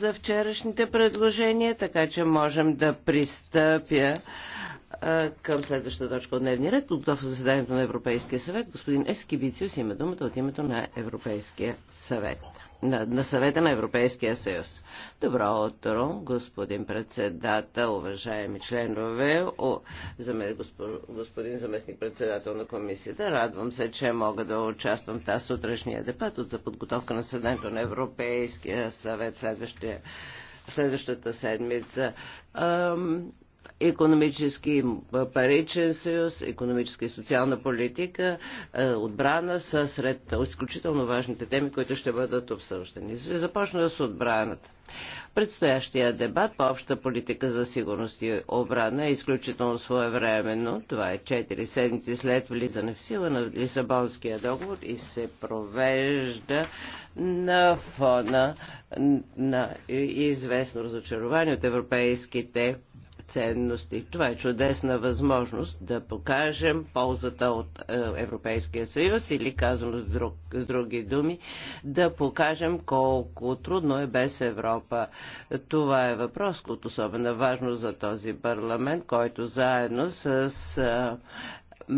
за вчерашните предложения, така че можем да пристъпя към следващата точка от дневния ред, подготов заседанието на Европейския съвет. Господин Ескибициус има думата от името на Европейския съвет. На, на съвета на Европейския съюз. Добро утро, господин председател, уважаеми членове, о, заме, госпо, господин заместник председател на комисията. Радвам се, че мога да участвам в тази сутрешния дебат от за подготовка на съседанието на Европейския съвет следващия следващата седмица. Ам, економически паричен съюз, економическа и социална политика, е, отбрана са сред изключително важните теми, които ще бъдат обсъждани. Започна с отбраната. Предстоящия дебат по обща политика за сигурност и обрана е изключително своевременно. Това е 4 седмици след влизане в сила на Лисабонския договор и се провежда на фона на известно разочарование от европейските ценности. Това е чудесна възможност да покажем ползата от е, Европейския съюз или казано с, друг, с други думи, да покажем колко трудно е без Европа. Това е въпрос който е особено важно за този парламент, който заедно с е,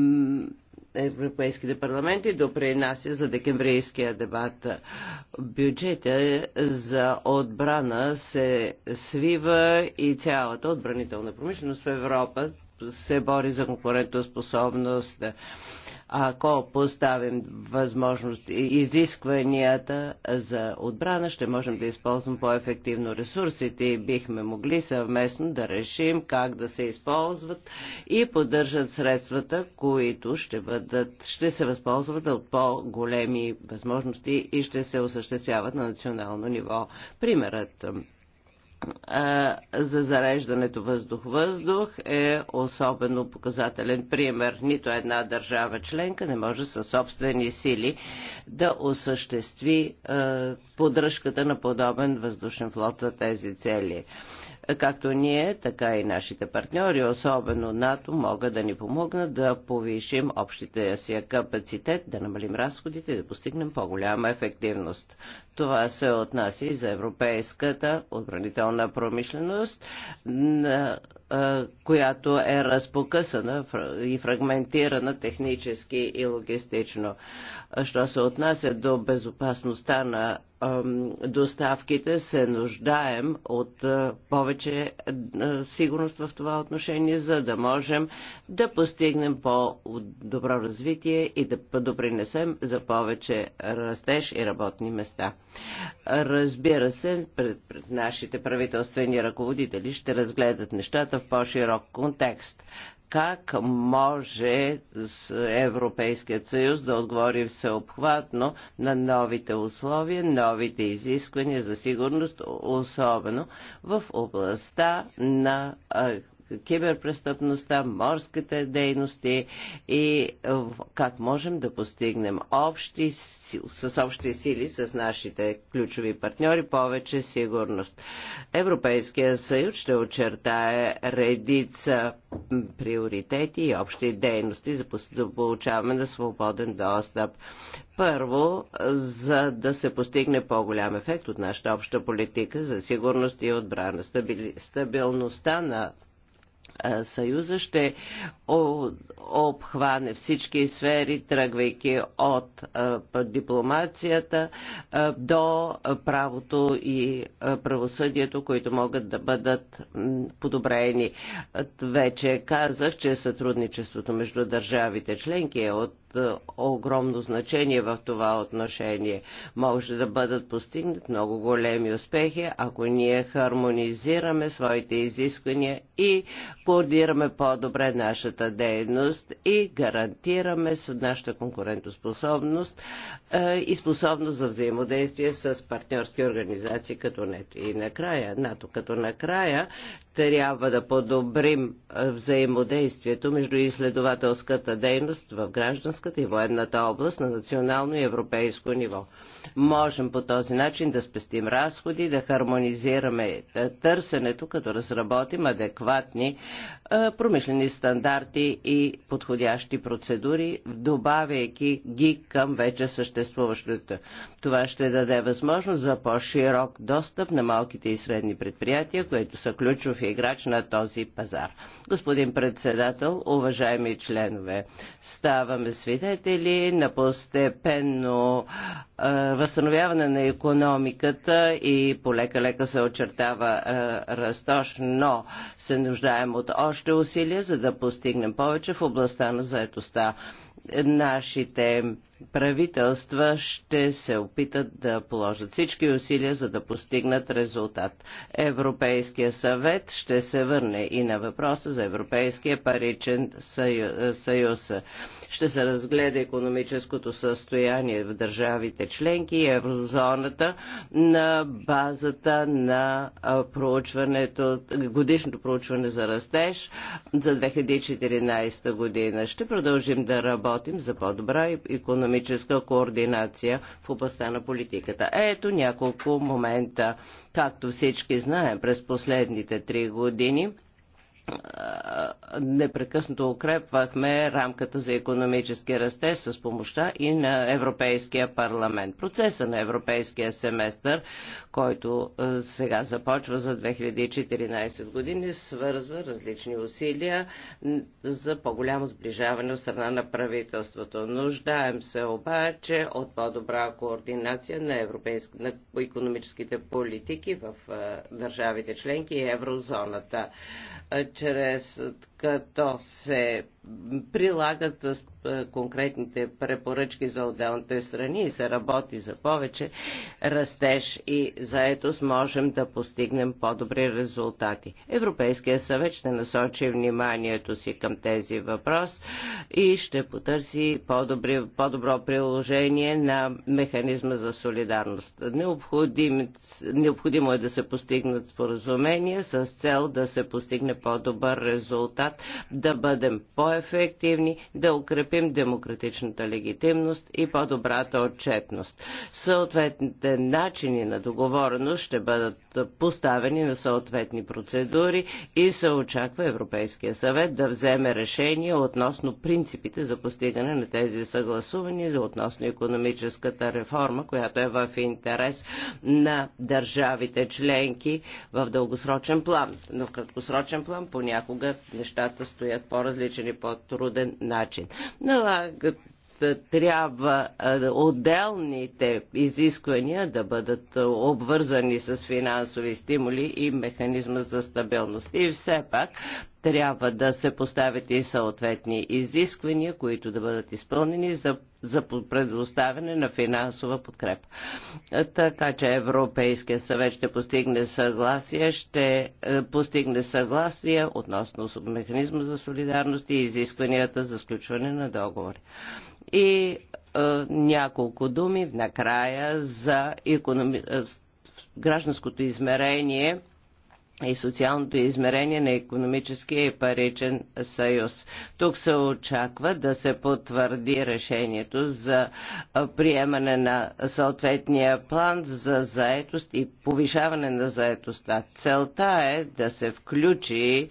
европейските парламенти допринася за декемврийския дебат. Бюджета за отбрана се свива и цялата отбранителна промишленост в Европа се бори за конкурентоспособност. способност ако поставим възможност и изискванията за отбрана, ще можем да използвам по-ефективно ресурсите и бихме могли съвместно да решим как да се използват и поддържат средствата, които ще, бъдат, ще се възползват от по-големи възможности и ще се осъществяват на национално ниво. Примерът за зареждането въздух-въздух е особено показателен пример. Нито една държава членка не може със собствени сили да осъществи поддръжката на подобен въздушен флот за тези цели. Както ние, така и нашите партньори, особено НАТО, могат да ни помогнат да повишим общите си капацитет, да намалим разходите и да постигнем по-голяма ефективност. Това се отнася и за европейската отбранителна промишленост, която е разпокъсана и фрагментирана технически и логистично. Що се отнася до безопасността на доставките се нуждаем от повече сигурност в това отношение, за да можем да постигнем по-добро развитие и да допринесем за повече растеж и работни места. Разбира се, пред, пред нашите правителствени ръководители ще разгледат нещата в по-широк контекст как може Европейският съюз да отговори всеобхватно на новите условия, новите изисквания за сигурност, особено в областта на киберпрестъпността, морските дейности и е, как можем да постигнем общи, с общи сили с нашите ключови партньори повече сигурност. Европейския съюз ще очертае редица приоритети и общи дейности за да получаваме на свободен достъп. Първо, за да се постигне по-голям ефект от нашата обща политика за сигурност и отбрана. Стабили... Стабилността на Съюза ще обхване всички сфери, тръгвайки от дипломацията до правото и правосъдието, които могат да бъдат подобрени. Вече казах, че сътрудничеството между държавите членки е от е, огромно значение в това отношение. Може да бъдат постигнат много големи успехи, ако ние хармонизираме своите изисквания и координираме по-добре нашата дейност и гарантираме нашата конкурентоспособност е, и способност за взаимодействие с партньорски организации като НЕТО. И накрая, НАТО като накрая, трябва да подобрим взаимодействието между изследователската дейност в гражданската и военната област на национално и европейско ниво. Можем по този начин да спестим разходи, да хармонизираме търсенето, като разработим адекватни е, промишлени стандарти и подходящи процедури, добавяйки ги към вече съществуващото. Това ще даде възможност за по-широк достъп на малките и средни предприятия, които са ключов играч на този пазар. Господин председател, уважаеми членове, ставаме свидетели на постепенно е, възстановяване на економиката и полека-лека се очертава е, растеж, но се нуждаем от още усилия, за да постигнем повече в областта на заетостта. Нашите правителства ще се опитат да положат всички усилия, за да постигнат резултат. Европейския съвет ще се върне и на въпроса за Европейския паричен съюз. Ще се разгледа економическото състояние в държавите членки и еврозоната на базата на проучването, годишното проучване за растеж за 2014 година. Ще продължим да работим за по-добра економическа координация в областта на политиката. Ето няколко момента. Както всички знаем, през последните три години непрекъснато укрепвахме рамката за економически растеж с помощта и на Европейския парламент. Процеса на Европейския семестър, който сега започва за 2014 години, свързва различни усилия за по-голямо сближаване от страна на правителството. Нуждаем се обаче от по-добра координация на, европейск... на економическите политики в държавите членки и еврозоната чрез като се прилагат с конкретните препоръчки за отделните страни и се работи за повече растеж и заетост, можем да постигнем по-добри резултати. Европейския съвет ще насочи вниманието си към тези въпрос и ще потърси по-добро по приложение на механизма за солидарност. Необходим, необходимо е да се постигнат споразумения с цел да се постигне по-добър резултат, да бъдем по по-ефективни, да укрепим демократичната легитимност и по-добрата отчетност. Съответните начини на договореност ще бъдат поставени на съответни процедури и се очаква Европейския съвет да вземе решение относно принципите за постигане на тези съгласувания за относно економическата реформа, която е в интерес на държавите членки в дългосрочен план. Но в краткосрочен план понякога нещата стоят по-различни по-труден начин. Налагат трябва отделните изисквания да бъдат обвързани с финансови стимули и механизма за стабилност. И все пак трябва да се поставят и съответни изисквания, които да бъдат изпълнени за, за предоставяне на финансова подкрепа. Така че Европейския съвет ще постигне съгласие, ще постигне съгласие относно механизма за солидарност и изискванията за сключване на договори. И е, няколко думи накрая за економи... гражданското измерение и социалното измерение на економическия и паричен съюз. Тук се очаква да се потвърди решението за приемане на съответния план за заетост и повишаване на заетостта. Целта е да се включи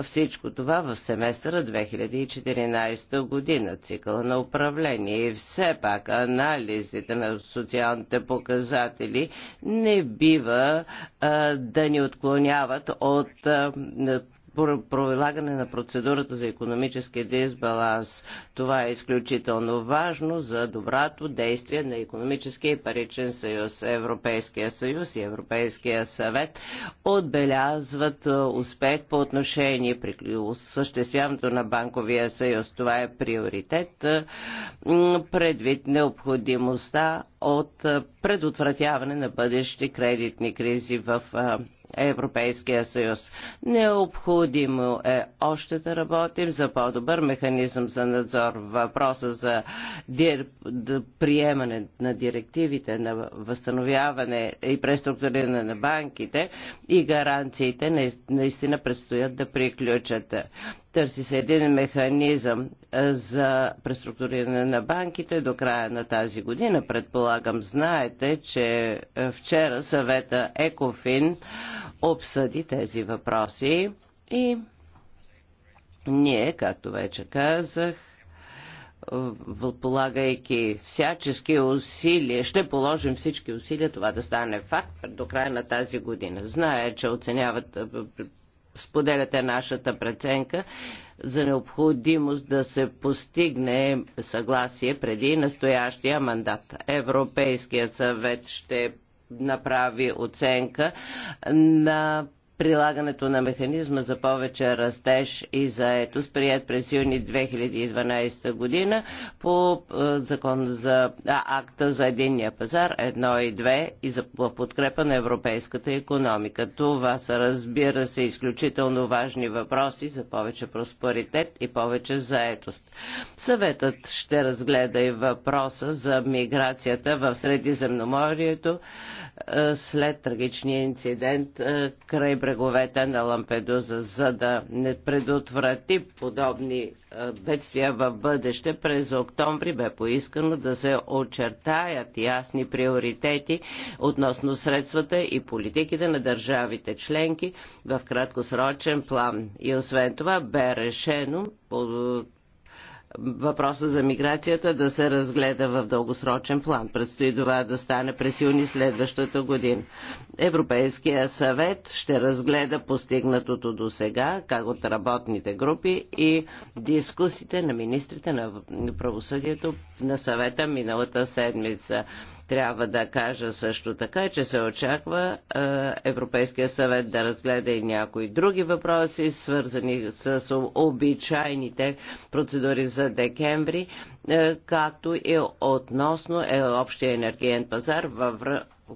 всичко това в семестъра 2014 година, цикъла на управление и все пак анализите на социалните показатели не бива а, да ни отклоняват от а, пролагане на процедурата за економически дисбаланс. Това е изключително важно за доброто действие на економическия и паричен съюз. Европейския съюз и Европейския съвет отбелязват успех по отношение при осъществяването на банковия съюз. Това е приоритет предвид необходимостта от предотвратяване на бъдещи кредитни кризи в Европейския съюз. Необходимо е още да работим за по-добър механизъм за надзор. Въпроса за дир... приемане на директивите на възстановяване и преструктуриране на банките и гаранциите наистина предстоят да приключат. Търси се един механизъм за преструктуриране на банките до края на тази година. Предполагам, знаете, че вчера съвета ЕКОФИН обсъди тези въпроси и ние, както вече казах, полагайки всячески усилия, ще положим всички усилия това да стане факт до края на тази година. Зная, че оценяват споделяте нашата преценка за необходимост да се постигне съгласие преди настоящия мандат. Европейският съвет ще направи оценка на прилагането на механизма за повече растеж и заетост, прият през юни 2012 година по е, закон за а, акта за единния пазар 1 и 2 и за подкрепа на европейската економика. Това са, разбира се, изключително важни въпроси за повече просперитет и повече заетост. Съветът ще разгледа и въпроса за миграцията в Средиземноморието е, след трагичния инцидент е, край бреговете на Лампедуза, за да не предотврати подобни е, бедствия в бъдеще. През октомври бе поискано да се очертаят ясни приоритети относно средствата и политиките на държавите членки в краткосрочен план. И освен това бе решено въпроса за миграцията да се разгледа в дългосрочен план. Предстои това да стане през юни следващата година. Европейския съвет ще разгледа постигнатото до сега, как от работните групи и дискусите на министрите на правосъдието на съвета миналата седмица. Трябва да кажа също така, че се очаква Европейския съвет да разгледа и някои други въпроси, свързани с обичайните процедури за декември, както и относно е общия енергиен пазар,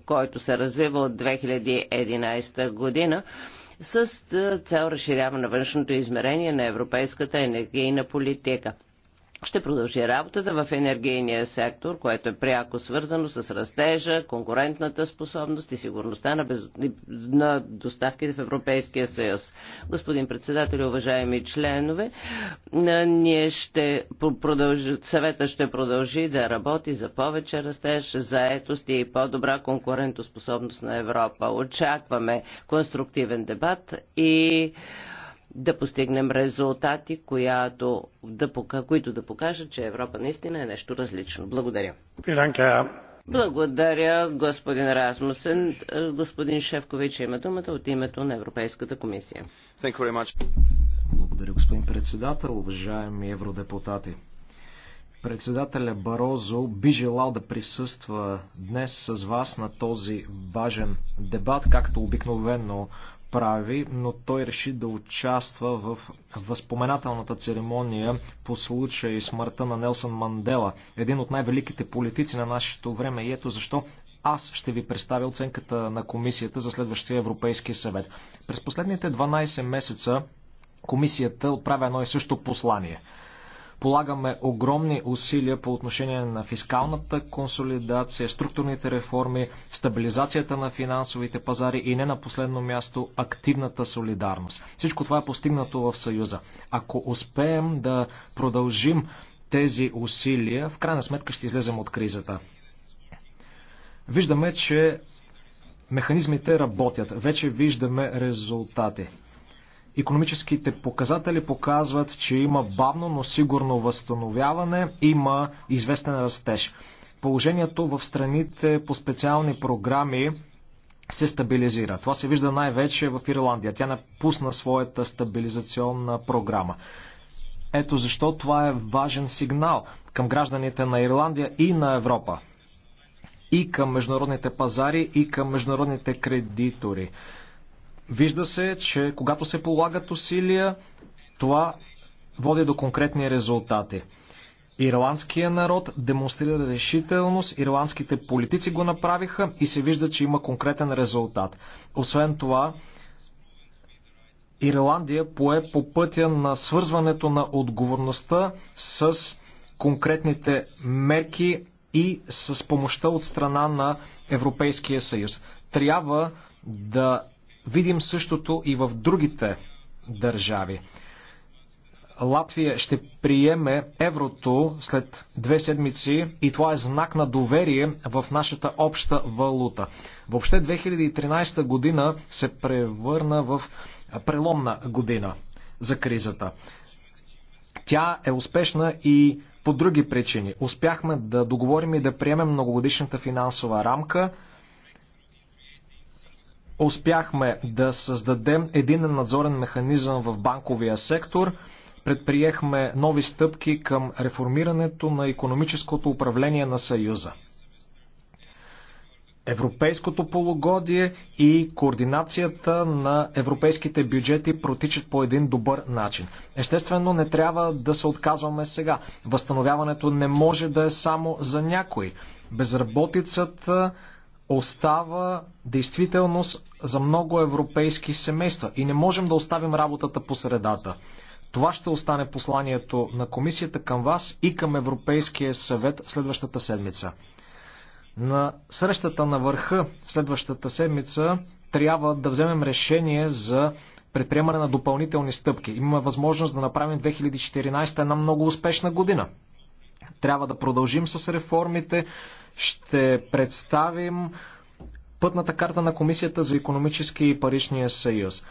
който се развива от 2011 година с цел разширяване на външното измерение на европейската енергийна политика ще продължи работата в енергийния сектор, което е пряко свързано с растежа, конкурентната способност и сигурността на, без... на доставките в Европейския съюз. Господин председател, уважаеми членове, ние ще продължи, съвета ще продължи да работи за повече растеж, заетост и по-добра конкурентоспособност на Европа. Очакваме конструктивен дебат и да постигнем резултати, която да, които да покажат, че Европа наистина е нещо различно. Благодаря. Благодаря, господин Размусен. Господин Шевкович има думата от името на Европейската комисия. Благодаря, господин председател, уважаеми евродепутати. Председателя Барозо би желал да присъства днес с вас на този важен дебат, както обикновено прави, но той реши да участва в възпоменателната церемония по случай смъртта на Нелсън Мандела, един от най-великите политици на нашето време. И ето защо аз ще ви представя оценката на комисията за следващия Европейски съвет. През последните 12 месеца комисията отправя едно и също послание – Полагаме огромни усилия по отношение на фискалната консолидация, структурните реформи, стабилизацията на финансовите пазари и не на последно място активната солидарност. Всичко това е постигнато в Съюза. Ако успеем да продължим тези усилия, в крайна сметка ще излезем от кризата. Виждаме, че механизмите работят. Вече виждаме резултати. Економическите показатели показват, че има бавно, но сигурно възстановяване, има известен растеж. Положението в страните по специални програми се стабилизира. Това се вижда най-вече в Ирландия. Тя напусна своята стабилизационна програма. Ето защо това е важен сигнал към гражданите на Ирландия и на Европа. И към международните пазари, и към международните кредитори. Вижда се, че когато се полагат усилия, това води до конкретни резултати. Ирландския народ демонстрира решителност, ирландските политици го направиха и се вижда, че има конкретен резултат. Освен това, Ирландия пое по пътя на свързването на отговорността с конкретните мерки и с помощта от страна на Европейския съюз. Трябва да видим същото и в другите държави. Латвия ще приеме еврото след две седмици и това е знак на доверие в нашата обща валута. Въобще 2013 година се превърна в преломна година за кризата. Тя е успешна и по други причини. Успяхме да договорим и да приемем многогодишната финансова рамка – Успяхме да създадем един надзорен механизъм в банковия сектор. Предприехме нови стъпки към реформирането на економическото управление на Съюза. Европейското полугодие и координацията на европейските бюджети протичат по един добър начин. Естествено, не трябва да се отказваме сега. Възстановяването не може да е само за някой. Безработицата остава действителност за много европейски семейства и не можем да оставим работата по средата. Това ще остане посланието на комисията към вас и към Европейския съвет следващата седмица. На срещата на върха следващата седмица трябва да вземем решение за предприемане на допълнителни стъпки. Имаме възможност да направим 2014 една много успешна година. Трябва да продължим с реформите. Ще представим пътната карта на Комисията за економически и паричния съюз.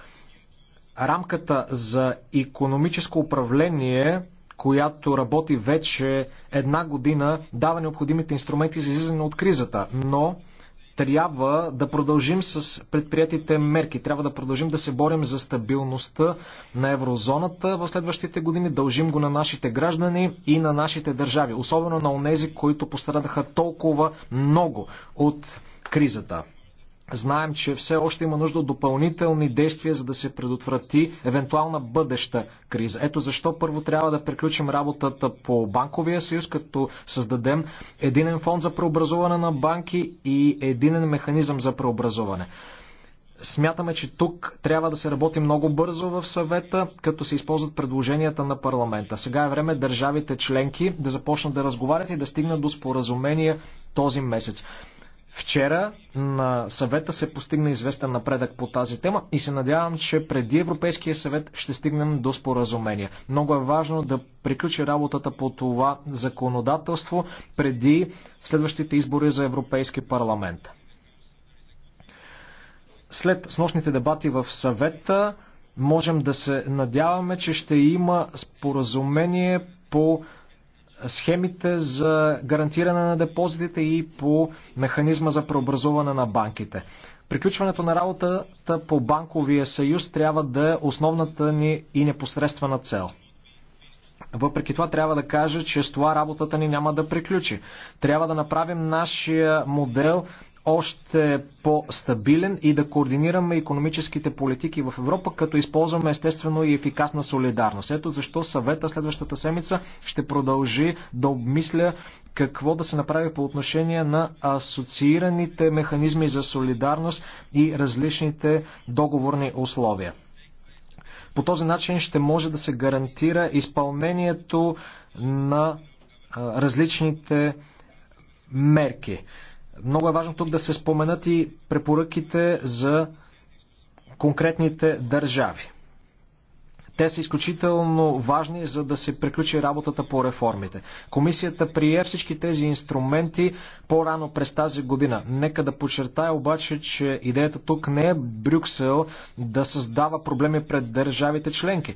Рамката за економическо управление, която работи вече една година, дава необходимите инструменти за излизане от кризата, но трябва да продължим с предприятите мерки. Трябва да продължим да се борим за стабилността на еврозоната в следващите години. Дължим го на нашите граждани и на нашите държави. Особено на онези, които пострадаха толкова много от кризата. Знаем, че все още има нужда от допълнителни действия, за да се предотврати евентуална бъдеща криза. Ето защо първо трябва да приключим работата по банковия съюз, като създадем единен фонд за преобразуване на банки и единен механизъм за преобразуване. Смятаме, че тук трябва да се работи много бързо в съвета, като се използват предложенията на парламента. Сега е време държавите членки да започнат да разговарят и да стигнат до споразумения този месец. Вчера на съвета се постигна известен напредък по тази тема и се надявам, че преди Европейския съвет ще стигнем до споразумение. Много е важно да приключи работата по това законодателство преди следващите избори за Европейски парламент. След снощните дебати в съвета можем да се надяваме, че ще има споразумение по схемите за гарантиране на депозитите и по механизма за преобразуване на банките. Приключването на работата по банковия съюз трябва да е основната ни и непосредствена цел. Въпреки това трябва да кажа, че с това работата ни няма да приключи. Трябва да направим нашия модел още по-стабилен и да координираме економическите политики в Европа, като използваме естествено и ефикасна солидарност. Ето защо съвета следващата седмица ще продължи да обмисля какво да се направи по отношение на асоциираните механизми за солидарност и различните договорни условия. По този начин ще може да се гарантира изпълнението на различните мерки. Много е важно тук да се споменат и препоръките за конкретните държави. Те са изключително важни, за да се приключи работата по реформите. Комисията прие всички тези инструменти по-рано през тази година. Нека да подчертая обаче, че идеята тук не е Брюксел да създава проблеми пред държавите членки.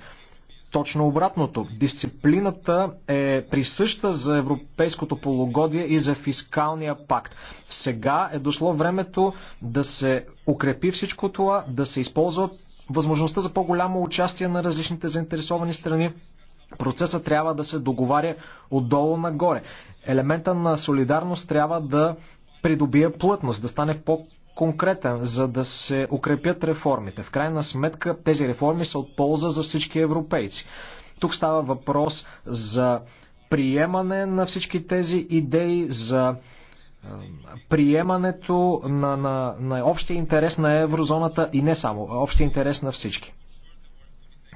Точно обратното. Дисциплината е присъща за европейското полугодие и за фискалния пакт. Сега е дошло времето да се укрепи всичко това, да се използва възможността за по-голямо участие на различните заинтересовани страни. Процесът трябва да се договаря отдолу нагоре. Елемента на солидарност трябва да придобие плътност, да стане по конкретен, за да се укрепят реформите. В крайна сметка тези реформи са от полза за всички европейци. Тук става въпрос за приемане на всички тези идеи, за приемането на, на, на общия интерес на еврозоната и не само, общия интерес на всички.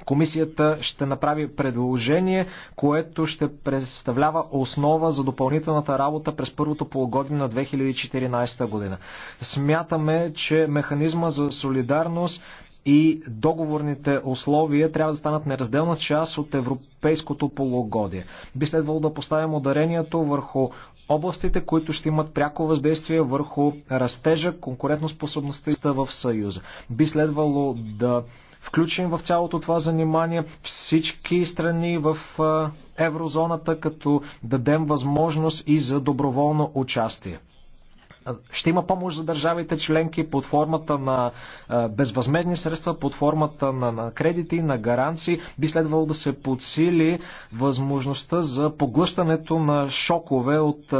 Комисията ще направи предложение, което ще представлява основа за допълнителната работа през първото полугодие на 2014 година. Смятаме, че механизма за солидарност и договорните условия трябва да станат неразделна част от европейското полугодие. Би следвало да поставим ударението върху областите, които ще имат пряко въздействие върху растежа, конкурентоспособността в Съюза. Би следвало да включим в цялото това занимание всички страни в еврозоната, като дадем възможност и за доброволно участие. Ще има помощ за държавите членки под формата на безвъзмезни средства, под формата на, на кредити, на гаранции. Би следвало да се подсили възможността за поглъщането на шокове от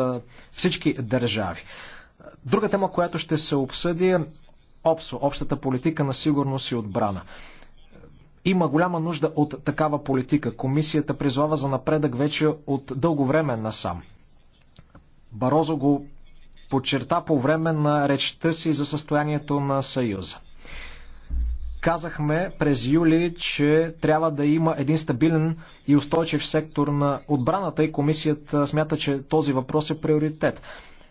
всички държави. Друга тема, която ще се обсъди е ОПСО, общата политика на сигурност и отбрана. Има голяма нужда от такава политика. Комисията призвава за напредък вече от дълго време насам. Барозо го подчерта по време на речта си за състоянието на Съюза. Казахме през юли, че трябва да има един стабилен и устойчив сектор на отбраната и комисията смята, че този въпрос е приоритет.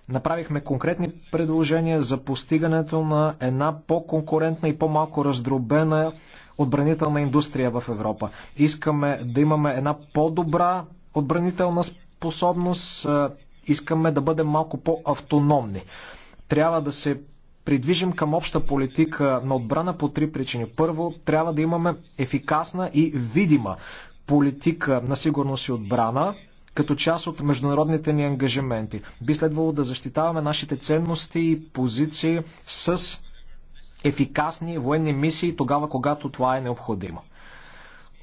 Направихме конкретни предложения за постигането на една по-конкурентна и по-малко раздробена отбранителна индустрия в Европа. Искаме да имаме една по-добра отбранителна способност, искаме да бъдем малко по-автономни. Трябва да се придвижим към обща политика на отбрана по три причини. Първо, трябва да имаме ефикасна и видима политика на сигурност и отбрана, като част от международните ни ангажименти. Би следвало да защитаваме нашите ценности и позиции с ефикасни военни мисии тогава, когато това е необходимо.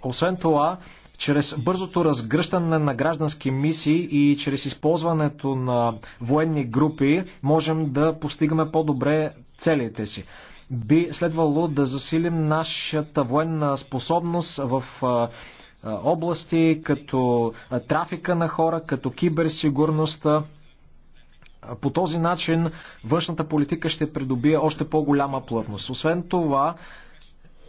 Освен това, чрез бързото разгръщане на граждански мисии и чрез използването на военни групи можем да постигаме по-добре целите си. Би следвало да засилим нашата военна способност в области като трафика на хора, като киберсигурността. По този начин външната политика ще придобие още по-голяма плътност. Освен това,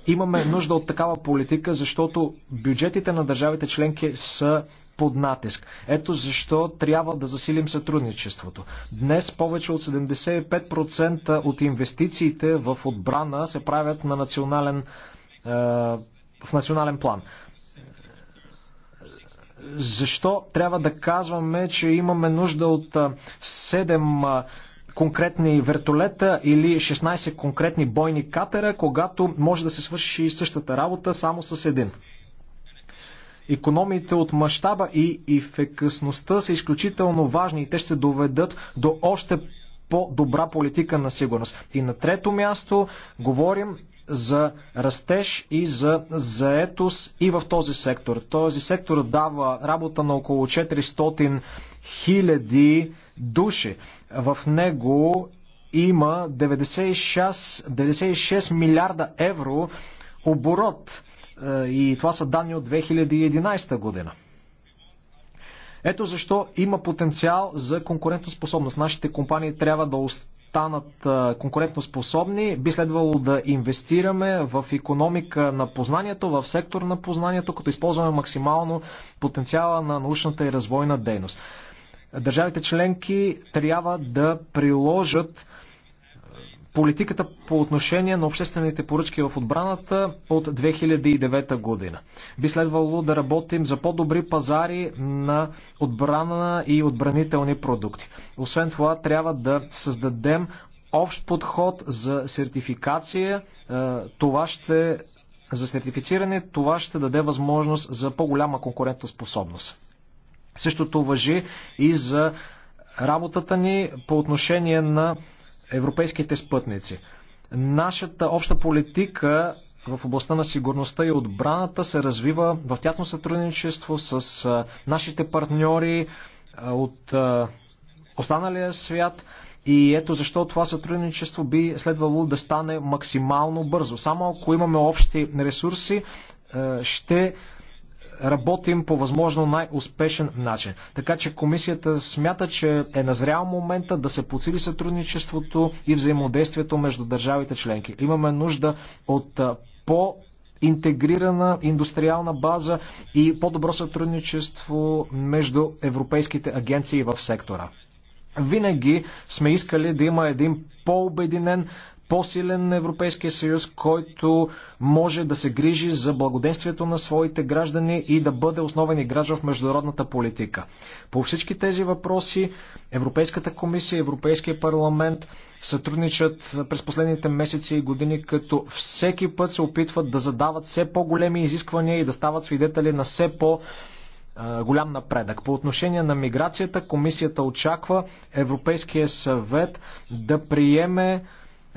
имаме нужда от такава политика, защото бюджетите на държавите членки са под натиск. Ето защо трябва да засилим сътрудничеството. Днес повече от 75% от инвестициите в отбрана се правят на национален, е, в национален план. Защо трябва да казваме, че имаме нужда от 7 конкретни вертолета или 16 конкретни бойни катера, когато може да се свърши същата работа само с един? Економиите от мащаба и ефекасността са изключително важни и те ще доведат до още по-добра политика на сигурност. И на трето място говорим за растеж и за заетост и в този сектор. Този сектор дава работа на около 400 хиляди души. В него има 96, 96 милиарда евро оборот. Е, и това са данни от 2011 година. Ето защо има потенциал за конкурентоспособност. Нашите компании трябва да остават станат конкурентоспособни, би следвало да инвестираме в економика на познанието, в сектор на познанието, като използваме максимално потенциала на научната и развойна дейност. Държавите членки трябва да приложат политиката по отношение на обществените поръчки в отбраната от 2009 година. Би следвало да работим за по-добри пазари на отбрана и отбранителни продукти. Освен това, трябва да създадем общ подход за сертификация. Е, това ще за сертифициране, това ще даде възможност за по-голяма конкурентоспособност. Същото въжи и за работата ни по отношение на европейските спътници. Нашата обща политика в областта на сигурността и отбраната се развива в тясно сътрудничество с нашите партньори от останалия свят. И ето защо това сътрудничество би следвало да стане максимално бързо. Само ако имаме общи ресурси, ще работим по възможно най-успешен начин. Така че комисията смята, че е назрял момента да се подсили сътрудничеството и взаимодействието между държавите членки. Имаме нужда от по интегрирана индустриална база и по-добро сътрудничество между европейските агенции в сектора. Винаги сме искали да има един по-обединен по-силен Европейския съюз, който може да се грижи за благоденствието на своите граждани и да бъде основен играч в международната политика. По всички тези въпроси Европейската комисия и Европейския парламент сътрудничат през последните месеци и години, като всеки път се опитват да задават все по-големи изисквания и да стават свидетели на все по- голям напредък. По отношение на миграцията, комисията очаква Европейския съвет да приеме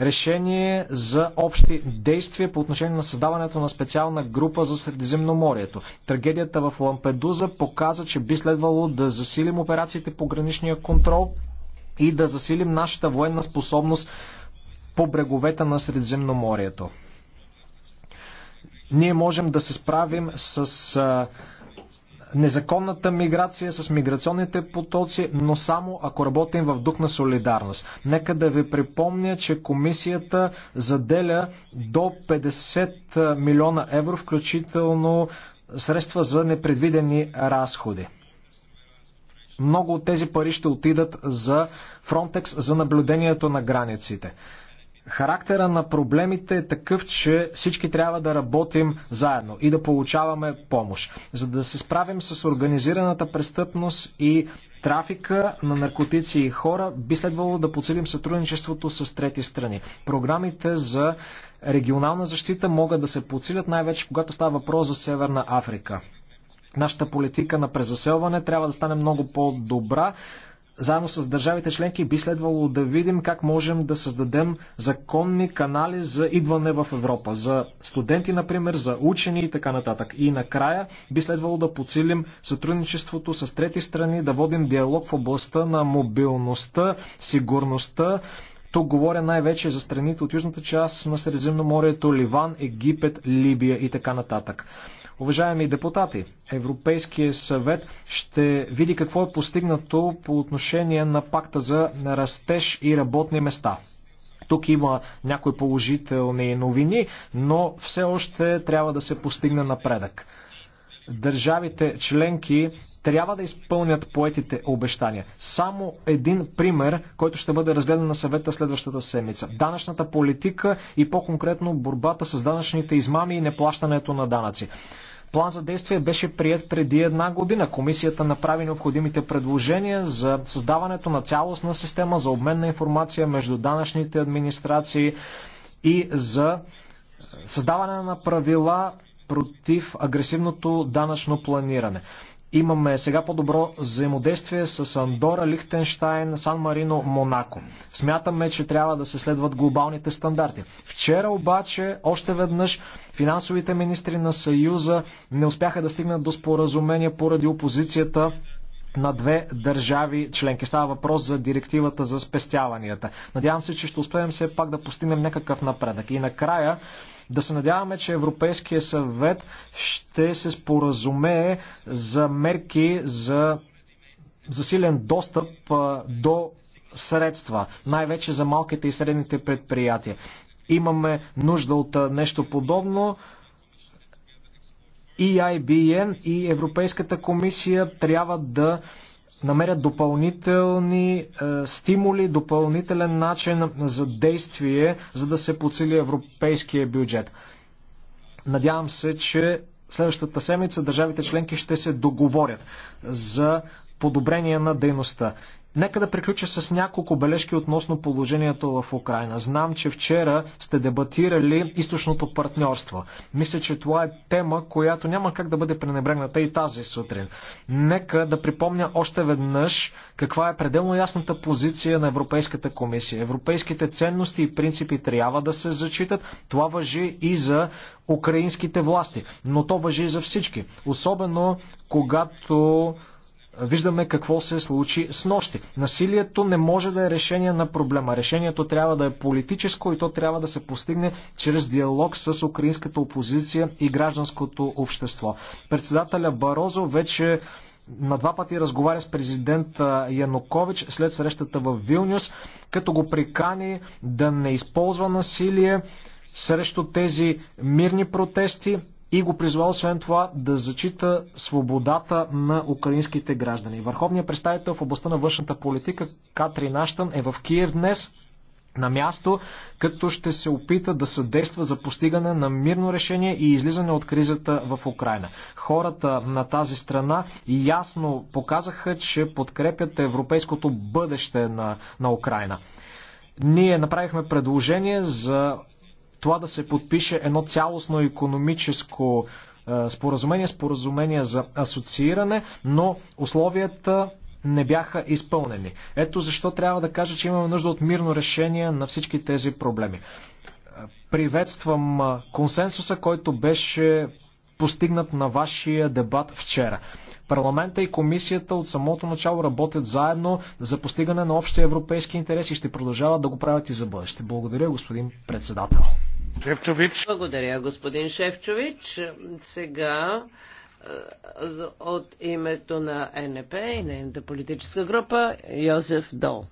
решение за общи действия по отношение на създаването на специална група за Средиземноморието. Трагедията в Лампедуза показа, че би следвало да засилим операциите по граничния контрол и да засилим нашата военна способност по бреговете на Средиземноморието. Ние можем да се справим с незаконната миграция, с миграционните потоци, но само ако работим в дух на солидарност. Нека да ви припомня, че комисията заделя до 50 милиона евро, включително средства за непредвидени разходи. Много от тези пари ще отидат за Фронтекс, за наблюдението на границите. Характера на проблемите е такъв, че всички трябва да работим заедно и да получаваме помощ. За да се справим с организираната престъпност и трафика на наркотици и хора, би следвало да подсилим сътрудничеството с трети страни. Програмите за регионална защита могат да се подсилят най-вече когато става въпрос за Северна Африка. Нашата политика на презаселване трябва да стане много по-добра заедно с държавите членки би следвало да видим как можем да създадем законни канали за идване в Европа, за студенти, например, за учени и така нататък. И накрая би следвало да подсилим сътрудничеството с трети страни, да водим диалог в областта на мобилността, сигурността. Тук говоря най-вече за страните от южната част на Средиземноморието, Ливан, Египет, Либия и така нататък. Уважаеми депутати, Европейския съвет ще види какво е постигнато по отношение на пакта за растеж и работни места. Тук има някои положителни новини, но все още трябва да се постигне напредък. Държавите членки трябва да изпълнят поетите обещания. Само един пример, който ще бъде разгледан на съвета следващата седмица. Данъчната политика и по-конкретно борбата с данъчните измами и неплащането на данъци. План за действие беше прият преди една година. Комисията направи необходимите предложения за създаването на цялостна система за обмен на информация между данъчните администрации и за създаване на правила против агресивното данъчно планиране. Имаме сега по-добро взаимодействие с Андора, Лихтенштайн, Сан Марино, Монако. Смятаме, че трябва да се следват глобалните стандарти. Вчера обаче, още веднъж, финансовите министри на Съюза не успяха да стигнат до споразумение поради опозицията на две държави членки. Става въпрос за директивата за спестяванията. Надявам се, че ще успеем все пак да постигнем някакъв напредък. И накрая да се надяваме, че Европейския съвет ще се споразумее за мерки за засилен достъп до средства, най-вече за малките и средните предприятия. Имаме нужда от нещо подобно. и IBN и Европейската комисия трябва да намерят допълнителни е, стимули, допълнителен начин за действие, за да се подсили европейския бюджет. Надявам се, че следващата седмица държавите членки ще се договорят за подобрение на дейността. Нека да приключа с няколко бележки относно положението в Украина. Знам, че вчера сте дебатирали източното партньорство. Мисля, че това е тема, която няма как да бъде пренебрегната и тази сутрин. Нека да припомня още веднъж каква е пределно ясната позиция на Европейската комисия. Европейските ценности и принципи трябва да се зачитат. Това въжи и за украинските власти, но то въжи и за всички. Особено когато Виждаме какво се случи с нощи. Насилието не може да е решение на проблема. Решението трябва да е политическо и то трябва да се постигне чрез диалог с украинската опозиция и гражданското общество. Председателя Барозо вече на два пъти разговаря с президент Янукович след срещата в Вилнюс, като го прикани да не използва насилие срещу тези мирни протести, и го призвал освен това да зачита свободата на украинските граждани. Върховният представител в областта на външната политика Катрин Аштън е в Киев днес на място, като ще се опита да съдейства за постигане на мирно решение и излизане от кризата в Украина. Хората на тази страна ясно показаха, че подкрепят европейското бъдеще на, на Украина. Ние направихме предложение за това да се подпише едно цялостно економическо е, споразумение, споразумение за асоцииране, но условията не бяха изпълнени. Ето защо трябва да кажа, че имаме нужда от мирно решение на всички тези проблеми. Приветствам е, консенсуса, който беше постигнат на вашия дебат вчера. Парламента и комисията от самото начало работят заедно за постигане на общия европейски интереси и ще продължават да го правят и за бъдеще. Благодаря, господин председател. Шефчович. Благодаря, господин Шефчович. Сега от името на НП и нейната политическа група Йозеф Дол.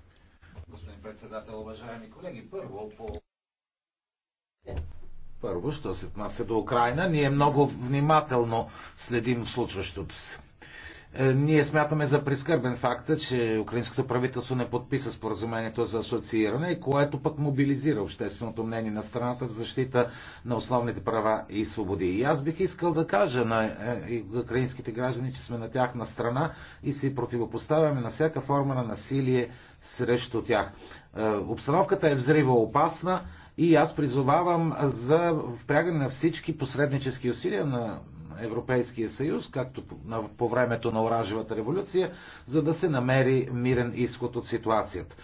Господин председател, уважаеми колеги, първо по... Първо, що се отнася до Украина, ние много внимателно следим случващото се. Е, ние смятаме за прискърбен факта, че украинското правителство не подписа споразумението за асоцииране, което пък мобилизира общественото мнение на страната в защита на основните права и свободи. И аз бих искал да кажа на е, украинските граждани, че сме на тяхна страна и си противопоставяме на всяка форма на насилие срещу тях. Е, обстановката е взрива опасна и аз призовавам за впрягане на всички посреднически усилия на Европейския съюз, както по времето на Оранжевата революция, за да се намери мирен изход от ситуацията.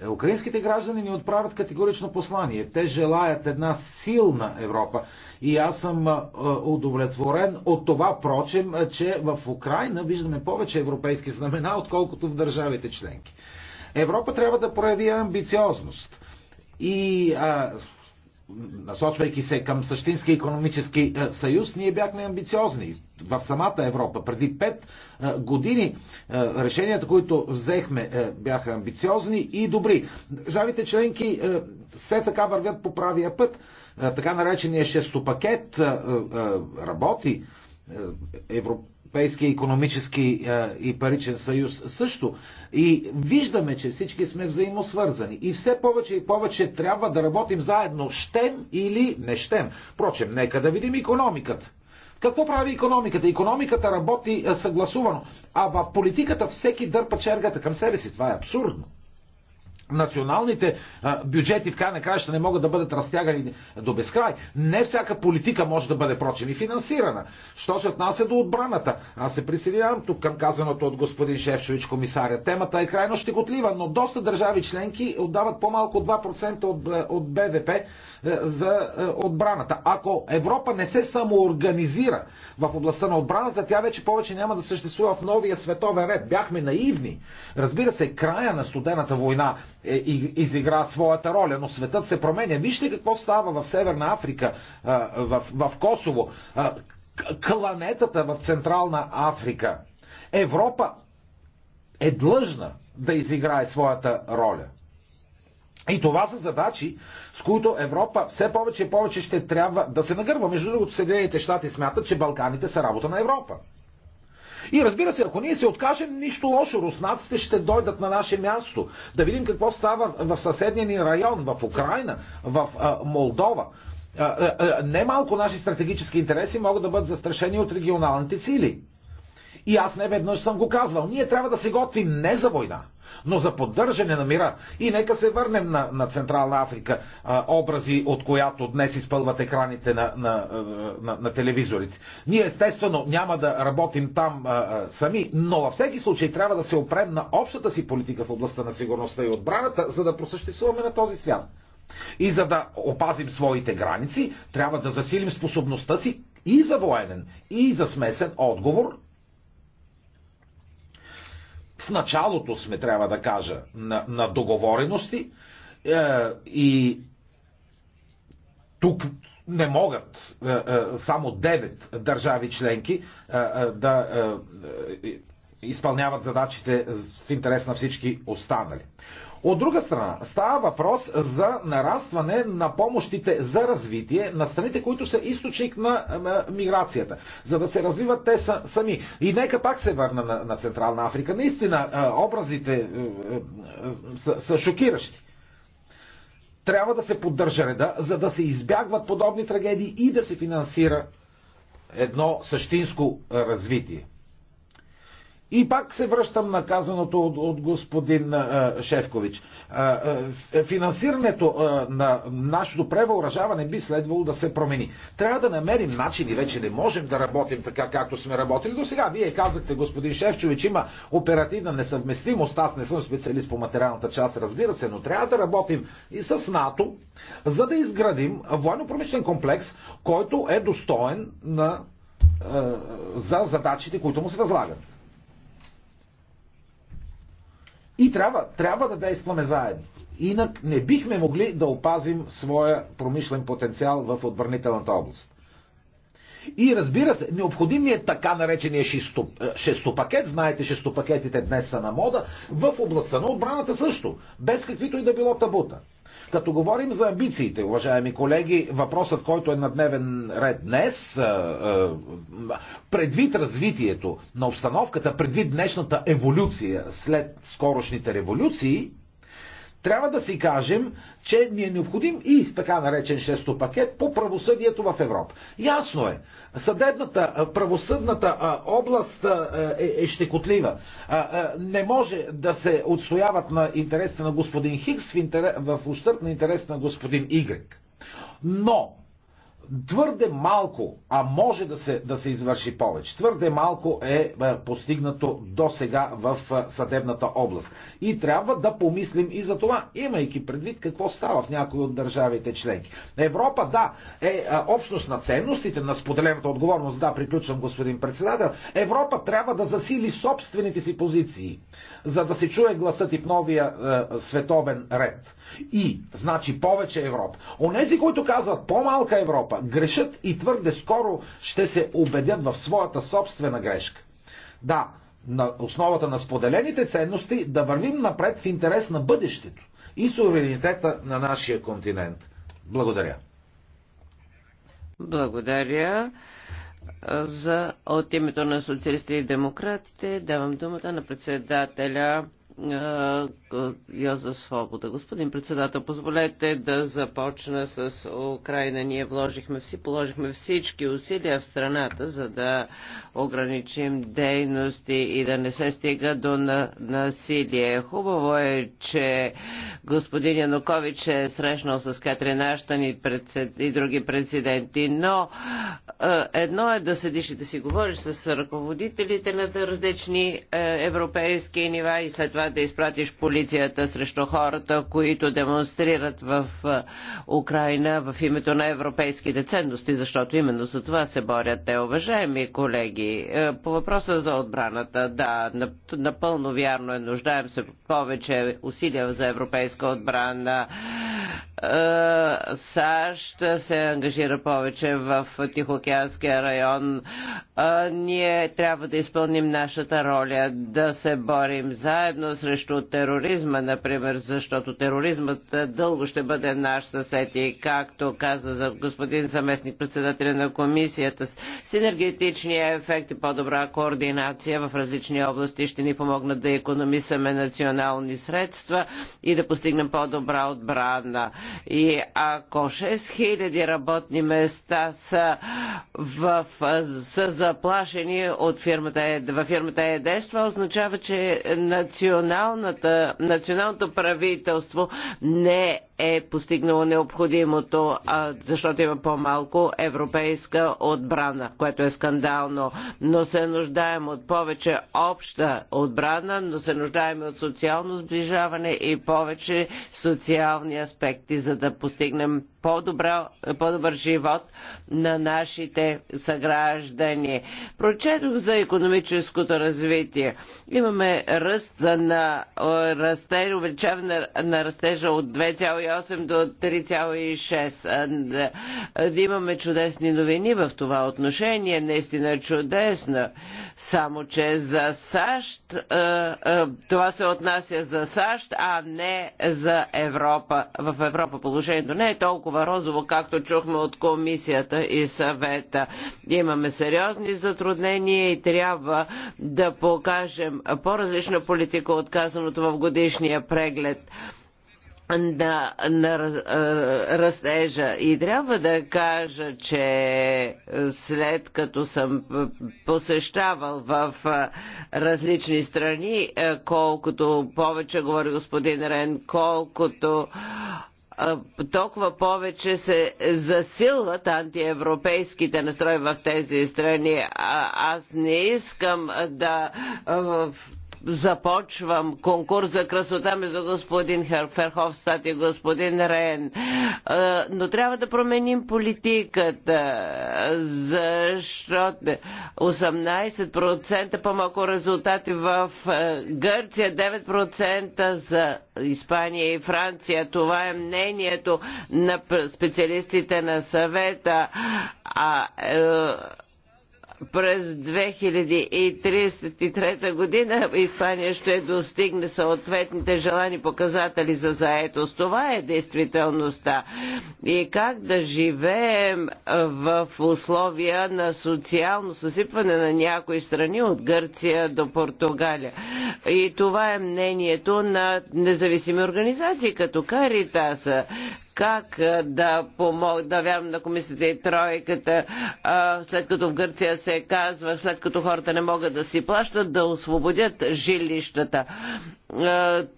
Е, украинските граждани ни отправят категорично послание. Те желаят една силна Европа. И аз съм е, е, удовлетворен от това, прочим, че в Украина виждаме повече европейски знамена, отколкото в държавите членки. Европа трябва да прояви амбициозност. И а, насочвайки се към същински економически е, съюз, ние бяхме амбициозни в самата Европа. Преди пет е, години е, решенията, които взехме, бяха амбициозни и добри. Държавите членки все така вървят по правия път. Така наречения шестопакет работи. Европа Европейския економически е, и паричен съюз също. И виждаме, че всички сме взаимосвързани. И все повече и повече трябва да работим заедно, щем или не щем. Впрочем, нека да видим економиката. Какво прави економиката? Економиката работи е, съгласувано, а в политиката всеки дърпа чергата към себе си. Това е абсурдно националните бюджети в край на краища не могат да бъдат разтягани до безкрай. Не всяка политика може да бъде, прочен и финансирана. Що се отнася до отбраната? Аз се присъединявам тук към казаното от господин Шефчович комисаря. Темата е крайно щекотлива, но доста държави членки отдават по-малко 2% от, от БВП е, за е, отбраната. Ако Европа не се самоорганизира в областта на отбраната, тя вече повече няма да съществува в новия световен ред. Бяхме наивни. Разбира се, края на студената война е, изигра своята роля, но светът се променя. Вижте какво става в Северна Африка, в, в Косово, кланетата в Централна Африка. Европа е длъжна да изиграе своята роля. И това са задачи, с които Европа все повече и повече ще трябва да се нагърва, Между другото, Съединените щати смятат, че Балканите са работа на Европа. И разбира се, ако ние се откажем, нищо лошо. Руснаците ще дойдат на наше място. Да видим какво става в съседния ни район, в Украина, в а, Молдова. А, а, немалко наши стратегически интереси могат да бъдат застрашени от регионалните сили. И аз не веднъж съм го казвал. Ние трябва да се готвим не за война, но за поддържане на мира. И нека се върнем на, на Централна Африка, а, образи от която днес изпълват екраните на, на, на, на телевизорите. Ние естествено няма да работим там а, а, сами, но във всеки случай трябва да се опрем на общата си политика в областта на сигурността и отбраната, за да просъществуваме на този свят. И за да опазим своите граници, трябва да засилим способността си и за военен, и за смесен отговор в началото сме, трябва да кажа, на, на договорености е, и тук не могат е, е, само 9 държави членки е, е, да е, е изпълняват задачите в интерес на всички останали. От друга страна, става въпрос за нарастване на помощите за развитие на страните, които са източник на е, е, миграцията, за да се развиват те сами. И нека пак се върна на, на Централна Африка. Наистина, е, образите са, са шокиращи трябва да се поддържа реда, за да се избягват подобни трагедии и да се финансира едно същинско развитие. И пак се връщам на казаното от, от господин а, Шефкович. А, а, финансирането а, на нашето превъоръжаване би следвало да се промени. Трябва да намерим начин и вече не можем да работим така, както сме работили до сега. Вие казахте, господин Шефчович, има оперативна несъвместимост. Аз не съм специалист по материалната част, разбира се, но трябва да работим и с НАТО, за да изградим военно-промишлен комплекс, който е достоен на, а, за задачите, които му се възлагат. И трябва, трябва да действаме заедно. Инак не бихме могли да опазим своя промишлен потенциал в отбранителната област. И разбира се, необходим ни е така наречения шесто, е, шестопакет. Знаете, шестопакетите днес са на мода. В областта на отбраната също. Без каквито и да било табута. Като говорим за амбициите, уважаеми колеги, въпросът, който е на дневен ред днес, предвид развитието на обстановката, предвид днешната еволюция след скорошните революции, трябва да си кажем, че ни е необходим и така наречен шесто пакет по правосъдието в Европа. Ясно е, съдебната, правосъдната област е, е щекотлива. Не може да се отстояват на интересите на господин Хикс в, в ущърп на интересите на господин Игрек. Но твърде малко, а може да се, да се извърши повече, твърде малко е, е постигнато до сега в е, съдебната област. И трябва да помислим и за това, имайки предвид какво става в някои от държавите членки. Европа, да, е, е общност на ценностите, на споделената отговорност, да, приключвам господин председател, Европа трябва да засили собствените си позиции, за да се чуе гласът и в новия е, световен ред и, значи, повече Европа. Онези, които казват по-малка Европа, грешат и твърде скоро ще се убедят в своята собствена грешка. Да, на основата на споделените ценности да вървим напред в интерес на бъдещето и суверенитета на нашия континент. Благодаря. Благодаря. За, от името на социалистите и демократите давам думата на председателя Йозеф е, е, свобода. Господин председател, позволете да започна с Украина. Ние вложихме вси, положихме всички усилия в страната, за да ограничим дейности и да не се стига до на, насилие. Хубаво е, че господин Янукович е срещнал с Катрин Аштан и, председ... и други президенти, но е, едно е да седиш и да си говориш с ръководителите на различни европейски нива и след това да изпратиш полицията срещу хората, които демонстрират в Украина в името на европейските ценности, защото именно за това се борят те, уважаеми колеги. Е, по въпроса за отбраната, да, напълно вярно е, нуждаем се повече усилия за европейска отбрана. Е, САЩ се ангажира повече в Тихоокеанския район. Е, ние трябва да изпълним нашата роля, да се борим заедно срещу тероризма, например, защото тероризмът дълго ще бъде наш съсед и, както каза за господин заместник председателя на комисията, синергетичния ефект и по-добра координация в различни области ще ни помогнат да економисаме национални средства и да постигнем по-добра отбрана година. И ако 6000 работни места са, в, са заплашени от фирмата, е във фирмата ЕДЕС, това означава, че националната, националното правителство не е постигнало необходимото, защото има по-малко европейска отбрана, което е скандално. Но се нуждаем от повече обща отбрана, но се нуждаем от социално сближаване и повече социални аспекти, за да постигнем по-добър живот на нашите съграждани. Прочетох за економическото развитие. Имаме ръст на растеж, увеличаване на растежа от 2,8 до 3,6. Имаме чудесни новини в това отношение, наистина чудесно. Само, че за САЩ това се отнася за САЩ, а не за Европа. В Европа положението не е толкова толкова розово, както чухме от комисията и съвета. Имаме сериозни затруднения и трябва да покажем по-различна политика от казаното в годишния преглед на, на растежа. И трябва да кажа, че след като съм посещавал в различни страни, колкото повече говори господин Рен, колкото толкова повече се засилват антиевропейските настрои в тези страни. А, аз не искам да в започвам конкурс за красота между господин Ферховстат и господин Рен. Но трябва да променим политиката, защото 18% по-малко резултати в Гърция, 9% за Испания и Франция. Това е мнението на специалистите на съвета. А, е, през 2033 година Испания ще достигне съответните желани показатели за заетост. Това е действителността. И как да живеем в условия на социално съсипване на някои страни от Гърция до Португалия. И това е мнението на независими организации, като Каритаса как да помог, да вярвам на комисията и тройката, след като в Гърция се казва, след като хората не могат да си плащат, да освободят жилищата.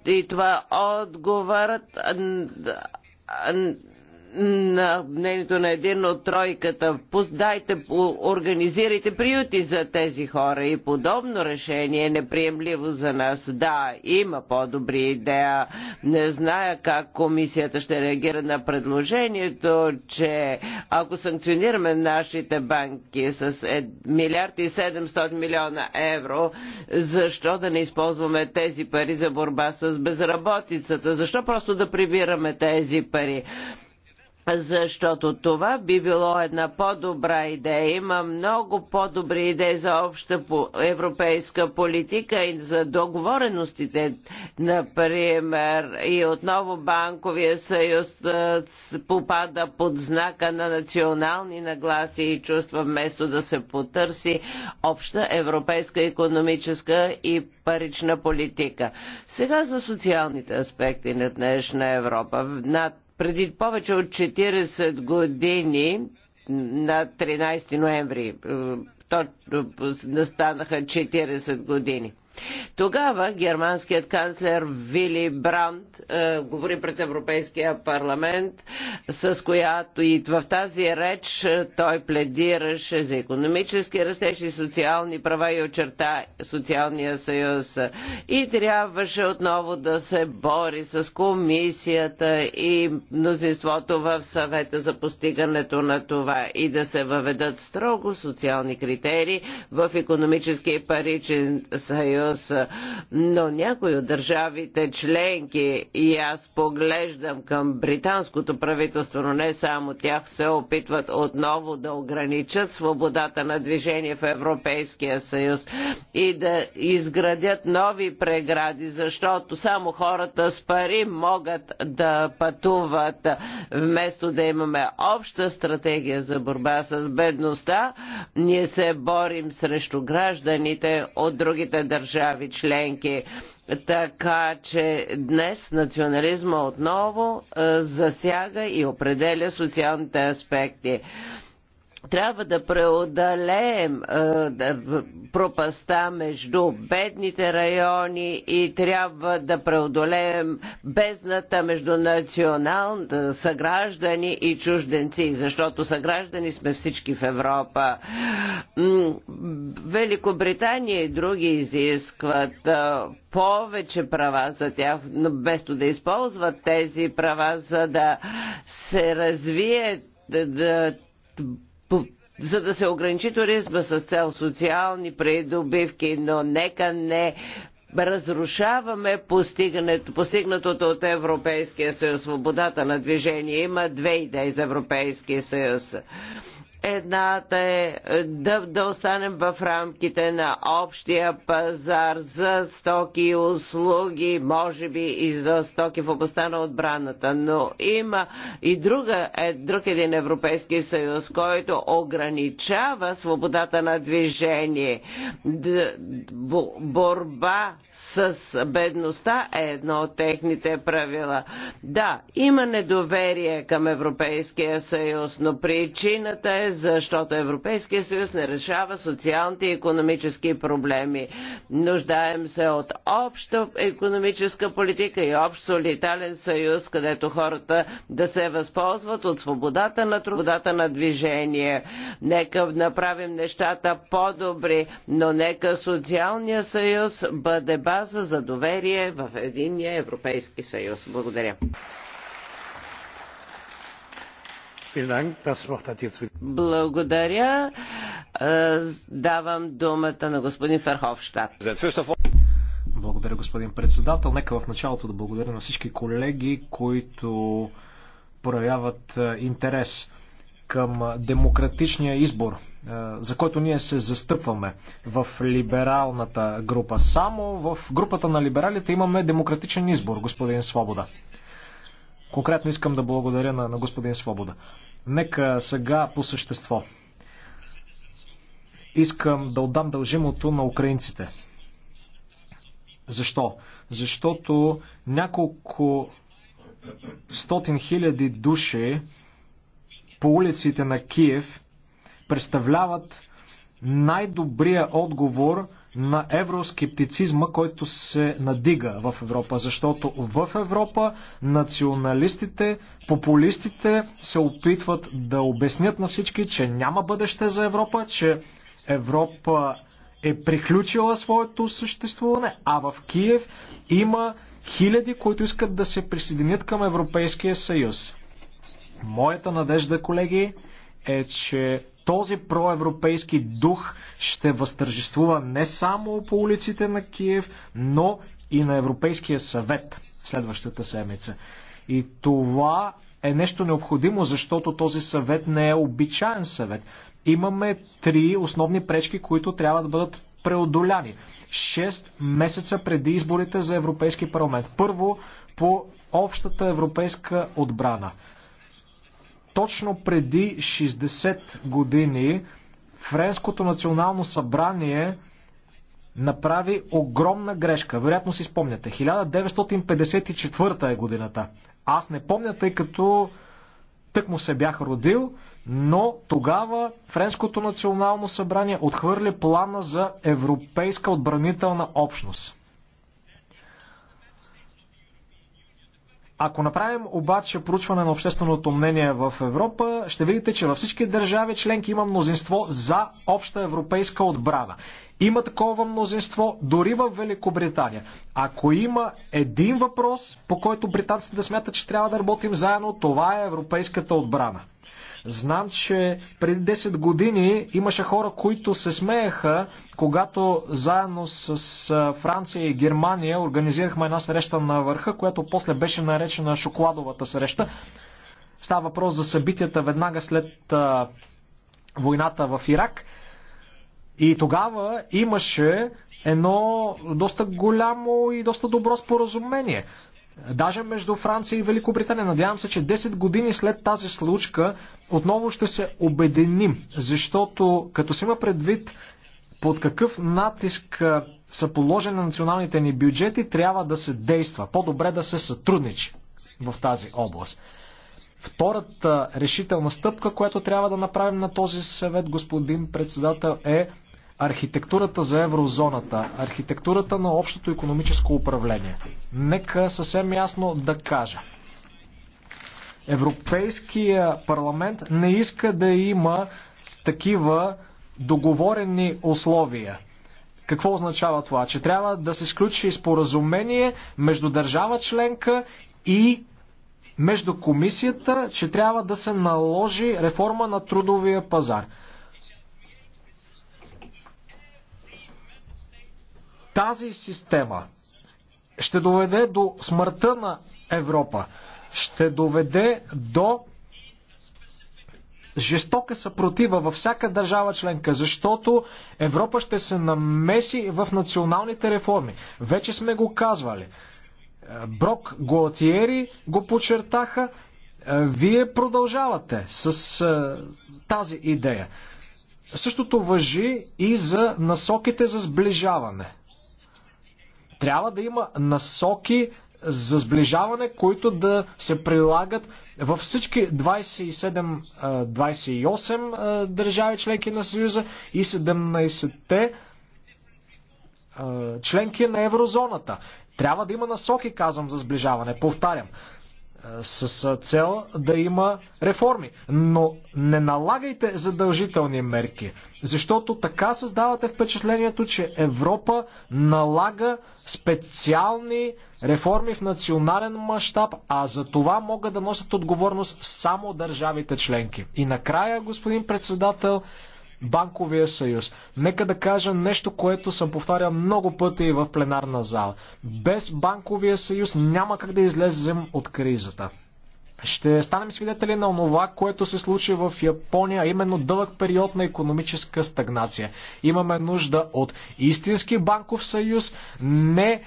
И това е отговорът на мнението на един от тройката. Дайте, организирайте приюти за тези хора и подобно решение е неприемливо за нас. Да, има по-добри идея. Не зная как комисията ще реагира на предложението, че ако санкционираме нашите банки с е, милиард и 700 милиона евро, защо да не използваме тези пари за борба с безработицата? Защо просто да прибираме тези пари? защото това би било една по-добра идея. Има много по-добри идеи за обща европейска политика и за договореностите, например. И отново банковия съюз попада под знака на национални нагласи и чувства, вместо да се потърси обща европейска економическа и парична политика. Сега за социалните аспекти на днешна Европа. Над преди повече от 40 години, на 13 ноември, е, то настанаха 40 години. Тогава германският канцлер Вили Бранд е, говори пред Европейския парламент, с която и в тази реч е, той пледираше за економически растеж и социални права и очерта социалния съюз. И трябваше отново да се бори с комисията и мнозинството в съвета за постигането на това и да се въведат строго социални критерии в економически и паричен съюз съюз. Но някои от държавите членки, и аз поглеждам към британското правителство, но не само тях, се опитват отново да ограничат свободата на движение в Европейския съюз и да изградят нови прегради, защото само хората с пари могат да пътуват, вместо да имаме обща стратегия за борба с бедността, ние се борим срещу гражданите от другите държави държави членки. Така че днес национализма отново засяга и определя социалните аспекти трябва да преодолеем е, пропаста между бедните райони и трябва да преодолеем бездната между национал, съграждани и чужденци, защото съграждани сме всички в Европа. Великобритания и други изискват е, повече права за тях, но вместо да използват тези права, за да се развият да за да се ограничи туризма с цел социални придобивки, но нека не разрушаваме постигнатото от Европейския съюз. Свободата на движение има две идеи за Европейския съюз Едната е, е да, да останем в рамките на общия пазар за стоки и услуги, може би и за стоки в областта на отбраната, но има и друга, е, друг един Европейски съюз, който ограничава свободата на движение. Д, борба с бедността е едно от техните правила. Да, има недоверие към Европейския съюз, но причината е защото Европейския съюз не решава социалните и економически проблеми. Нуждаем се от обща економическа политика и общ солитален съюз, където хората да се възползват от свободата на трудата на движение. Нека направим нещата по-добри, но нека социалния съюз бъде база за доверие в единния Европейски съюз. Благодаря. Благодаря. Е, давам думата на господин Ферховщад. Благодаря, господин председател. Нека в началото да благодаря на всички колеги, които проявяват е, интерес към демократичния избор, е, за който ние се застъпваме в либералната група. Само в групата на либералите имаме демократичен избор, господин Свобода. Конкретно искам да благодаря на, на господин Свобода. Нека сега по същество. Искам да отдам дължимото на украинците. Защо? Защото няколко стотин хиляди души по улиците на Киев представляват най-добрия отговор на евроскептицизма, който се надига в Европа. Защото в Европа националистите, популистите се опитват да обяснят на всички, че няма бъдеще за Европа, че Европа е приключила своето съществуване, а в Киев има хиляди, които искат да се присъединят към Европейския съюз. Моята надежда, колеги, е, че този проевропейски дух ще възтържествува не само по улиците на Киев, но и на Европейския съвет следващата седмица. И това е нещо необходимо, защото този съвет не е обичайен съвет. Имаме три основни пречки, които трябва да бъдат преодоляни. 6 месеца преди изборите за Европейски парламент. Първо, по общата европейска отбрана. Точно преди 60 години Френското национално събрание направи огромна грешка. Вероятно си спомняте. 1954 е годината. Аз не помня, тъй като тък му се бях родил, но тогава Френското национално събрание отхвърли плана за Европейска отбранителна общност. Ако направим обаче проучване на общественото мнение в Европа, ще видите, че във всички държави членки има мнозинство за обща европейска отбрана. Има такова мнозинство дори в Великобритания. Ако има един въпрос, по който британците смятат, че трябва да работим заедно, това е европейската отбрана. Знам, че преди 10 години имаше хора, които се смееха, когато заедно с Франция и Германия организирахме една среща на върха, която после беше наречена шоколадовата среща. Става въпрос за събитията веднага след а, войната в Ирак. И тогава имаше едно доста голямо и доста добро споразумение. Даже между Франция и Великобритания. Надявам се, че 10 години след тази случка отново ще се обединим, защото като се има предвид под какъв натиск са положени на националните ни бюджети, трябва да се действа. По-добре да се сътрудничи в тази област. Втората решителна стъпка, която трябва да направим на този съвет, господин председател, е архитектурата за еврозоната, архитектурата на общото економическо управление. Нека съвсем ясно да кажа. Европейския парламент не иска да има такива договорени условия. Какво означава това? Че трябва да се сключи споразумение между държава членка и между комисията, че трябва да се наложи реформа на трудовия пазар. Тази система ще доведе до смъртта на Европа. Ще доведе до жестока съпротива във всяка държава членка, защото Европа ще се намеси в националните реформи. Вече сме го казвали. Брок Голтиери го подчертаха. Вие продължавате с е, тази идея. Същото въжи и за насоките за сближаване. Трябва да има насоки за сближаване, които да се прилагат във всички 27-28 държави членки на Съюза и 17-те членки на еврозоната. Трябва да има насоки, казвам, за сближаване. Повтарям, с цел да има реформи. Но не налагайте задължителни мерки, защото така създавате впечатлението, че Европа налага специални реформи в национален мащаб, а за това могат да носят отговорност само държавите членки. И накрая, господин председател, банковия съюз. Нека да кажа нещо, което съм повтарял много пъти в пленарна зала. Без банковия съюз няма как да излезем от кризата. Ще станем свидетели на онова, което се случи в Япония, именно дълъг период на економическа стагнация. Имаме нужда от истински банков съюз, не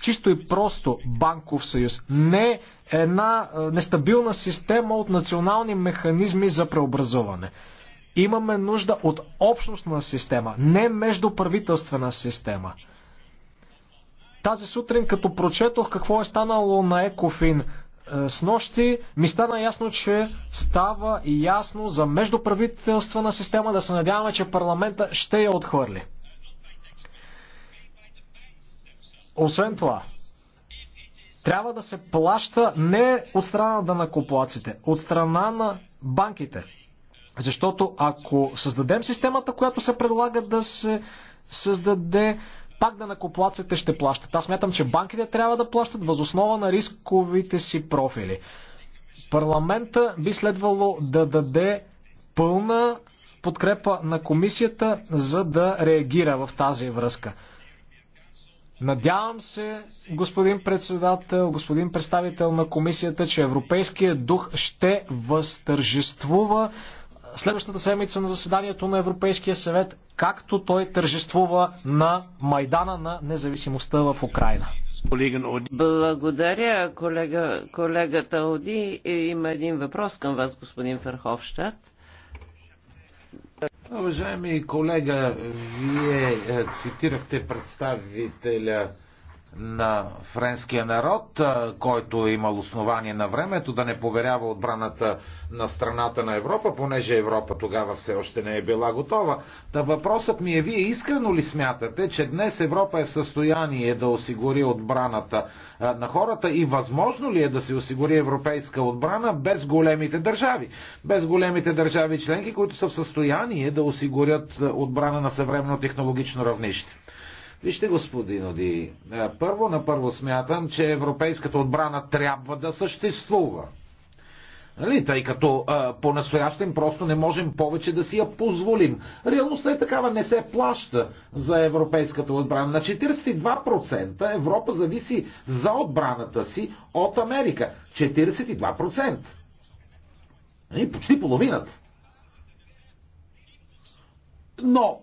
чисто и просто банков съюз, не една нестабилна система от национални механизми за преобразуване. Имаме нужда от общностна система, не междуправителствена система. Тази сутрин, като прочетох какво е станало на Екофин е, с нощи, ми стана ясно, че става и ясно за междуправителствена система да се надяваме, че парламента ще я отхвърли. Освен това, трябва да се плаща не от страна на данакоплаците, от страна на банките. Защото ако създадем системата, която се предлага да се създаде, пак да накоплаците ще плащат. Аз мятам, че банките трябва да плащат възоснова на рисковите си профили. Парламента би следвало да даде пълна подкрепа на комисията, за да реагира в тази връзка. Надявам се, господин председател, господин представител на комисията, че европейският дух ще възтържествува следващата седмица на заседанието на Европейския съвет, както той тържествува на Майдана на независимостта в Украина. Благодаря, колега, колегата Оди. Има един въпрос към вас, господин Ферховщад. Уважаеми колега, вие е, цитирахте представителя на френския народ, който е имал основание на времето да не поверява отбраната на страната на Европа, понеже Европа тогава все още не е била готова. Та въпросът ми е, вие искрено ли смятате, че днес Европа е в състояние да осигури отбраната на хората и възможно ли е да се осигури европейска отбрана без големите държави? Без големите държави членки, които са в състояние да осигурят отбрана на съвременно технологично равнище. Вижте, господин Оди, е, първо на първо смятам, че европейската отбрана трябва да съществува. Нали? Тъй като е, по-настоящем просто не можем повече да си я позволим. Реалността е такава, не се плаща за европейската отбрана. На 42% Европа зависи за отбраната си от Америка. 42%. Нали? почти половината. Но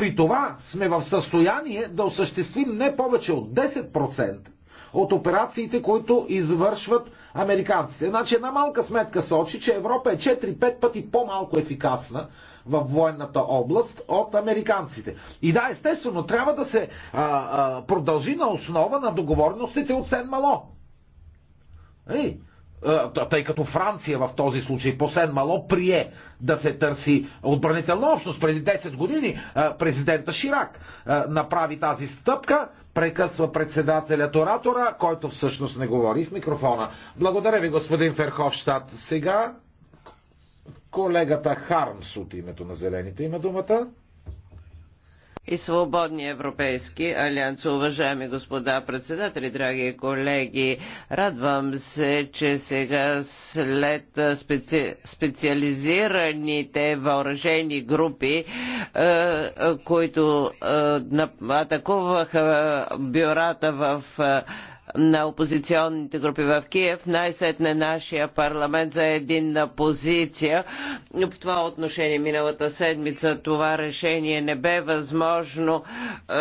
при това сме в състояние да осъществим не повече от 10% от операциите, които извършват американците. Значи една малка сметка сочи, че Европа е 4-5 пъти по-малко ефикасна в военната област от американците. И да, естествено, трябва да се а, а, продължи на основа на договорностите от Сен Мало. Ей, е, тъй като Франция в този случай по Сен Мало прие да се търси отбранителна общност. Преди 10 години е, президента Ширак е, направи тази стъпка, прекъсва председателят оратора, който всъщност не говори в микрофона. Благодаря ви, господин Ферховщад. Сега колегата Хармс от името на Зелените има думата и свободни европейски алианс. Уважаеми господа председатели, драги колеги, радвам се, че сега след специ... специализираните въоръжени групи, които атакуваха бюрата в на опозиционните групи в Киев, най-сетне нашия парламент за единна позиция. В това отношение миналата седмица това решение не бе възможно. Е,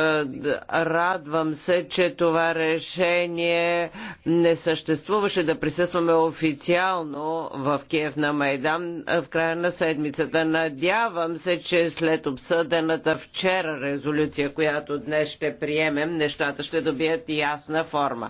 радвам се, че това решение не съществуваше да присъстваме официално в Киев на Майдан в края на седмицата. Надявам се, че след обсъдената вчера резолюция, която днес ще приемем, нещата ще добият ясна форма.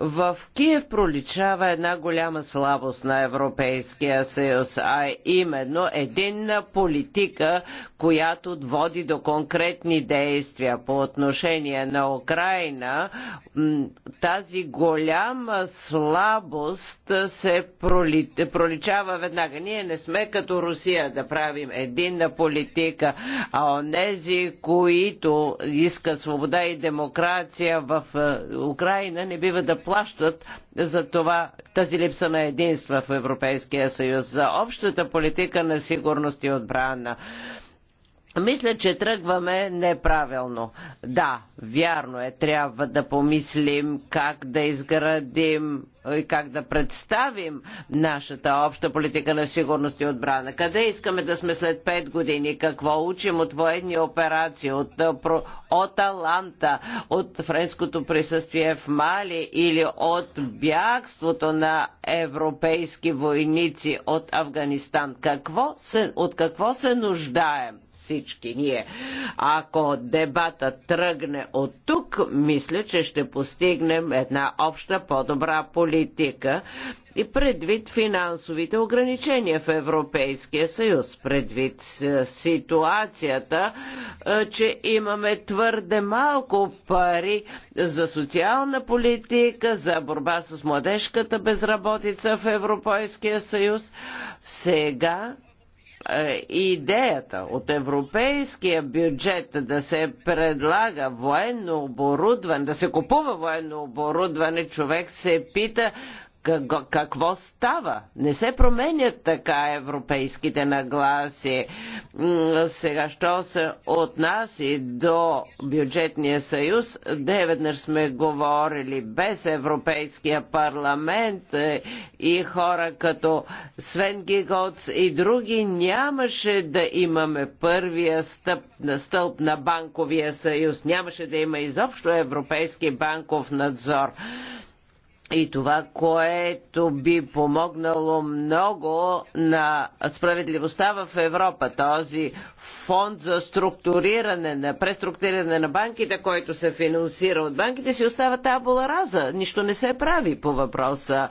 В Киев проличава една голяма слабост на Европейския съюз, а именно единна политика, която води до конкретни действия по отношение на Украина. Тази голяма слабост се проличава веднага. Ние не сме като Русия да правим единна политика, а онези, които искат свобода и демокрация в е, Украина, не бива да плащат за това тази липса на единства в Европейския съюз, за общата политика на сигурност и отбрана. Мисля, че тръгваме неправилно. Да, вярно е, трябва да помислим как да изградим и как да представим нашата обща политика на сигурност и отбрана. Къде искаме да сме след 5 години? Какво учим от военни операции, от, от Аланта, от френското присъствие в Мали или от бягството на европейски войници от Афганистан? Какво се, от какво се нуждаем? всички ние. Ако дебата тръгне от тук, мисля, че ще постигнем една обща по-добра политика и предвид финансовите ограничения в Европейския съюз, предвид ситуацията, че имаме твърде малко пари за социална политика, за борба с младежката безработица в Европейския съюз, сега е, идеята от европейския бюджет да се предлага военно оборудване, да се купува военно оборудване, човек се пита какво става. Не се променят така европейските нагласи. Сега, що се и до бюджетния съюз, деведнъж сме говорили без Европейския парламент е, и хора като Свен Гигоц и други нямаше да имаме първия стъп, на стълб на банковия съюз. Нямаше да има изобщо европейски банков надзор. И това, което би помогнало много на справедливостта в Европа, този фонд за структуриране, на преструктуриране на банките, който се финансира от банките, си остава табула раза. Нищо не се прави по въпроса.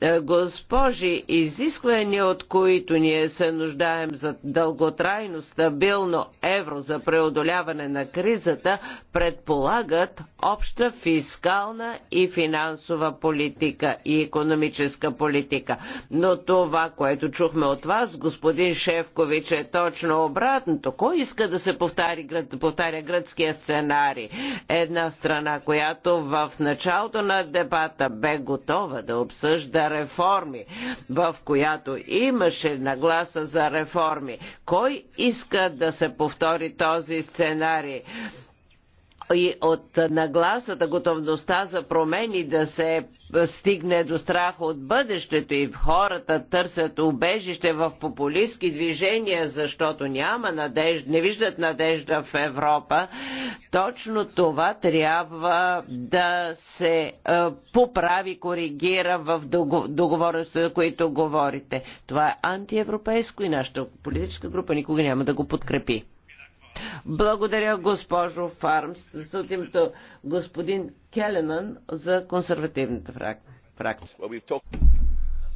Е, госпожи, изисквания, от които ние се нуждаем за дълготрайно, стабилно евро за преодоляване на кризата, предполагат обща фискална и финансова политика и економическа политика. Но това, което чухме от вас, господин Шевкович, е точно обратното. Кой иска да се повтари, повтаря гръцкия сценарий? Една страна, която в началото на дебата бе готова да обсъжда реформи, в която имаше нагласа за реформи. Кой иска да се повтори този сценарий? и от нагласата, готовността за промени да се стигне до страха от бъдещето и хората търсят убежище в популистски движения, защото няма надежда, не виждат надежда в Европа. Точно това трябва да се поправи, коригира в договорността, за които говорите. Това е антиевропейско и нашата политическа група никога няма да го подкрепи. Благодаря, госпожо Фармс. Сутимто господин Келенън за консервативната фракция.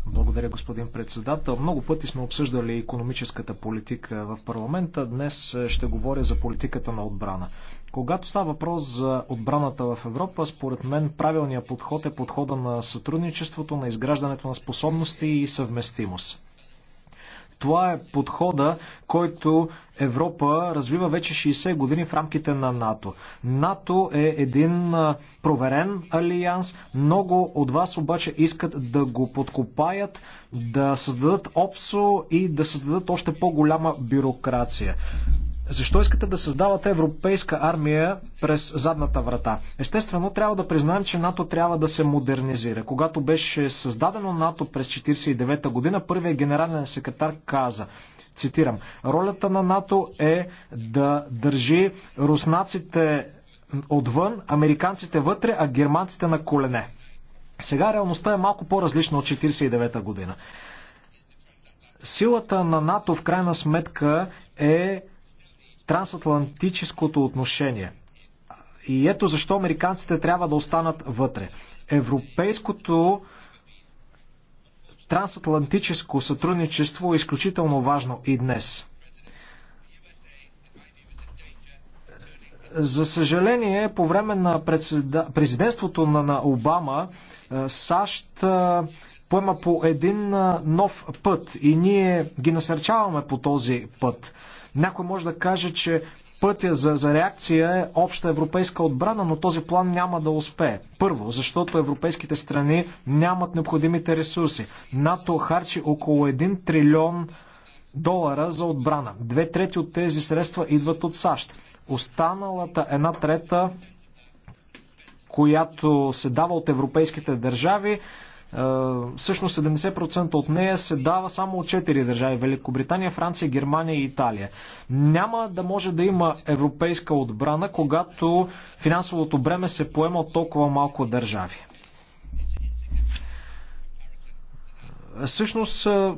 Благодаря, господин председател. Много пъти сме обсъждали економическата политика в парламента. Днес е, ще говоря за политиката на отбрана. Когато става въпрос за отбраната в Европа, според мен правилният подход е подхода на сътрудничеството, на изграждането на способности и съвместимост. Това е подхода, който Европа развива вече 60 години в рамките на НАТО. НАТО е един проверен алианс. Много от вас обаче искат да го подкопаят, да създадат ОПСО и да създадат още по-голяма бюрокрация. Защо искате да създавате европейска армия през задната врата? Естествено, трябва да признаем, че НАТО трябва да се модернизира. Когато беше създадено НАТО през 1949 та година, първият генерален секретар каза, цитирам, ролята на НАТО е да държи руснаците отвън, американците вътре, а германците на колене. Сега реалността е малко по-различна от 1949 година. Силата на НАТО в крайна сметка е трансатлантическото отношение. И ето защо американците трябва да останат вътре. Европейското трансатлантическо сътрудничество е изключително важно и днес. За съжаление, по време на президентството на, на Обама, е, САЩ е, поема по един е, нов път и ние ги насърчаваме по този път. Някой може да каже, че пътя за, за реакция е обща европейска отбрана, но този план няма да успее. Първо, защото европейските страни нямат необходимите ресурси. НАТО харчи около 1 трилион долара за отбрана. Две трети от тези средства идват от САЩ. Останалата една трета, която се дава от европейските държави, е, всъщност 70% от нея се дава само от 4 държави Великобритания, Франция, Германия и Италия. Няма да може да има европейска отбрана, когато финансовото бреме се поема от толкова малко държави. Всъщност, е,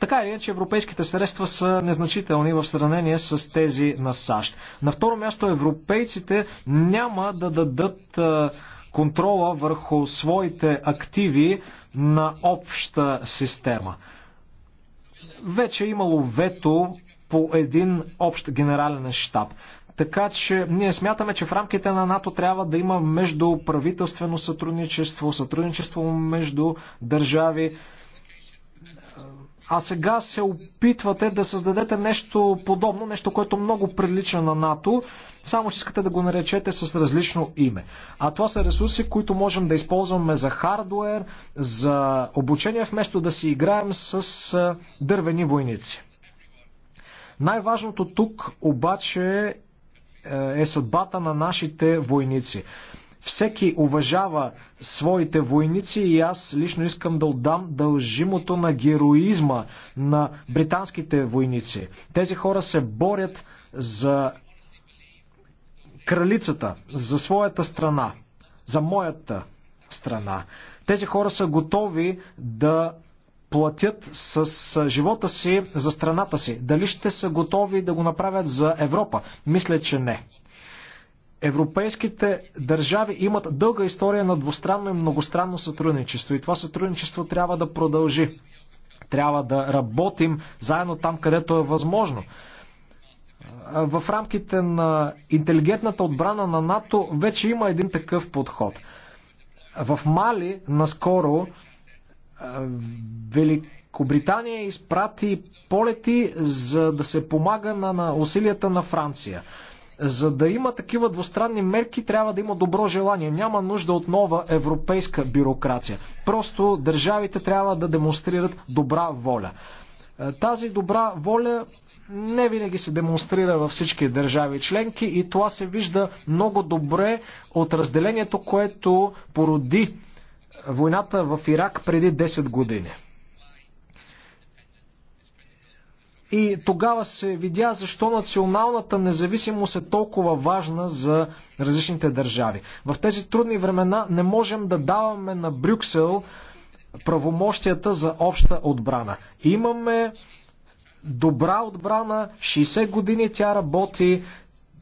така или иначе, европейските средства са незначителни в сравнение с тези на САЩ. На второ място, европейците няма да дадат е, контрола върху своите активи на обща система. Вече е имало вето по един общ генерален штаб. Така че ние смятаме, че в рамките на НАТО трябва да има междуправителствено сътрудничество, сътрудничество между държави а сега се опитвате да създадете нещо подобно, нещо, което много прилича на НАТО, само че искате да го наречете с различно име. А това са ресурси, които можем да използваме за хардуер, за обучение, вместо да си играем с дървени войници. Най-важното тук обаче е, е съдбата на нашите войници. Всеки уважава своите войници и аз лично искам да отдам дължимото на героизма на британските войници. Тези хора се борят за кралицата, за своята страна, за моята страна. Тези хора са готови да платят с живота си за страната си. Дали ще са готови да го направят за Европа? Мисля, че не. Европейските държави имат дълга история на двустранно и многостранно сътрудничество и това сътрудничество трябва да продължи. Трябва да работим заедно там, където е възможно. В рамките на интелигентната отбрана на НАТО вече има един такъв подход. В Мали наскоро Великобритания изпрати полети, за да се помага на, на усилията на Франция. За да има такива двустранни мерки, трябва да има добро желание. Няма нужда от нова европейска бюрокрация. Просто държавите трябва да демонстрират добра воля. Е, тази добра воля не винаги се демонстрира във всички държави членки и това се вижда много добре от разделението, което породи войната в Ирак преди 10 години. И тогава се видя защо националната независимост е толкова важна за различните държави. В тези трудни времена не можем да даваме на Брюксел правомощията за обща отбрана. Имаме добра отбрана, 60 години тя работи,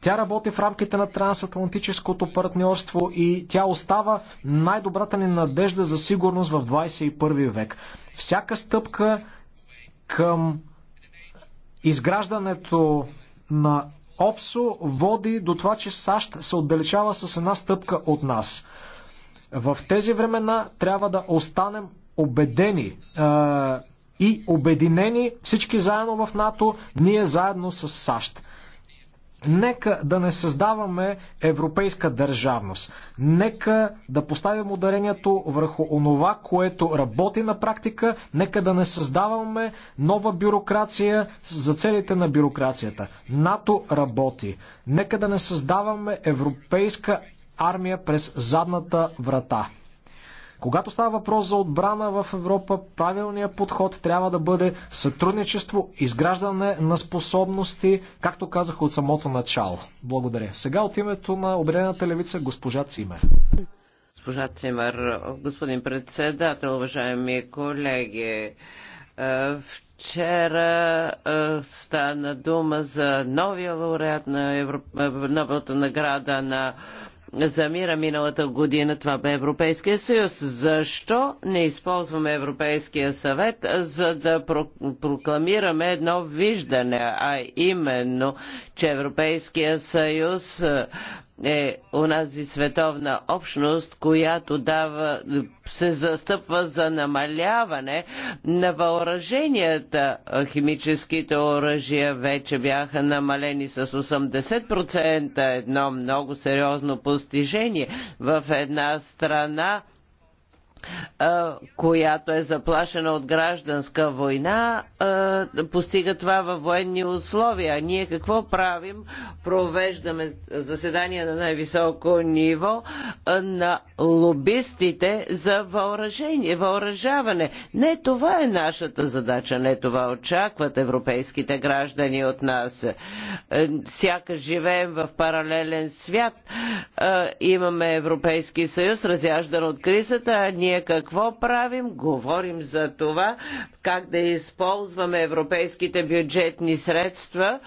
тя работи в рамките на трансатлантическото партньорство и тя остава най-добрата ни надежда за сигурност в 21 век. Всяка стъпка към изграждането на ОПСО води до това, че САЩ се отдалечава с една стъпка от нас. В тези времена трябва да останем убедени е, и обединени всички заедно в НАТО, ние заедно с САЩ. Нека да не създаваме европейска държавност. Нека да поставим ударението върху онова, което работи на практика. Нека да не създаваме нова бюрокрация за целите на бюрокрацията. НАТО работи. Нека да не създаваме европейска армия през задната врата. Когато става въпрос за отбрана в Европа, правилният подход трябва да бъде сътрудничество, изграждане на способности, както казах от самото начало. Благодаря. Сега от името на Обединената левица госпожа Цимер. Госпожа Цимер, господин председател, уважаеми колеги, е, Вчера э, стана дума за новия лауреат на Европ... Новата награда на замира миналата година, това бе Европейския съюз. Защо не използваме Европейския съвет, за да прокламираме едно виждане, а именно, че Европейския съюз е унази световна общност, която дава, се застъпва за намаляване на въоръженията. Химическите оръжия вече бяха намалени с 80%, едно много сериозно постижение в една страна, която е заплашена от гражданска война, постига това във военни условия. А Ние какво правим? Провеждаме заседания на най-високо ниво на лобистите за въоръжение, въоръжаване. Не това е нашата задача, не това очакват европейските граждани от нас. Сякаш живеем в паралелен свят. Имаме Европейски съюз, разяждан от кризата, а ние ние какво правим? Говорим за това как да използваме европейските бюджетни средства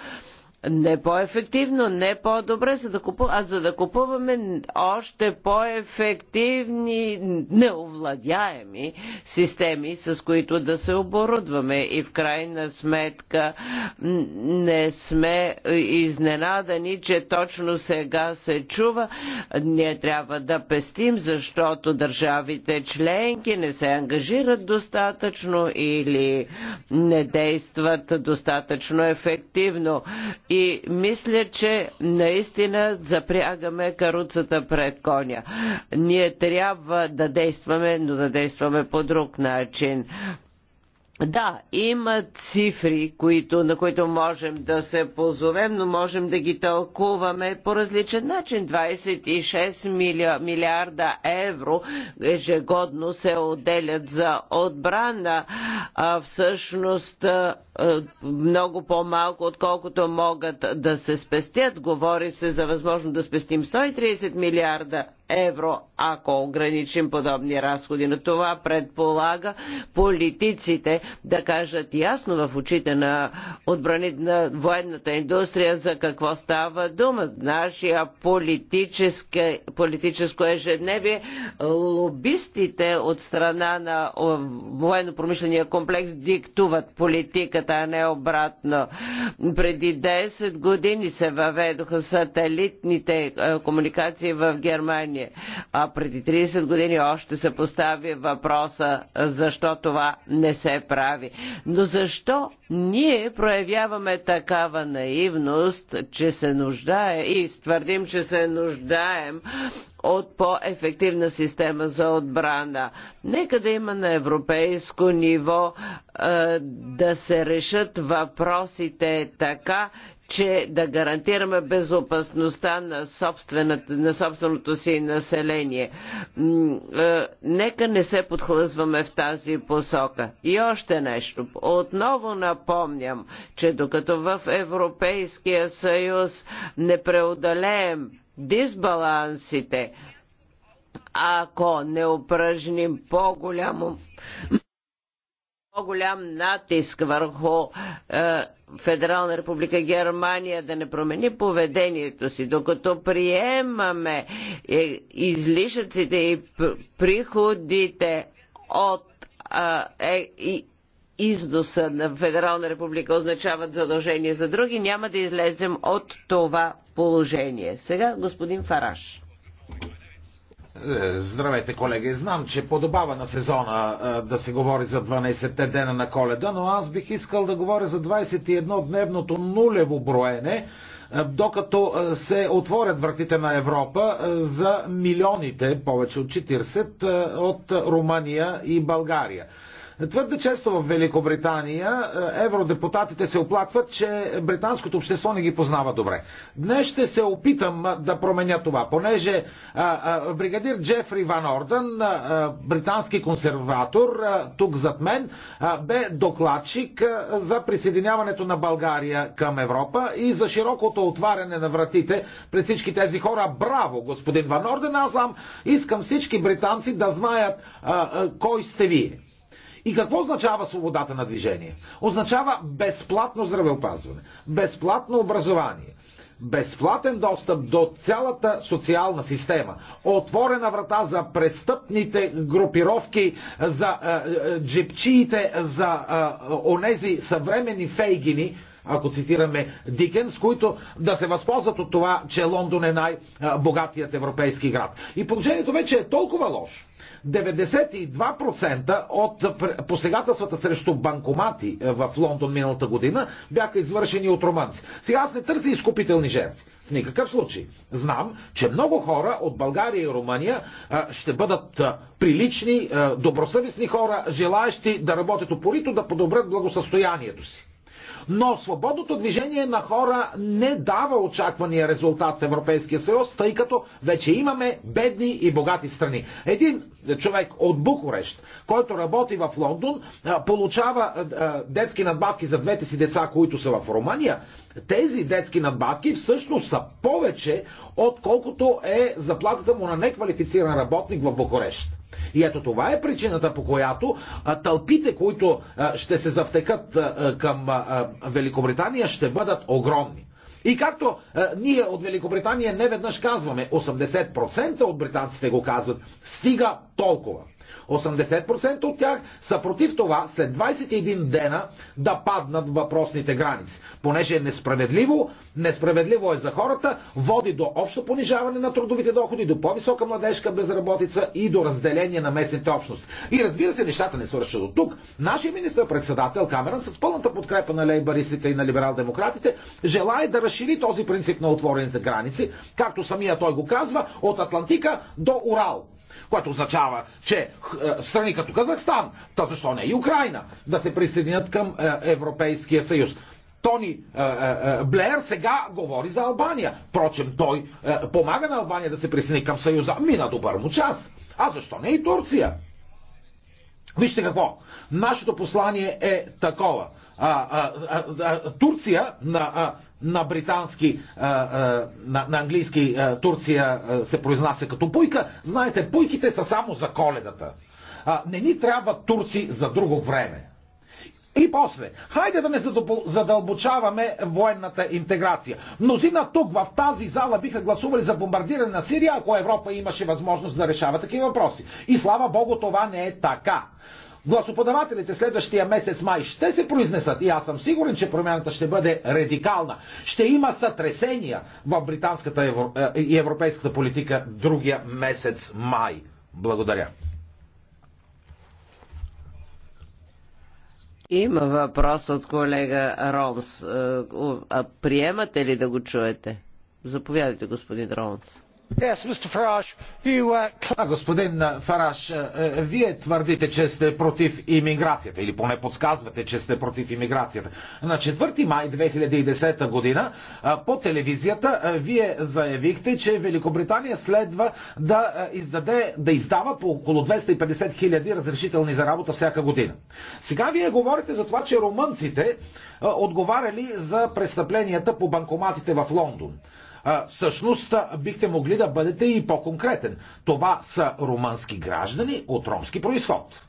не по-ефективно, не по-добре, за да купу... а за да купуваме още по-ефективни, неовладяеми системи, с които да се оборудваме. И в крайна сметка не сме изненадани, че точно сега се чува. Ние трябва да пестим, защото държавите членки не се ангажират достатъчно или не действат достатъчно ефективно и мисля, че наистина запрягаме каруцата пред коня. Ние трябва да действаме, но да действаме по друг начин. Да, има цифри, които, на които можем да се позовем, но можем да ги тълкуваме по различен начин. 26 мили, милиарда евро ежегодно се отделят за отбрана, а всъщност много по-малко, отколкото могат да се спестят. Говори се за възможно да спестим 130 милиарда евро, ако ограничим подобни разходи. Но това предполага политиците да кажат ясно в очите на, отбрани, на военната индустрия за какво става дума. Нашия политическо ежедневие лобистите от страна на военно-промишления комплекс диктуват политиката, а не обратно. Преди 10 години се въведоха сателитните е, комуникации в Германия състояние. А преди 30 години още се постави въпроса защо това не се прави. Но защо ние проявяваме такава наивност, че се нуждае и твърдим, че се нуждаем от по-ефективна система за отбрана. Нека да има на европейско ниво е, да се решат въпросите така, че да гарантираме безопасността на, на собственото си население. Е, нека не се подхлъзваме в тази посока. И още нещо. Отново напомням, че докато в Европейския съюз не преодолеем дисбалансите, ако не упражним по-голямо по-голям натиск върху е, Федерална република Германия да не промени поведението си, докато приемаме е, излишъците и приходите от е, е, износа на Федерална република означават задължение за други, няма да излезем от това положение. Сега господин Фараш. Е, здравейте, колеги. Знам, че подобава на сезона е, да се говори за 12-те дена на коледа, но аз бих искал да говоря за 21-дневното нулево броене, е, докато се отворят вратите на Европа за милионите, повече от 40, от Румъния и България. Твърде често в Великобритания е, евродепутатите се оплакват, че британското общество не ги познава добре. Днес ще се опитам да променя това, понеже а, а, бригадир Джефри Ван Орден, а, британски консерватор, а, тук зад мен, а, бе докладчик а, за присъединяването на България към Европа и за широкото отваряне на вратите пред всички тези хора. Браво, господин Ван Орден, аз искам всички британци да знаят а, а, кой сте вие. И какво означава свободата на движение? Означава безплатно здравеопазване, безплатно образование, безплатен достъп до цялата социална система, отворена врата за престъпните групировки, за е, е джипчиите, за е, онези съвремени фейгини, ако цитираме Дикенс, които да се възползват от това, че Лондон е най-богатият европейски град. И положението вече е толкова лошо, 92% от посегателствата срещу банкомати е, в Лондон миналата година бяха извършени от румънци. Сега аз не търся изкупителни жертви. В никакъв случай. Знам, че много хора от България и Румъния е, ще бъдат е, прилични, добросъвестни хора, желаящи да работят упорито, да подобрят благосъстоянието си. Но свободното движение на хора не дава очаквания резултат в Европейския съюз, тъй като вече имаме бедни и богати страни. Един човек от Букурещ, който работи в Лондон, получава детски надбавки за двете си деца, които са в Румъния. Тези детски надбавки всъщност са повече, отколкото е заплатата му на неквалифициран работник в Букурещ. И ето това е причината, по която тълпите, които ще се завтекат към Великобритания, ще бъдат огромни. И както а, ние от Великобритания не веднъж казваме, 80% от британците го казват, стига толкова. 80% от тях са против това след 21 дена да паднат въпросните граници. Понеже е несправедливо, несправедливо е за хората, води до общо понижаване на трудовите доходи, до по-висока младежка безработица и до разделение на местните общности. И разбира се, нещата не свършат от тук. Нашия министър-председател Камеран с пълната подкрепа на лейбаристите и на либерал-демократите желая да разшири този принцип на отворените граници, както самия той го казва, от Атлантика до Урал което означава, че е, страни като Казахстан, та защо не и Украина, да се присъединят към е, Европейския съюз. Тони е, е, е, Блеер сега говори за Албания. Впрочем, той е, помага на Албания да се присъедини към Съюза. Мина добър му час. А защо не и Турция? Вижте какво. Нашето послание е такова. А, а, а, а, Турция на а, на британски, е, е, на, на английски е, Турция се произнася като пуйка. Знаете, пуйките са само за коледата. Не ни трябва турци за друго време. И после, хайде да не задълбочаваме военната интеграция. Мнозина тук в тази зала биха гласували за бомбардиране на Сирия, ако Европа имаше възможност да решава такива въпроси. И слава Богу, това не е така. Гласоподавателите следващия месец май ще се произнесат и аз съм сигурен, че промяната ще бъде радикална. Ще има сатресения в британската е, и европейската политика другия месец май. Благодаря. Има въпрос от колега Ромс. Е, приемате ли да го чуете? Заповядайте, господин Ромс. Uh, господин Фараш, вие твърдите, че сте против имиграцията, или поне подсказвате, че сте против имиграцията. На 4 май 2010 година по телевизията вие заявихте, че Великобритания следва да, издаде, да издава по около 250 хиляди разрешителни за работа всяка година. Сега вие говорите за това, че румънците отговаряли за престъпленията по банкоматите в Лондон всъщност бихте могли да бъдете и по-конкретен. Това са румънски граждани от ромски происход.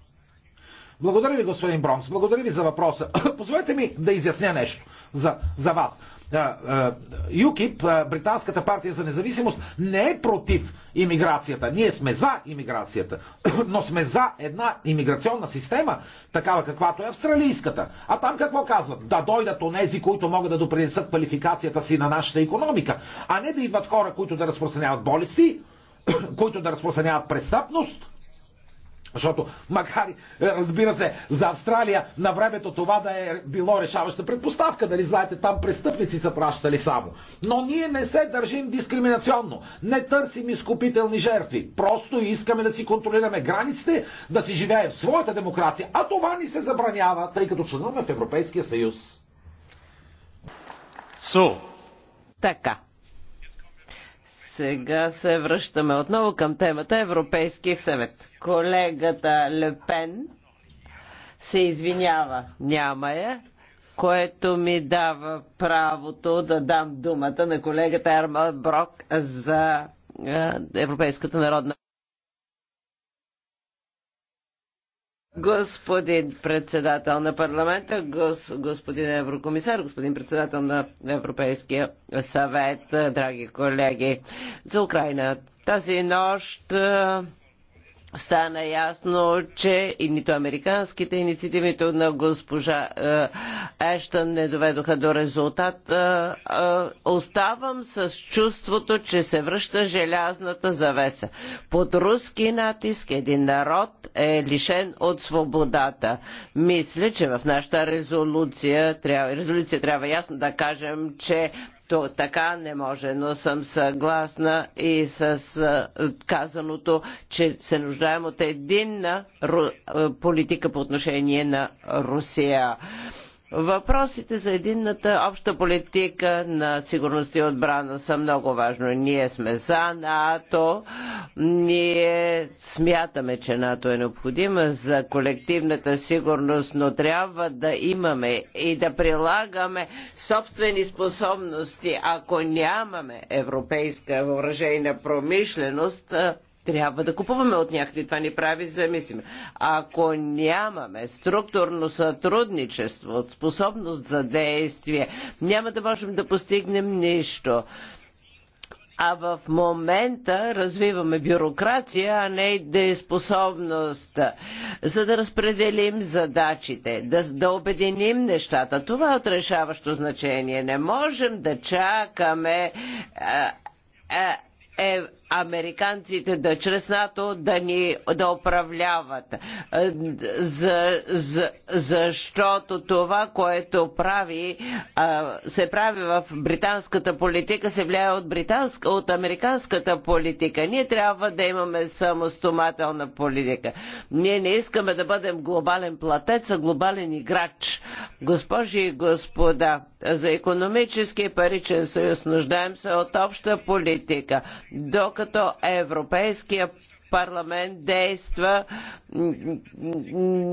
Благодаря ви, господин Бронс. Благодаря ви за въпроса. Позволете ми да изясня нещо за, за вас. Е, ЮКИП, е, Британската партия за независимост, не е против иммиграцията. Ние сме за иммиграцията, но сме за една иммиграционна система, такава каквато е австралийската. А там какво казват? Да дойдат онези, които могат да допринесат квалификацията си на нашата економика, а не да идват хора, които да разпространяват болести, които да разпространяват престъпност, защото, макар, е, разбира се, за Австралия на времето това да е било решаваща предпоставка, дали знаете, там престъпници са пращали само. Но ние не се държим дискриминационно, не търсим изкупителни жертви, просто искаме да си контролираме границите, да си живеем в своята демокрация, а това ни се забранява, тъй като членуваме в Европейския съюз. So. Така. Сега се връщаме отново към темата Европейски съвет. Колегата Лепен се извинява. Няма я, което ми дава правото да дам думата на колегата Ермал Брок за е, Европейската народна Господин председател на парламента, гос, господин еврокомисар, господин председател на Европейския съвет, драги колеги, за Украина. Тази нощ стана ясно, че и нито американските инициативите на госпожа е, Ештън не доведоха до резултат. Е, е, оставам с чувството, че се връща желязната завеса. Под руски натиск един народ е лишен от свободата. Мисля, че в нашата резолюция, резолюция трябва ясно да кажем, че то, така не може, но съм съгласна и с казаното, че се нуждаем от единна политика по отношение на Русия. Въпросите за единната обща политика на сигурност и отбрана са много важни. Ние сме за НАТО, ние смятаме, че НАТО е необходима за колективната сигурност, но трябва да имаме и да прилагаме собствени способности. Ако нямаме европейска въоръжейна промишленост, трябва да купуваме от някъде. Това ни прави замислим. Ако нямаме структурно сътрудничество, способност за действие, няма да можем да постигнем нищо. А в момента развиваме бюрокрация, а не и дееспособност, за да разпределим задачите, да, да обединим нещата. Това е отрешаващо значение. Не можем да чакаме. А, а, е, американците да чрез НАТО да ни да управляват. Е, за, за, защото това, което прави, е, се прави в британската политика, се влияе от, британска, от американската политика. Ние трябва да имаме самостоятелна политика. Ние не искаме да бъдем глобален платец, а глобален играч. Госпожи и господа, за економически и паричен съюз. Нуждаем се от обща политика, докато Европейския парламент действа.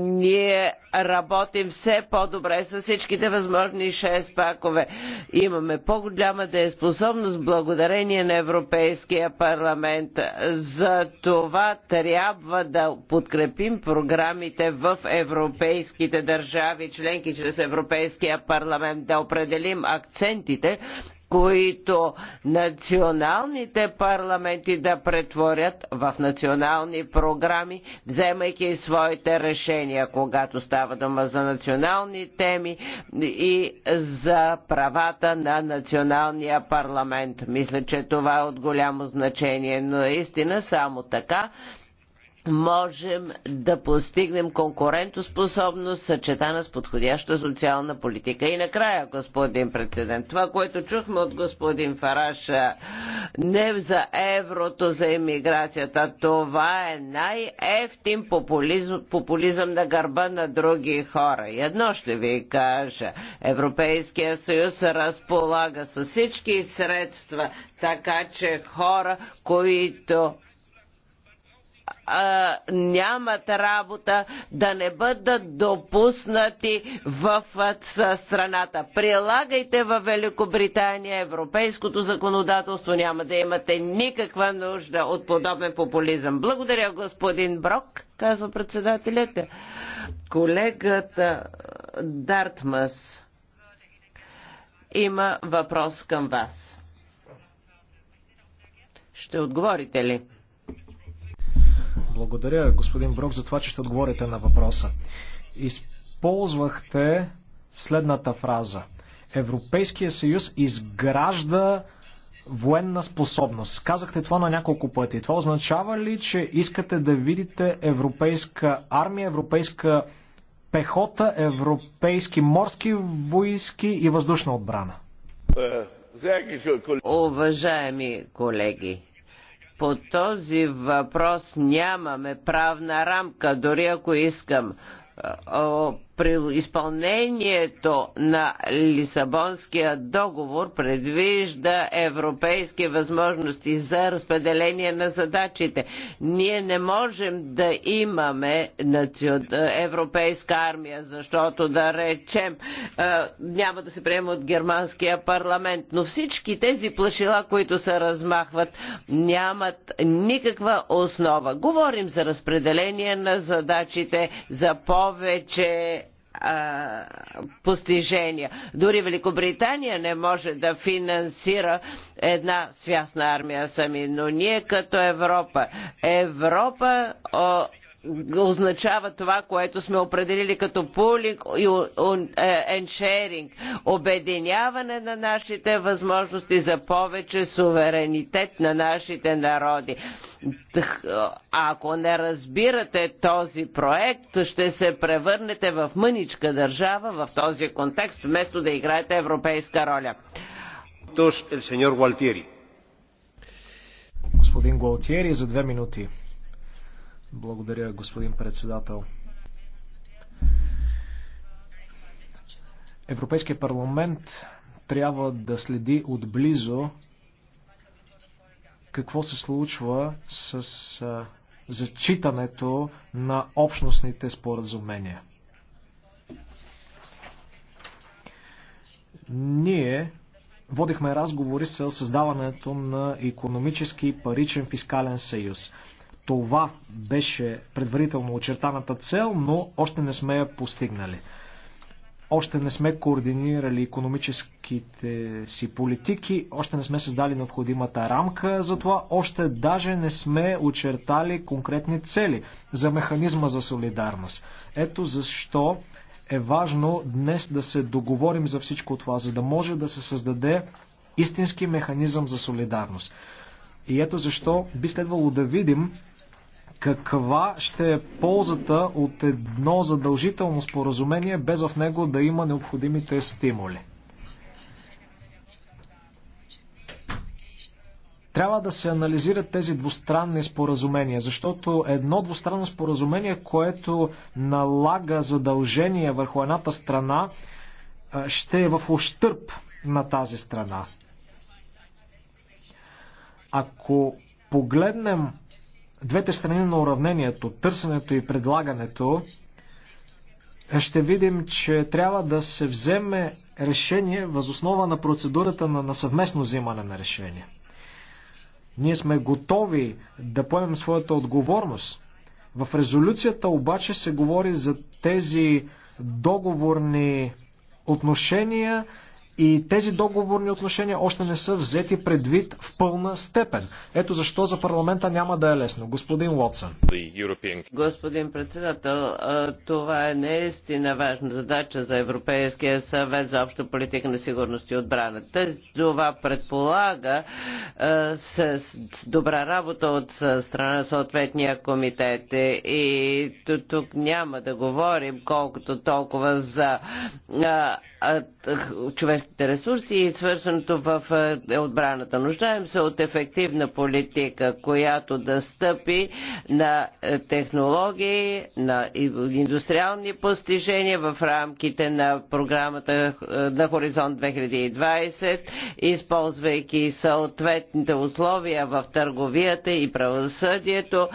Ние работим все по-добре с всичките възможни шест пакове. Имаме по-голяма дееспособност благодарение на Европейския парламент. За това трябва да подкрепим програмите в европейските държави членки чрез Европейския парламент, да определим акцентите които националните парламенти да претворят в национални програми, вземайки своите решения, когато става дума за национални теми и за правата на националния парламент. Мисля, че това е от голямо значение, но наистина е само така можем да постигнем конкурентоспособност, съчетана с подходяща социална политика. И накрая, господин президент, това, което чухме от господин Фараша, не за еврото, за иммиграцията, това е най-ефтин популизъм, популизъм на гърба на други хора. И едно ще ви кажа, Европейския съюз разполага с всички средства, така че хора, които а, нямат работа, да не бъдат допуснати в страната. Прилагайте във Великобритания европейското законодателство, няма да имате никаква нужда от подобен популизъм. Благодаря, господин Брок, казва председателят. Колегата Дартмас има въпрос към вас. Ще отговорите ли? Благодаря, господин Брок, за това, че ще отговорите на въпроса. Използвахте следната фраза. Европейския съюз изгражда военна способност. Казахте това на няколко пъти. Това означава ли, че искате да видите европейска армия, европейска пехота, европейски морски войски и въздушна отбрана? Уважаеми колеги, по този въпрос нямаме правна рамка, дори ако искам при изпълнението на Лисабонския договор предвижда европейски възможности за разпределение на задачите. Ние не можем да имаме европейска армия, защото да речем няма да се приема от германския парламент, но всички тези плашила, които се размахват, нямат никаква основа. Говорим за разпределение на задачите, за повече постижения. Дори Великобритания не може да финансира една свясна армия сами, но ние като Европа, Европа означава това, което сме определили като пулинг и е, еншеринг. Обединяване на нашите възможности за повече суверенитет на нашите народи. Ако не разбирате този проект, ще се превърнете в мъничка държава в този контекст, вместо да играете европейска роля. Господин Гуалтиери, за две минути. Благодаря, господин председател. Европейският парламент трябва да следи отблизо какво се случва с зачитането на общностните споразумения. Ние водихме разговори с създаването на економически паричен фискален съюз. Това беше предварително очертаната цел, но още не сме я постигнали. Още не сме координирали економическите си политики, още не сме създали необходимата рамка за това, още даже не сме очертали конкретни цели за механизма за солидарност. Ето защо е важно днес да се договорим за всичко това, за да може да се създаде истински механизъм за солидарност. И ето защо би следвало да видим каква ще е ползата от едно задължително споразумение, без в него да има необходимите стимули. Трябва да се анализират тези двустранни споразумения, защото едно двустранно споразумение, което налага задължения върху едната страна, ще е в ощърп на тази страна. Ако погледнем двете страни на уравнението, търсенето и предлагането, ще видим, че трябва да се вземе решение възоснова на процедурата на, на съвместно взимане на решение. Ние сме готови да поемем своята отговорност. В резолюцията обаче се говори за тези договорни отношения, и тези договорни отношения още не са взети предвид в пълна степен. Ето защо за парламента няма да е лесно. Господин Уотсън. Господин председател, това е наистина важна задача за Европейския съвет за обща политика на сигурност и отбрана. Тази това предполага с добра работа от страна на съответния комитет. И тук няма да говорим колкото толкова за човешките ресурси и свързаното в е отбраната. Нуждаем се от ефективна политика, която да стъпи на е, технологии, на индустриални постижения в рамките на програмата е, на Хоризонт 2020, използвайки съответните условия в търговията и правосъдието,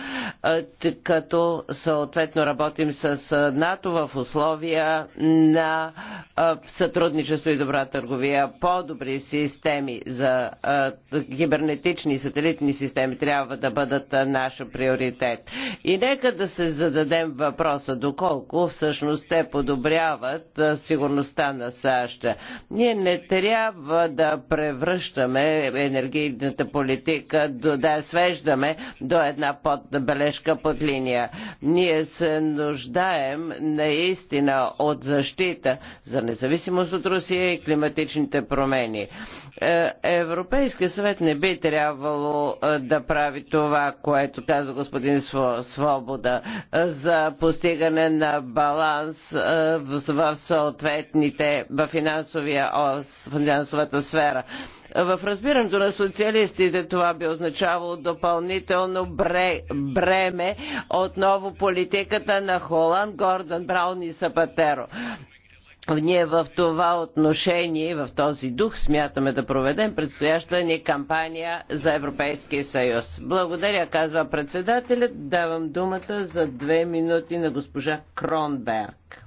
като съответно работим с НАТО в условия на сътрудничество и добра търговия, по-добри системи за кибернетични и сателитни системи трябва да бъдат наш приоритет. И нека да се зададем въпроса доколко всъщност те подобряват сигурността на САЩ. Ние не трябва да превръщаме енергийната политика, да я свеждаме до една подбележка под линия. Ние се нуждаем наистина от защита за независимост зависимост от Русия и климатичните промени. Е, Европейския съвет не би трябвало е, да прави това, което каза господин Свобода, е, за постигане на баланс в съответните, в финансовата сфера. В разбирането на социалистите това би означавало допълнително бре, бреме отново политиката на Холанд, Гордън Браун и Сапатеро. Ние в това отношение, в този дух, смятаме да проведем предстояща ни кампания за Европейския съюз. Благодаря, казва председателят. Давам думата за две минути на госпожа Кронберг.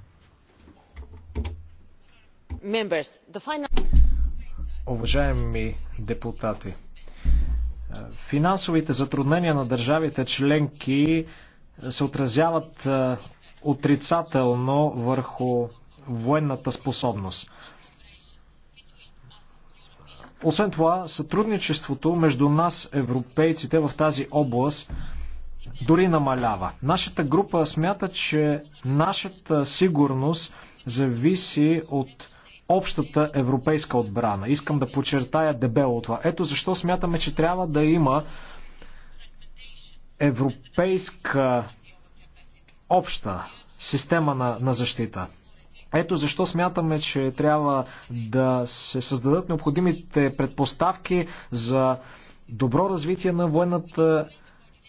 Уважаеми депутати, финансовите затруднения на държавите членки се отразяват отрицателно върху военната способност. Освен това, сътрудничеството между нас, европейците, в тази област дори намалява. Нашата група смята, че нашата сигурност зависи от общата европейска отбрана. Искам да подчертая дебело това. Ето защо смятаме, че трябва да има европейска обща система на, на защита. Ето защо смятаме, че трябва да се създадат необходимите предпоставки за добро развитие на военната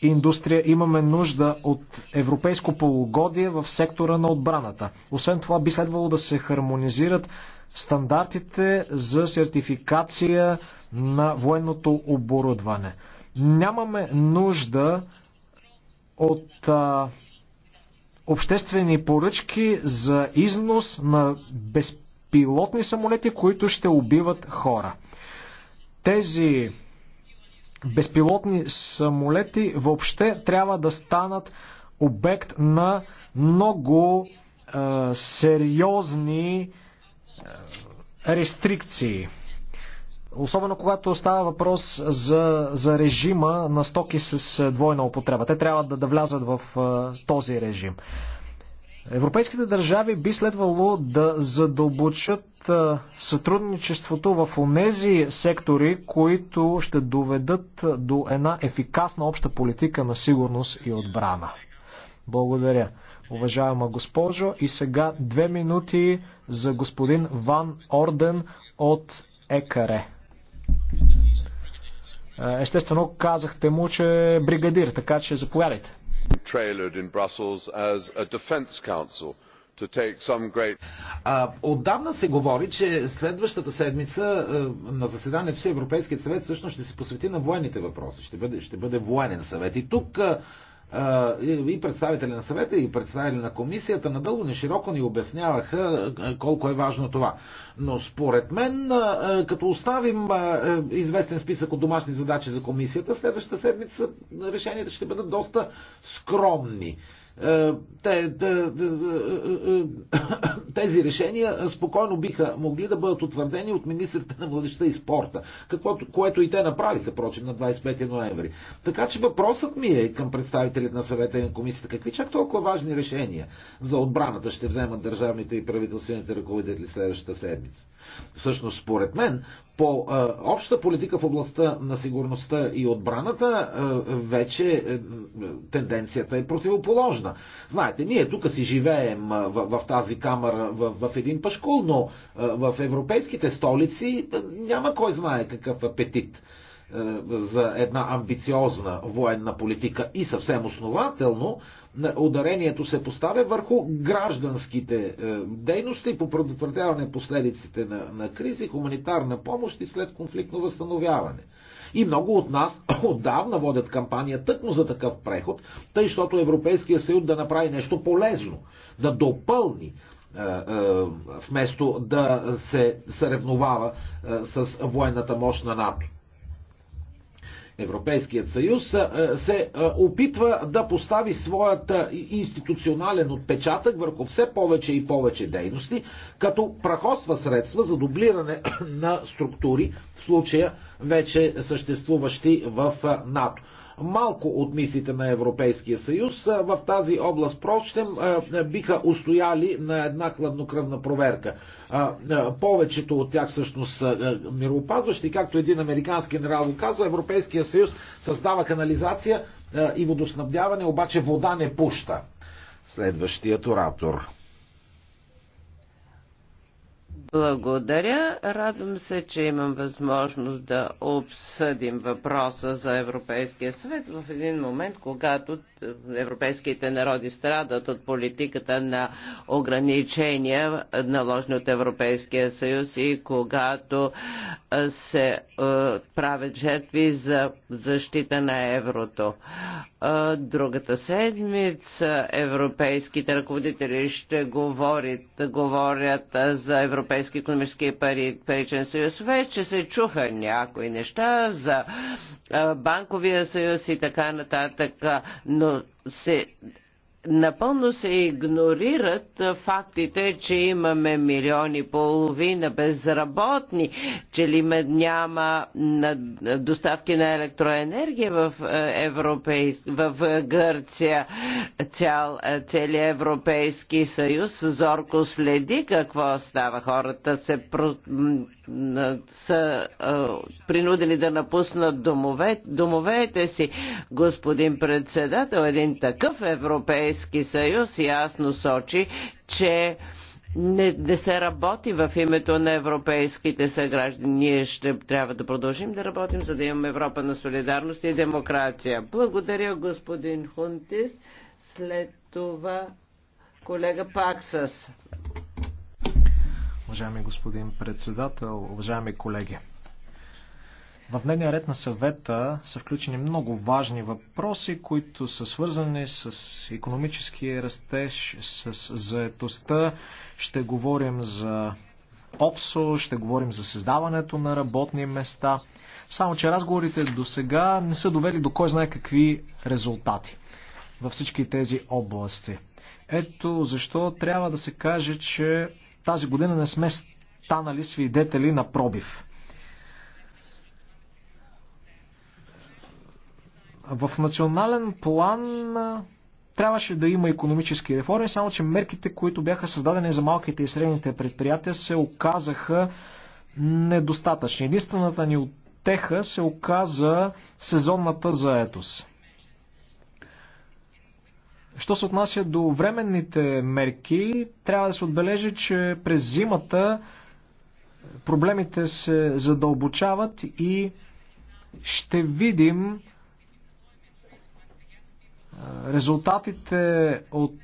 индустрия. Имаме нужда от европейско полугодие в сектора на отбраната. Освен това би следвало да се хармонизират стандартите за сертификация на военното оборудване. Нямаме нужда от а, обществени поръчки за износ на безпилотни самолети, които ще убиват хора. Тези безпилотни самолети въобще трябва да станат обект на много е, сериозни е, рестрикции. Особено когато става въпрос за, за режима на стоки с двойна употреба. Те трябва да, да влязат в а, този режим. Европейските държави би следвало да задълбочат сътрудничеството в онези сектори, които ще доведат до една ефикасна обща политика на сигурност и отбрана. Благодаря, уважаема госпожо. И сега две минути за господин Ван Орден от ЕКАРЕ. Е, естествено, казахте му, че е бригадир, така че заповядайте. отдавна се говори, че следващата седмица е, на заседанието си Европейският съвет всъщност ще се посвети на военните въпроси. Ще бъде, ще бъде военен съвет. И тук а, е, и представители на съвета, и представители на комисията надълго не широко ни обясняваха колко е важно това. Но според мен, като оставим известен списък от домашни задачи за комисията, следващата седмица решенията ще бъдат доста скромни. Е, е, е, тези решения спокойно биха могли да бъдат утвърдени от министрите на младеща и спорта, каквото, което и те направиха, прочим, на 25 ноември. Така че въпросът ми е към представителите на съвета и на комисията, какви чак толкова важни решения за отбраната ще вземат държавните и правителствените ръководители следващата седмица. Всъщност, според мен, по е, обща политика в областта на сигурността и отбраната е, вече е, тенденцията е противоположна. Знаете, ние тук си живеем в, в тази камера в, в един пашкул, но в европейските столици няма кой знае какъв апетит за една амбициозна военна политика и съвсем основателно ударението се поставя върху гражданските е, дейности по предотвратяване последиците на, на кризи, хуманитарна помощ и след конфликтно възстановяване. И много от нас отдавна водят кампания тъкмо за такъв преход, тъй, защото Европейския съюз да направи нещо полезно, да допълни е, е, вместо да се съревновава с военната мощ на НАТО. Европейският съюз се опитва да постави своят институционален отпечатък върху все повече и повече дейности, като прахосва средства за дублиране на структури, в случая вече съществуващи в НАТО. Малко от мисите на Европейския съюз в тази област, прочтем, биха устояли на една хладнокръвна проверка. Повечето от тях всъщност са мироопазващи, както един американски генерал го казва, Европейския съюз създава канализация и водоснабдяване, обаче вода не пуща. Следващият оратор. Благодаря. Радвам се, че имам възможност да обсъдим въпроса за Европейския съвет в един момент, когато европейските народи страдат от политиката на ограничения, наложени от Европейския съюз и когато се правят жертви за защита на еврото. Другата седмица европейските ръководители ще говорят, говорят за европейските Европейски економически пари, паричен съюз. Вече се чуха някои неща за банковия съюз и така нататък, но се Напълно се игнорират фактите, че имаме милиони половина безработни, че ли няма доставки на електроенергия в, е, Европейс... в Гърция. Цял, е, целият Европейски съюз зорко следи какво става. Хората се са принудени да напуснат домове, домовете си. Господин председател, един такъв Европейски съюз ясно сочи, че не, не се работи в името на европейските съграждани. Ние ще трябва да продължим да работим, за да имаме Европа на солидарност и демокрация. Благодаря, господин Хунтис. След това колега Паксас. Уважаеми господин председател, уважаеми колеги. В дневния ред на съвета са включени много важни въпроси, които са свързани с економическия растеж, с заетостта. Ще говорим за ОПСО, ще говорим за създаването на работни места. Само, че разговорите до сега не са довели до кой знае какви резултати във всички тези области. Ето защо трябва да се каже, че тази година не сме станали свидетели на пробив. В национален план трябваше да има економически реформи, само че мерките, които бяха създадени за малките и средните предприятия, се оказаха недостатъчни. Единствената ни отеха се оказа сезонната заетост. Що се отнася до временните мерки, трябва да се отбележи, че през зимата проблемите се задълбочават и ще видим резултатите от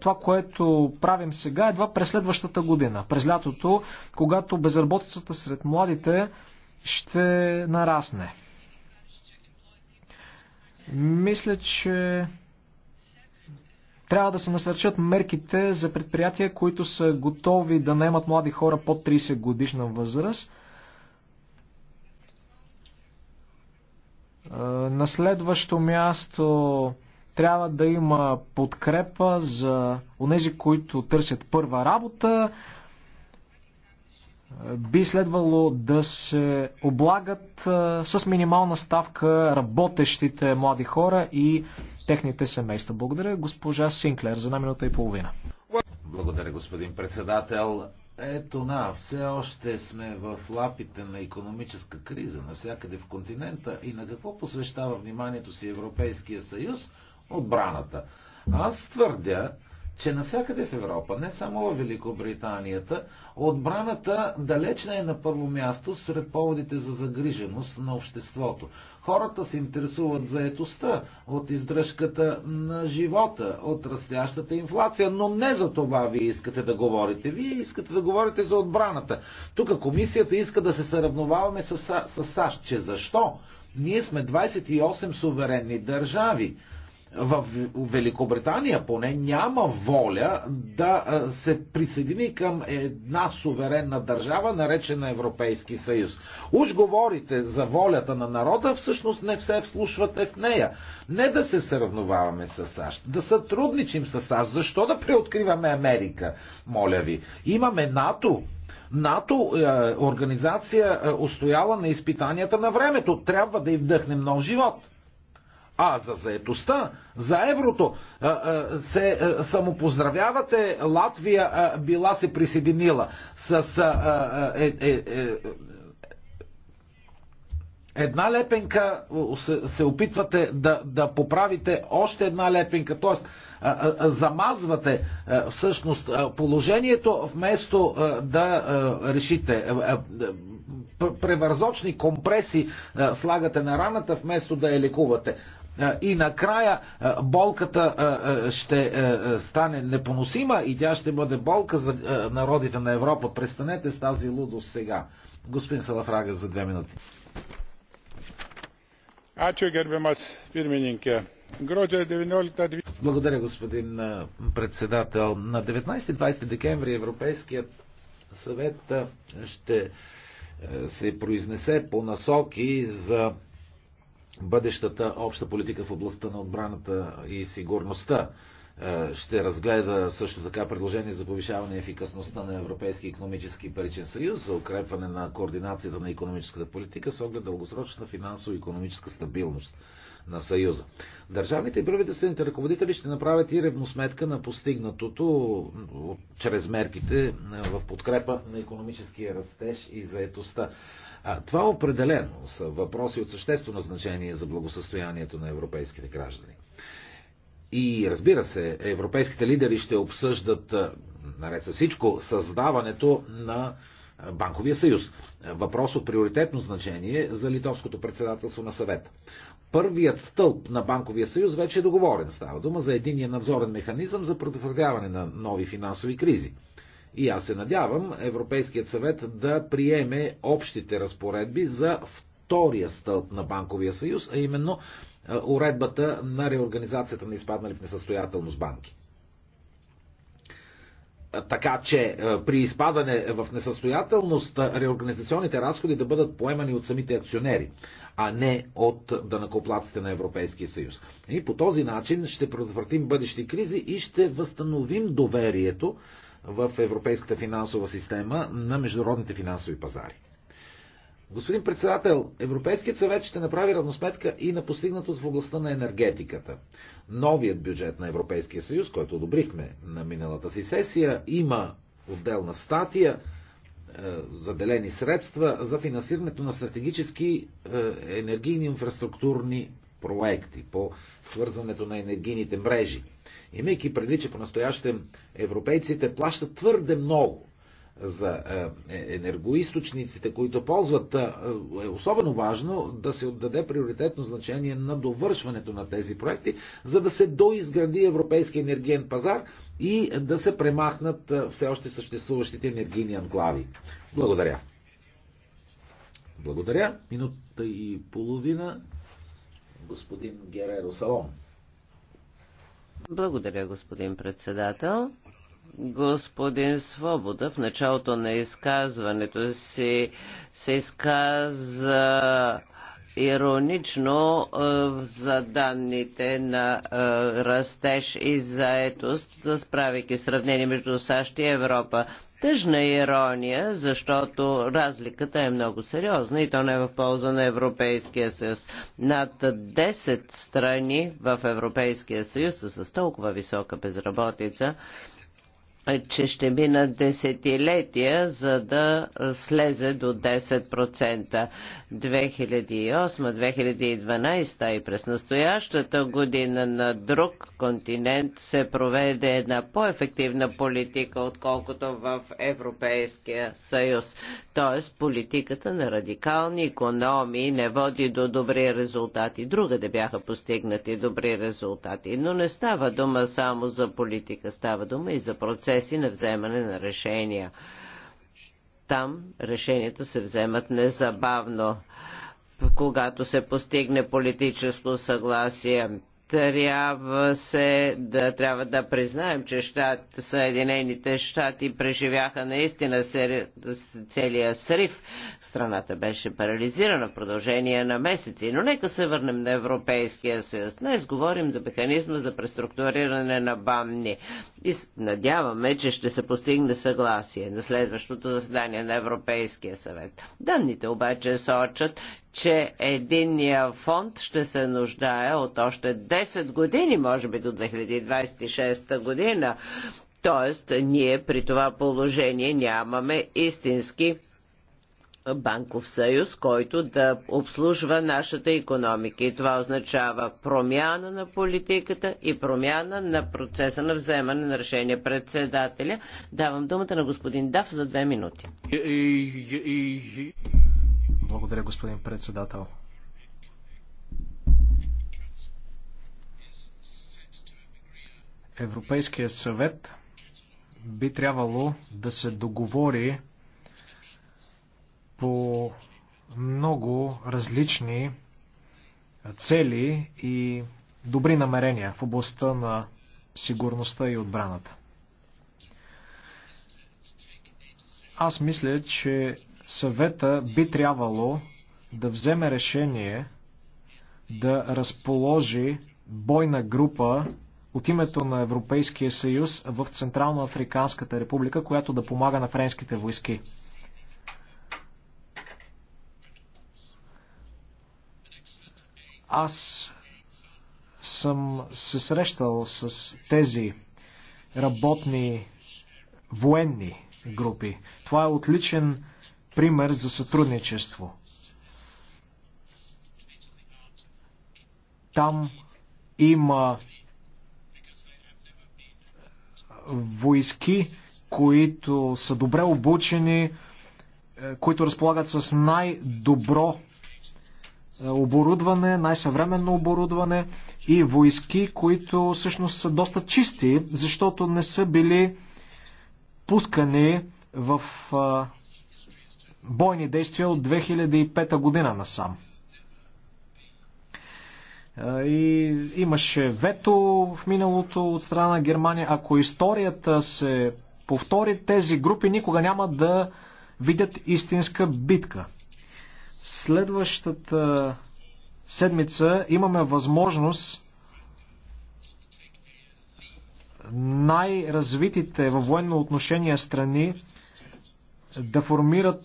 това, което правим сега, едва през следващата година, през лятото, когато безработицата сред младите ще нарасне. Мисля, че трябва да се насърчат мерките за предприятия, които са готови да наемат млади хора под 30 годишна възраст. На следващо място трябва да има подкрепа за онези, които търсят първа работа, би следвало да се облагат с минимална ставка работещите млади хора и техните семейства. Благодаря госпожа Синклер за една минута и половина. Благодаря господин председател. Ето на, все още сме в лапите на економическа криза навсякъде в континента и на какво посвещава вниманието си Европейския съюз? Отбраната. Аз твърдя, че навсякъде в Европа, не само в Великобританията, отбраната далеч не е на първо място сред поводите за загриженост на обществото. Хората се интересуват за етостта, от издръжката на живота, от растящата инфлация, но не за това вие искате да говорите. Вие искате да говорите за отбраната. Тук комисията иска да се съравноваваме с, с САЩ. Че защо? Ние сме 28 суверенни държави в Великобритания поне няма воля да се присъедини към една суверенна държава, наречена Европейски съюз. Уж говорите за волята на народа, всъщност не все вслушвате в нея. Не да се сравноваваме с САЩ, да сътрудничим с САЩ. Защо да преоткриваме Америка, моля ви? Имаме НАТО, НАТО е, организация е, устояла на изпитанията на времето. Трябва да й вдъхнем нов живот. А за заетостта, за еврото се самопоздравявате. Латвия била се присъединила с е, е, е, една лепенка, се, се опитвате да, да поправите още една лепенка, т.е. замазвате всъщност положението, вместо да решите превързочни компреси слагате на раната, вместо да я лекувате. И накрая болката ще стане непоносима и тя ще бъде болка за народите на Европа. Престанете с тази лудост сега. Господин Салафрага за две минути. Благодаря, господин председател. На 19-20 декември Европейският съвет ще се произнесе по насоки за бъдещата обща политика в областта на отбраната и сигурността. Е, ще разгледа също така предложение за повишаване ефикасността на Европейския економически и паричен съюз, за укрепване на координацията на економическата политика с оглед дългосрочна финансово-економическа стабилност на Съюза. Държавните и правителствените ръководители ще направят и ревносметка на постигнатото чрез мерките е, в подкрепа на економическия растеж и заетостта. А, това определено са въпроси от съществено значение за благосъстоянието на европейските граждани. И разбира се, европейските лидери ще обсъждат, наред с всичко, създаването на Банковия съюз. Въпрос от приоритетно значение за литовското председателство на съвета. Първият стълб на Банковия съюз вече е договорен. Става дума за единия надзорен механизъм за предотвратяване на нови финансови кризи. И аз се надявам Европейският съвет да приеме общите разпоредби за втория стълб на Банковия съюз, а именно е, уредбата на реорганизацията на изпаднали в несъстоятелност банки. Е, така че е, при изпадане в несъстоятелност реорганизационните разходи да бъдат поемани от самите акционери, а не от данакоплаците на Европейския съюз. И по този начин ще предотвратим бъдещи кризи и ще възстановим доверието в европейската финансова система на международните финансови пазари. Господин председател, Европейският съвет ще направи равносметка и на постигнатото в областта на енергетиката. Новият бюджет на Европейския съюз, който одобрихме на миналата си сесия, има отделна статия е, заделени средства за финансирането на стратегически е, енергийни инфраструктурни проекти по свързването на енергийните мрежи. Имайки преди, че по-настоящем европейците плащат твърде много за е, е, енергоисточниците, които ползват, е, е особено важно да се отдаде приоритетно значение на довършването на тези проекти, за да се доизгради европейски енергиен пазар и да се премахнат все още съществуващите енергийни анклави. Благодаря. Благодаря. Минута и половина. Господин Гереро Салон. Благодаря, господин председател. Господин Свобода в началото на изказването си се изказа иронично е, за данните на е, растеж и заетост, справяйки сравнение между САЩ и Европа. Тъжна ирония, защото разликата е много сериозна и то не е в полза на Европейския съюз. Над 10 страни в Европейския съюз са с толкова висока безработица, че ще минат десетилетия, за да слезе до 10%. 2008-2012 и през настоящата година на друг континент се проведе една по-ефективна политика, отколкото в Европейския съюз. Тоест политиката на радикални економии не води до добри резултати. Друга да бяха постигнати добри резултати, но не става дума само за политика, става дума и за процес процеси на вземане на решения. Там решенията се вземат незабавно. Когато се постигне политическо съгласие, трябва, се, да, трябва да признаем, че щат, Съединените щати преживяха наистина сери, целия срив страната беше парализирана в продължение на месеци. Но нека се върнем на Европейския съюз. Днес говорим за механизма за преструктуриране на банни и надяваме, че ще се постигне съгласие на следващото заседание на Европейския съвет. Данните обаче сочат, че единния фонд ще се нуждае от още 10 години, може би до 2026 година. Тоест, ние при това положение нямаме истински банков съюз, който да обслужва нашата економика. И това означава промяна на политиката и промяна на процеса на вземане на решение. Председателя, давам думата на господин Дав за две минути. Благодаря, господин председател. Европейския съвет би трябвало да се договори по много различни цели и добри намерения в областта на сигурността и отбраната. Аз мисля, че съвета би трябвало да вземе решение да разположи бойна група от името на Европейския съюз в Централно Африканската република, която да помага на френските войски. Аз съм се срещал с тези работни военни групи. Това е отличен пример за сътрудничество. Там има войски, които са добре обучени, е, които разполагат с най-добро е, оборудване, най-съвременно оборудване и войски, които всъщност са доста чисти, защото не са били пускани в бойни действия от 2005 година насам. И имаше вето в миналото от страна на Германия. Ако историята се повтори, тези групи никога няма да видят истинска битка. Следващата седмица имаме възможност най-развитите във военно отношение страни да формират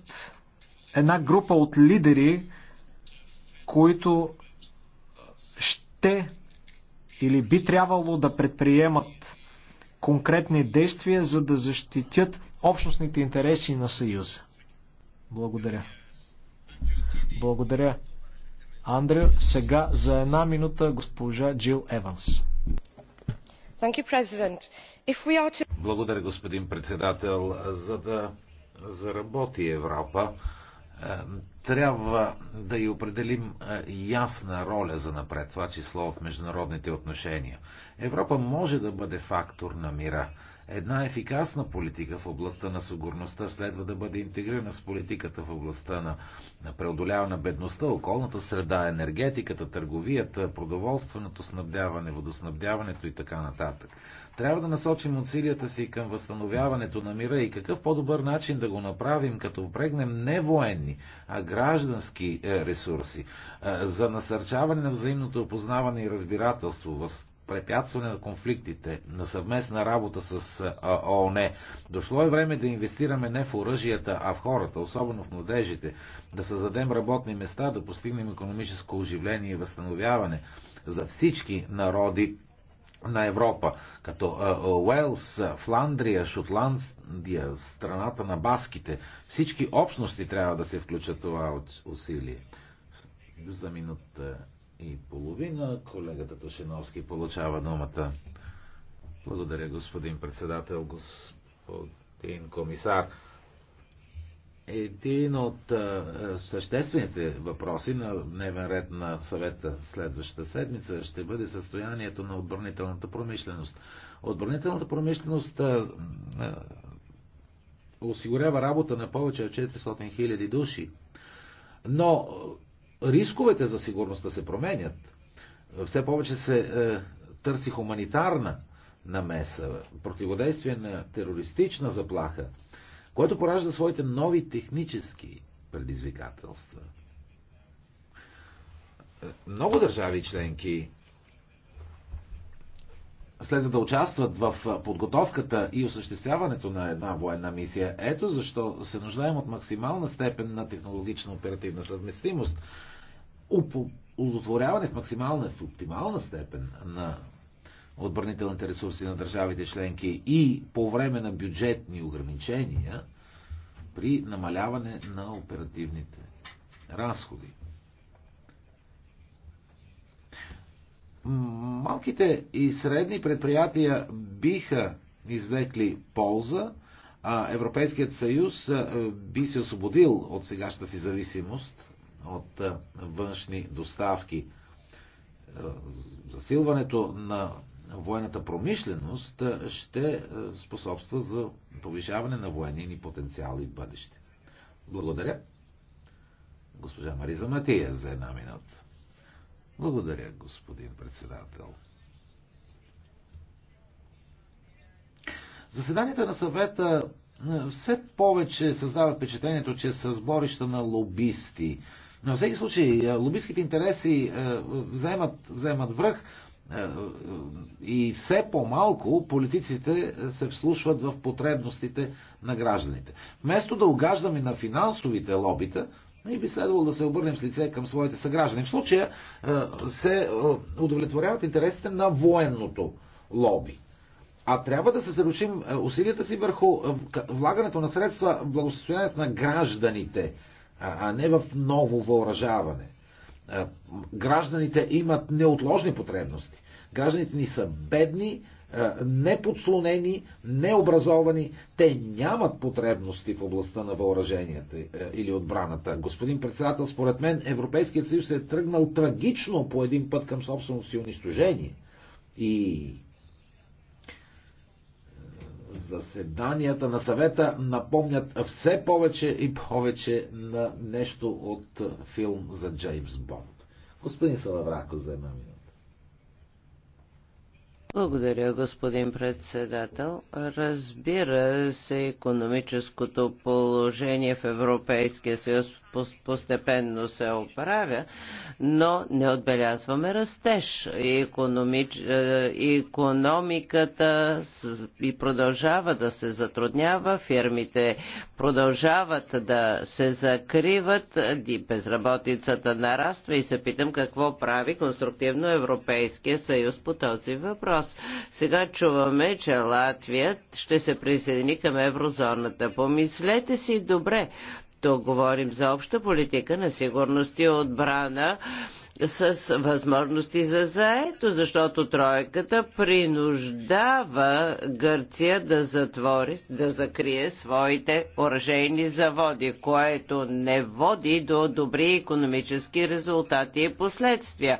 една група от лидери, които ще или би трябвало да предприемат конкретни действия, за да защитят общностните интереси на Съюза. Благодаря. Благодаря. Андрю, сега за една минута госпожа Джил Еванс. Благодаря, господин председател. За да заработи Европа, е, трябва да и определим е, ясна роля за напред, това число в международните отношения. Европа може да бъде фактор на мира. Една ефикасна политика в областта на сигурността следва да бъде интегрирана с политиката в областта на, на преодоляване на бедността, околната среда, енергетиката, търговията, продоволственото снабдяване, водоснабдяването и така нататък. Трябва да насочим усилията си към възстановяването на мира и какъв по-добър начин да го направим, като упрегнем не военни, а граждански е, ресурси е, за насърчаване на взаимното опознаване и разбирателство, препятстване на конфликтите, на съвместна работа с ООН. Дошло е време да инвестираме не в оръжията, а в хората, особено в младежите, да създадем работни места, да постигнем економическо оживление и възстановяване за всички народи на Европа, като Уелс, Фландрия, Шотландия, страната на баските. Всички общности трябва да се включат това усилие. За минута и половина. Колегата Тошиновски получава думата. Благодаря, господин председател, господин комисар. Един от съществените въпроси на дневен ред на съвета следващата седмица ще бъде състоянието на отбранителната промишленост. Отбранителната промишленост осигурява работа на повече от 400 000 души. Но рисковете за сигурността се променят. Все повече се е, търси хуманитарна намеса, противодействие на терористична заплаха, което поражда своите нови технически предизвикателства. Е, много държави членки следва да участват в подготовката и осъществяването на една военна мисия. Ето защо се нуждаем от максимална степен на технологична оперативна съвместимост, удовлетворяване в максимална, в оптимална степен на отбранителните ресурси на държавите членки и по време на бюджетни ограничения при намаляване на оперативните разходи. малките и средни предприятия биха извлекли полза, а Европейският съюз би се освободил от сегашната си зависимост от външни доставки. Засилването на военната промишленост ще способства за повишаване на военния ни потенциал и в бъдеще. Благодаря. Госпожа Мариза Матия за една минута. Благодаря, господин председател. Заседанията на съвета е, все повече създават впечатлението, че са сборища на лобисти. Но всеки случай, е, лобистските интереси е, вземат, вземат връх и все по-малко политиците се вслушват в потребностите на гражданите. Вместо да огаждаме на финансовите лобита, и би следвало да се обърнем с лице към своите съграждани. В случая е, се е, удовлетворяват интересите на военното лоби. А трябва да се заручим е, усилията си върху влагането на средства в благосостоянието на гражданите, а не в ново въоръжаване. Гражданите имат неотложни потребности. Гражданите ни са бедни, е, неподслонени, необразовани, те нямат потребности в областта на въоръженията е, или отбраната. Господин председател, според мен Европейският съюз е тръгнал трагично по един път към собственото си унищожение. И е, заседанията на съвета напомнят все повече и повече на нещо от филм за Джеймс Бонд. Господин Салаврако, за една минута. Благодаря, господин председател. Разбира се, економическото положение в Европейския съюз постепенно се оправя, но не отбелязваме растеж. економиката е, и продължава да се затруднява, фирмите продължават да се закриват, безработицата нараства и се питам какво прави конструктивно Европейския съюз по този въпрос. Сега чуваме, че Латвия ще се присъедини към еврозоната. Помислете си добре, тук говорим за обща политика на сигурност и отбрана с възможности за заето, защото тройката принуждава Гърция да затвори, да закрие своите оръжейни заводи, което не води до добри економически резултати и последствия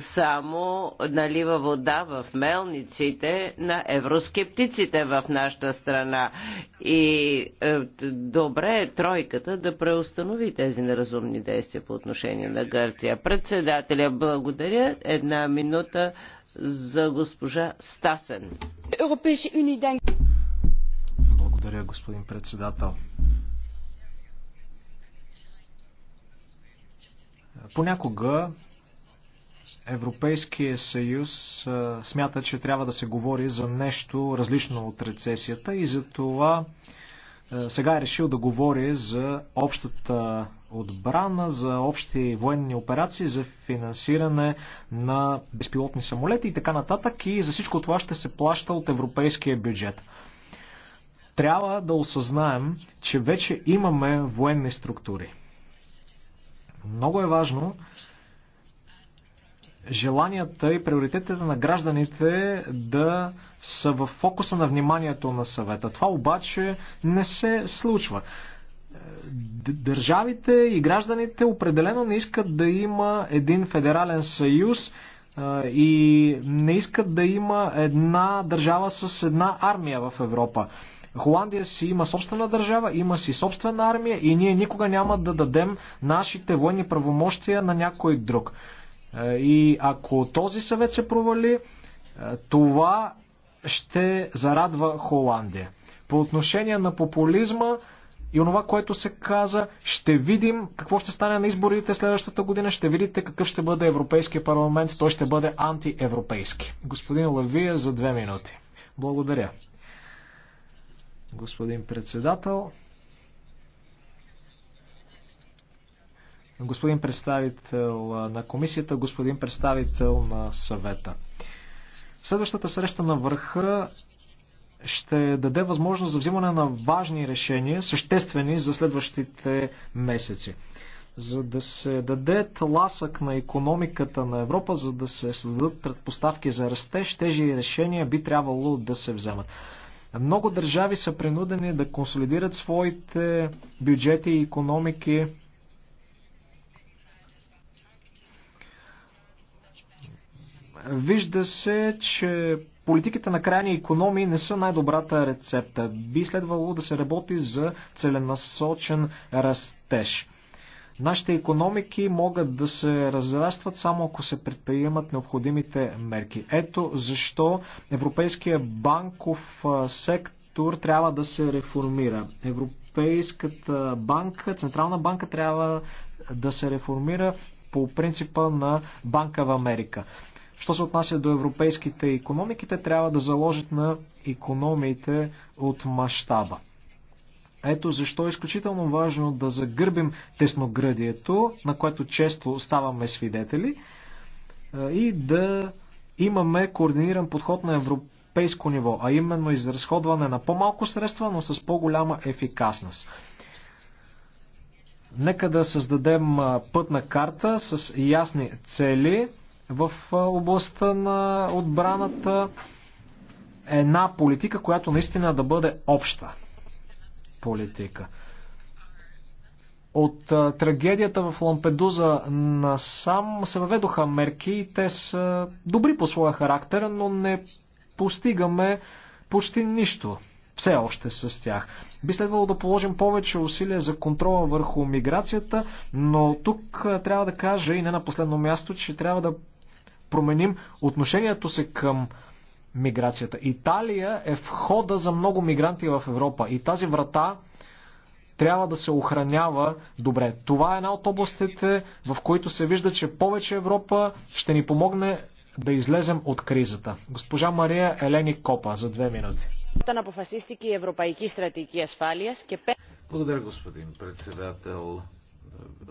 само налива вода в мелниците на евроскептиците в нашата страна. И е, добре е тройката да преустанови тези неразумни действия по отношение на Гърция. Председателя, благодаря. Една минута за госпожа Стасен. Благодаря, господин председател. Понякога Европейския съюз смята, че трябва да се говори за нещо различно от рецесията и за това сега е решил да говори за общата отбрана, за общи военни операции, за финансиране на безпилотни самолети и така нататък и за всичко това ще се плаща от европейския бюджет. Трябва да осъзнаем, че вече имаме военни структури. Много е важно желанията и приоритетите на гражданите да са в фокуса на вниманието на съвета. Това обаче не се случва. Държавите и гражданите определено не искат да има един федерален съюз и не искат да има една държава с една армия в Европа. Холандия си има собствена държава, има си собствена армия и ние никога няма да дадем нашите военни правомощия на някой друг. И ако този съвет се провали, това ще зарадва Холандия. По отношение на популизма и онова, което се каза, ще видим какво ще стане на изборите следващата година, ще видите какъв ще бъде Европейския парламент, той ще бъде антиевропейски. Господин Лавия за две минути. Благодаря. Господин председател, господин представител на комисията, господин представител на съвета. Следващата среща на върха ще даде възможност за взимане на важни решения, съществени за следващите месеци. За да се даде тласък на економиката на Европа, за да се създадат предпоставки за растеж, тези решения би трябвало да се вземат. Много държави са принудени да консолидират своите бюджети и економики, Вижда се, че политиките на крайни економии не са най-добрата рецепта. Би следвало да се работи за целенасочен растеж. Нашите економики могат да се разрастват само ако се предприемат необходимите мерки. Ето защо Европейския банков сектор трябва да се реформира. Европейската банка, Централна банка трябва да се реформира по принципа на Банка в Америка. Що се отнася до европейските економики, те трябва да заложат на економиите от мащаба. Ето защо е изключително важно да загърбим тесноградието, на което често ставаме свидетели, и да имаме координиран подход на европейско ниво, а именно изразходване на по-малко средства, но с по-голяма ефикасност. Нека да създадем пътна карта с ясни цели, в областта на отбраната. Една политика, която наистина да бъде обща политика. От трагедията в Лампедуза насам се въведоха мерки и те са добри по своя характер, но не постигаме почти нищо все още с тях. Би следвало да положим повече усилия за контрола върху миграцията, но тук трябва да кажа и не на последно място, че трябва да променим отношението се към миграцията. Италия е входа за много мигранти в Европа и тази врата трябва да се охранява добре. Това е една от областите, в които се вижда, че повече Европа ще ни помогне да излезем от кризата. Госпожа Мария Елени Копа за две минути. Благодаря, господин председател.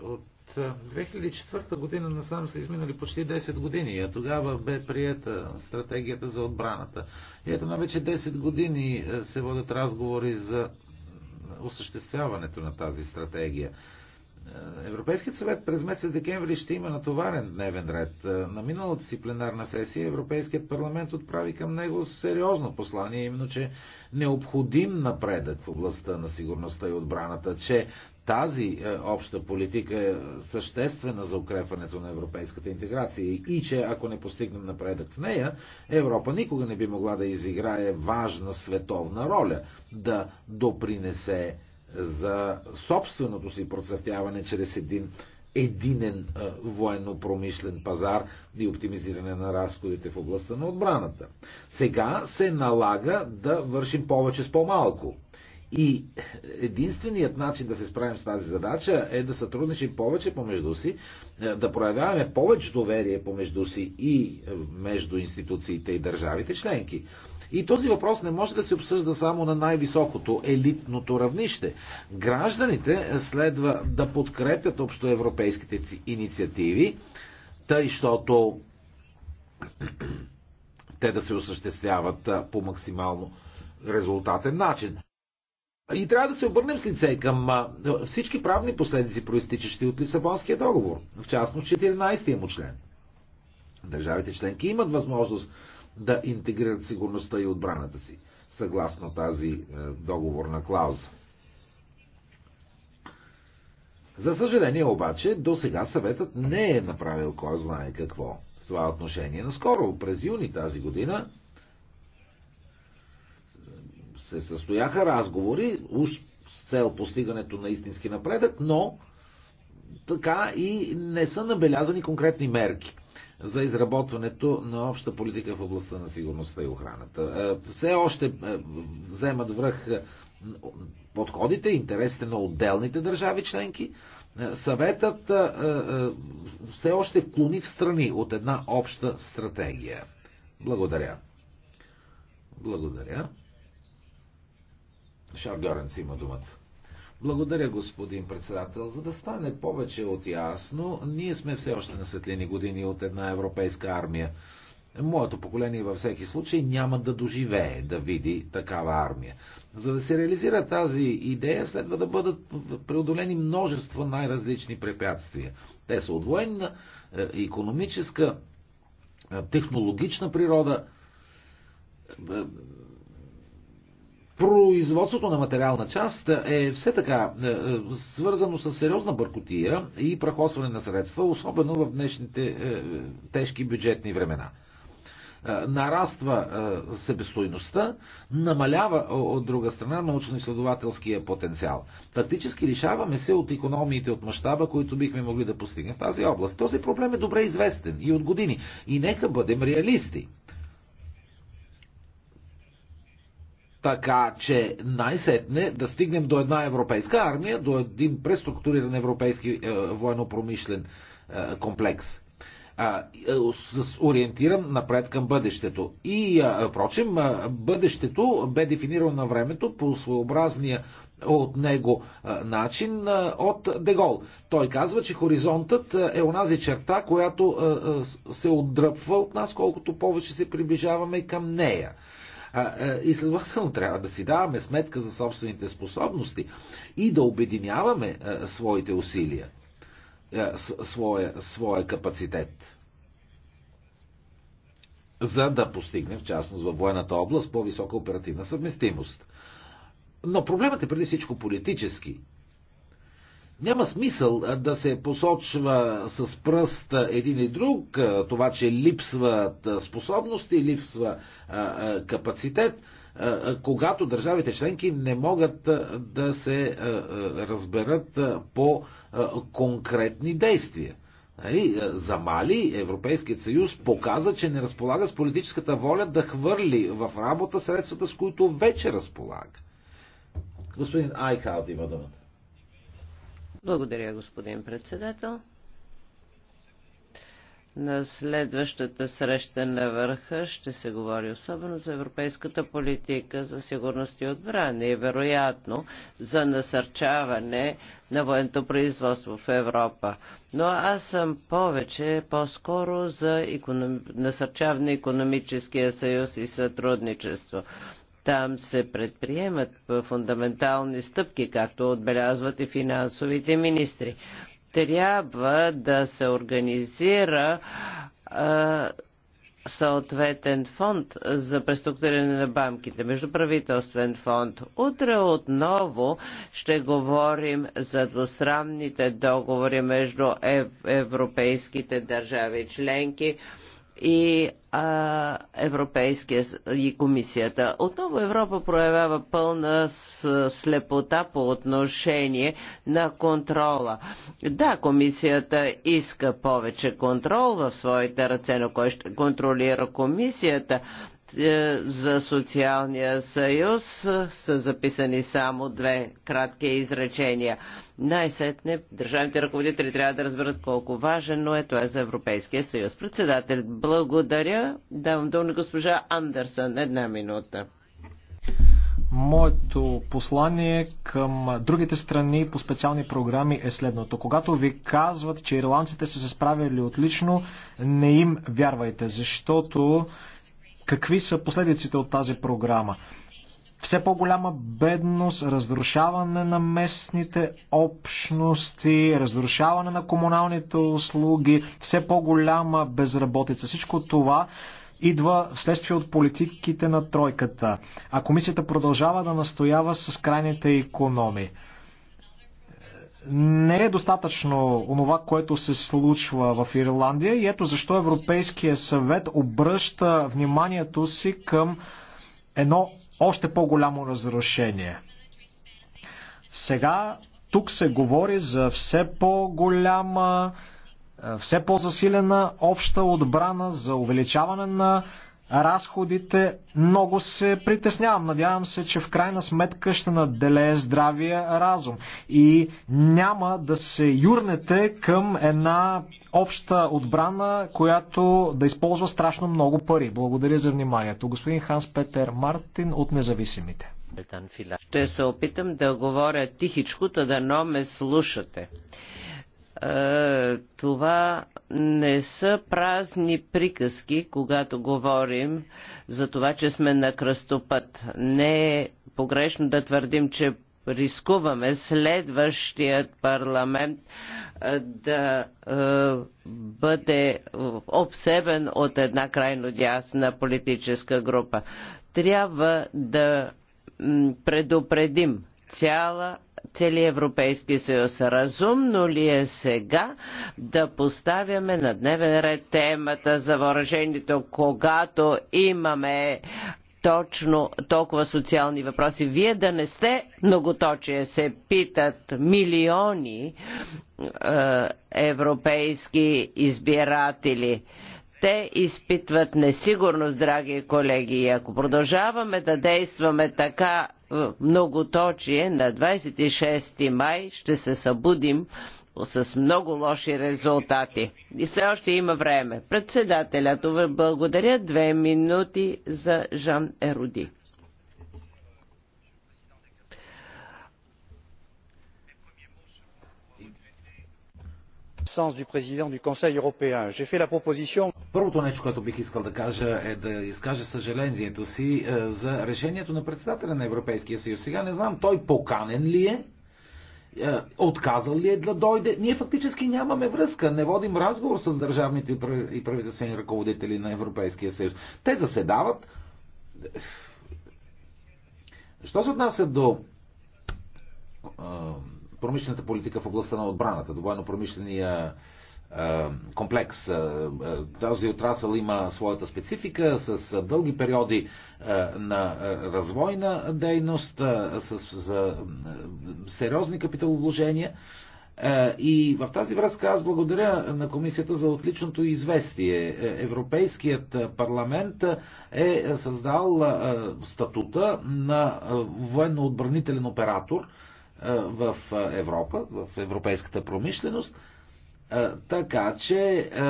От 2004 година насам са изминали почти 10 години, а тогава бе приета стратегията за отбраната. И ето на вече 10 години е, се водят разговори за осъществяването на тази стратегия. Е, Европейският съвет през месец декември ще има натоварен дневен ред. Е, на миналата си пленарна сесия Европейският парламент отправи към него сериозно послание, именно, че необходим напредък в областта на сигурността и отбраната, че тази е, обща политика е съществена за укрепването на европейската интеграция и че ако не постигнем напредък в нея, Европа никога не би могла да изиграе важна световна роля, да допринесе за собственото си процъфтяване чрез един единен е, военно-промишлен пазар и оптимизиране на разходите в областта на отбраната. Сега се налага да вършим повече с по-малко и единственият начин да се справим с тази задача е да сътрудничим повече помежду си, е, да проявяваме повече доверие помежду си и е, между институциите и държавите членки. И този въпрос не може да се обсъжда само на най-високото елитното равнище. Гражданите следва да подкрепят общоевропейските инициативи, тъй, защото те да се осъществяват е, по максимално резултатен начин. И трябва да се обърнем с лице към всички правни последици, проистичащи от Лисабонския договор, в частност 14-я му член. Държавите членки имат възможност да интегрират сигурността и отбраната си, съгласно тази е, договорна клауза. За съжаление обаче, до сега съветът не е направил кой знае какво в това отношение. Наскоро, през юни тази година, се състояха разговори с цел постигането на истински напредък, но така и не са набелязани конкретни мерки за изработването на обща политика в областта на сигурността и охраната. Е, все още е, вземат връх е, подходите, интересите на отделните държави членки. Съветът все още вклони в страни от една обща стратегия. Благодаря. Благодаря. Шар Гьоренс има думата. Благодаря, господин председател. За да стане повече от ясно, ние сме все още на светлини години от една европейска армия. Моето поколение във всеки случай няма да доживее да види такава армия. За да се реализира тази идея, следва да бъдат преодолени множество най-различни препятствия. Те са от военна, економическа, е, технологична природа, е, Производството на материална част е все така е, е, свързано с сериозна бъркотия и прахосване на средства, особено в днешните е, тежки бюджетни времена нараства себестойността, намалява от друга страна научно-изследователския потенциал. Фактически лишаваме се от економиите от мащаба, които бихме могли да постигнем в тази област. Този проблем е добре известен и от години. И нека бъдем реалисти. така че най-сетне да стигнем до една европейска армия, до един преструктуриран европейски е, военно-промишлен е, комплекс. А, е, с, ориентиран напред към бъдещето. И, е, впрочем, е, бъдещето бе дефинирано на времето по своеобразния от него начин от Дегол. Той казва, че хоризонтът е онази черта, която се отдръпва от нас, колкото повече се приближаваме към нея. Е, и следователно трябва да си даваме сметка за собствените способности и да обединяваме е, своите усилия, е, своя, своя капацитет за да постигнем, в частност във военната област, по-висока оперативна съвместимост. Но проблемът е преди всичко политически няма смисъл да се посочва с пръст един и друг, това, че липсват способности, липсва капацитет, когато държавите членки не могат да се разберат по конкретни действия. Нали, за Мали Европейският съюз показа, че не разполага с политическата воля да хвърли в работа средствата, с които вече разполага. Господин Айхалд, има думата. Благодаря, господин председател. На следващата среща на върха ще се говори особено за европейската политика за сигурност и отбрана и вероятно за насърчаване на военното производство в Европа. Но аз съм повече, по-скоро за економ... насърчаване на економическия съюз и сътрудничество. Там се предприемат фундаментални стъпки, както отбелязват и финансовите министри. Трябва да се организира съответен фонд за преструктуриране на банките, междуправителствен фонд. Утре отново ще говорим за двустранните договори между европейските държави членки и а, Европейския и комисията. Отново Европа проявява пълна слепота по отношение на контрола. Да, комисията иска повече контрол в своите ръце, но кой ще контролира комисията? Е, за социалния съюз е, са записани само две кратки изречения. Най-сетне държавните ръководители трябва да разберат колко важен, но е той е за Европейския съюз. Председател, благодаря. Давам дума на госпожа Андерсън. Една минута. Моето послание към другите страни по специални програми е следното. Когато ви казват, че ирландците са се справили отлично, не им вярвайте, защото какви са последиците от тази програма. Все по-голяма бедност, разрушаване на местните общности, разрушаване на комуналните услуги, все по-голяма безработица. Всичко това идва вследствие от политиките на тройката, а комисията продължава да настоява с крайните економии не е достатъчно онова, което се случва в Ирландия и ето защо Европейския съвет обръща вниманието си към едно още по-голямо разрушение. Сега тук се говори за все по-голяма, е, все по-засилена обща отбрана, за увеличаване на разходите, много се притеснявам. Надявам се, че в крайна сметка ще наделее здравия разум и няма да се юрнете към една обща отбрана, която да използва страшно много пари. Благодаря за вниманието. Господин Ханс Петер Мартин от Независимите. Ще се опитам да говоря тихичко, да но ме слушате. Е, това не са празни приказки, когато говорим за това, че сме на кръстопът. Не е погрешно да твърдим, че рискуваме следващият парламент е, да е, бъде обсебен от една крайно дясна политическа група. Трябва да предупредим цяла целия Европейски съюз. Разумно ли е сега да поставяме на дневен ред темата за въоръжението, когато имаме точно толкова социални въпроси. Вие да не сте многоточие, се питат милиони е, европейски избиратели. Те изпитват несигурност, драги колеги, и ако продължаваме да действаме така, е, многоточие на 26 май ще се събудим с много лоши резултати. И все още има време. Председателят, благодаря две минути за Жан Еруди. Първото нещо, което бих искал да кажа е да изкажа съжалението си е, за решението на председателя на Европейския съюз. Сега не знам, той поканен ли е? е? отказал ли е да дойде. Ние фактически нямаме връзка, не водим разговор с държавните и правителствени ръководители на Европейския съюз. Те заседават. Що се отнася до е, промишлената политика в областта на отбраната, до военно-промишления комплекс. Този отрасъл има своята специфика с дълги периоди на развойна дейност, с сериозни капиталовложения. И в тази връзка аз благодаря на комисията за отличното известие. Е, Европейският парламент е създал статута на военно-отбранителен оператор – в Европа, в европейската промишленост, е, така че е,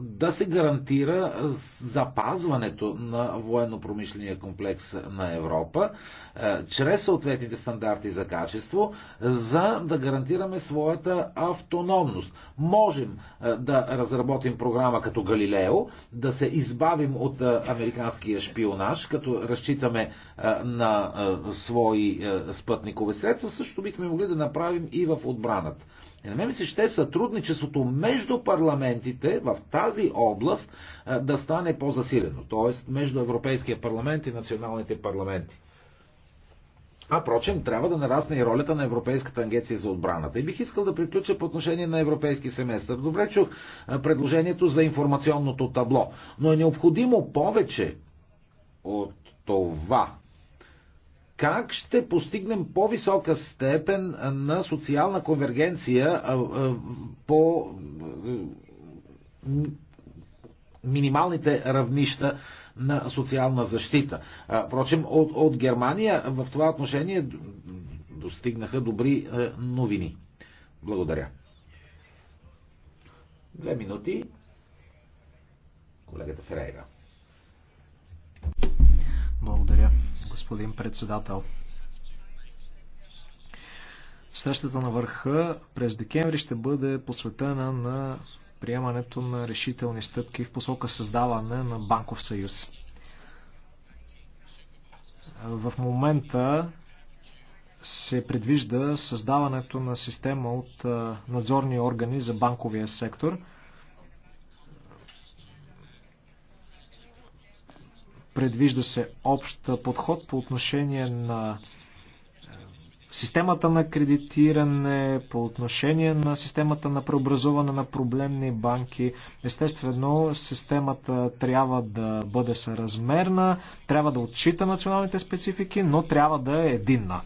да се гарантира запазването на военно-промишления комплекс на Европа е, чрез съответните стандарти за качество, за да гарантираме своята автономност. Можем да разработим програма като Галилео, да се избавим от американския шпионаж, като разчитаме на свои спътникови средства, също бихме могли да направим и в отбраната. И на мен ми се ще сътрудничеството между парламентите в тази област да стане по-засилено, т.е. между Европейския парламент и националните парламенти. А прочем, трябва да нарасне и ролята на Европейската агенция за отбраната. И бих искал да приключа по отношение на европейски семестър. Добре чух предложението за информационното табло, но е необходимо повече от това как ще постигнем по-висока степен на социална конвергенция по минималните равнища на социална защита. Впрочем, от, от Германия в това отношение достигнаха добри е, новини. Благодаря. Две минути. Колегата Ферейра. Благодаря господин председател. Срещата на върха през декември ще бъде посветена на приемането на решителни стъпки в посока създаване на банков съюз. В момента се предвижда създаването на система от надзорни органи за банковия сектор – Предвижда се общ подход по отношение на е, системата на кредитиране, по отношение на системата на преобразуване на проблемни банки. Естествено, системата трябва да бъде съразмерна, трябва да отчита националните специфики, но трябва да е единна.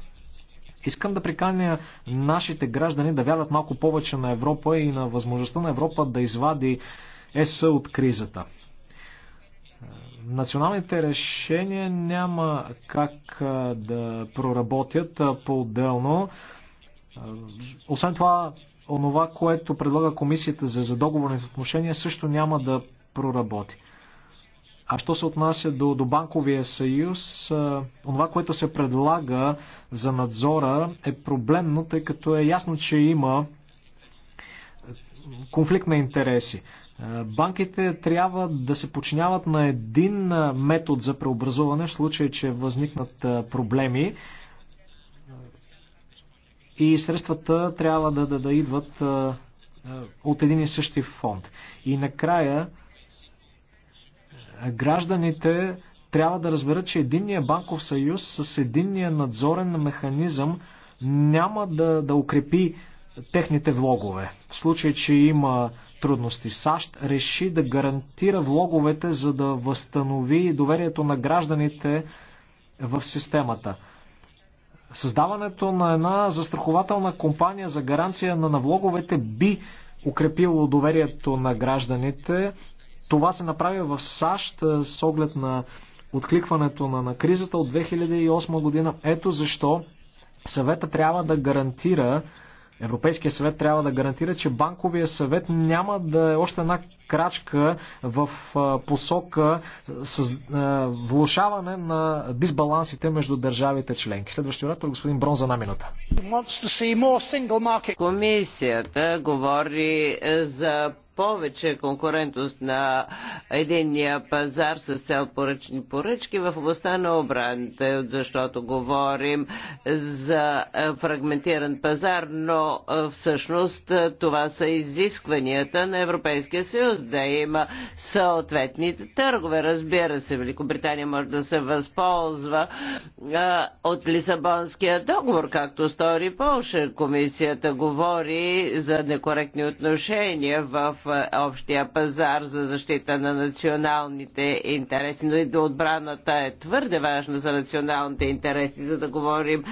Искам да приканя нашите граждани да вярват малко повече на Европа и на възможността на Европа да извади ЕС от кризата. Националните решения няма как да проработят по-отделно. Освен това, онова, което предлага комисията за, за договорните отношения, също няма да проработи. А що се отнася до, до банковия съюз, онова, което се предлага за надзора е проблемно, тъй като е ясно, че има конфликт на интереси. Е, банките трябва да се починяват на един е, метод за преобразуване в случай, че възникнат е, проблеми и средствата трябва да, да, да идват от един и същи фонд. И накрая гражданите трябва да разберат, че единния банков съюз с единния надзорен механизъм няма да, да укрепи техните влогове. В случай, че има трудности. САЩ реши да гарантира влоговете, за да възстанови доверието на гражданите в системата. Създаването на една застрахователна компания за гаранция на навлоговете би укрепило доверието на гражданите. Това се направи в САЩ с оглед на откликването на, на кризата от 2008 година. Ето защо съвета трябва да гарантира Европейския съвет трябва да гарантира, че банковия съвет няма да е още една крачка в посока с влушаване на дисбалансите между държавите членки. Следващия оратор, господин Брон, за една минута. Комисията говори е, за повече конкурентност на единния пазар с цел поръчни поръчки в областта на обраните, защото говорим за е, фрагментиран пазар, но е, всъщност е, това са изискванията на Европейския съюз да има съответните търгове. Разбира се, Великобритания може да се възползва от Лисабонския договор, както стори Полша. Комисията говори за некоректни отношения в общия пазар за защита на националните интереси, но и до отбраната е твърде важна за националните интереси, за да говорим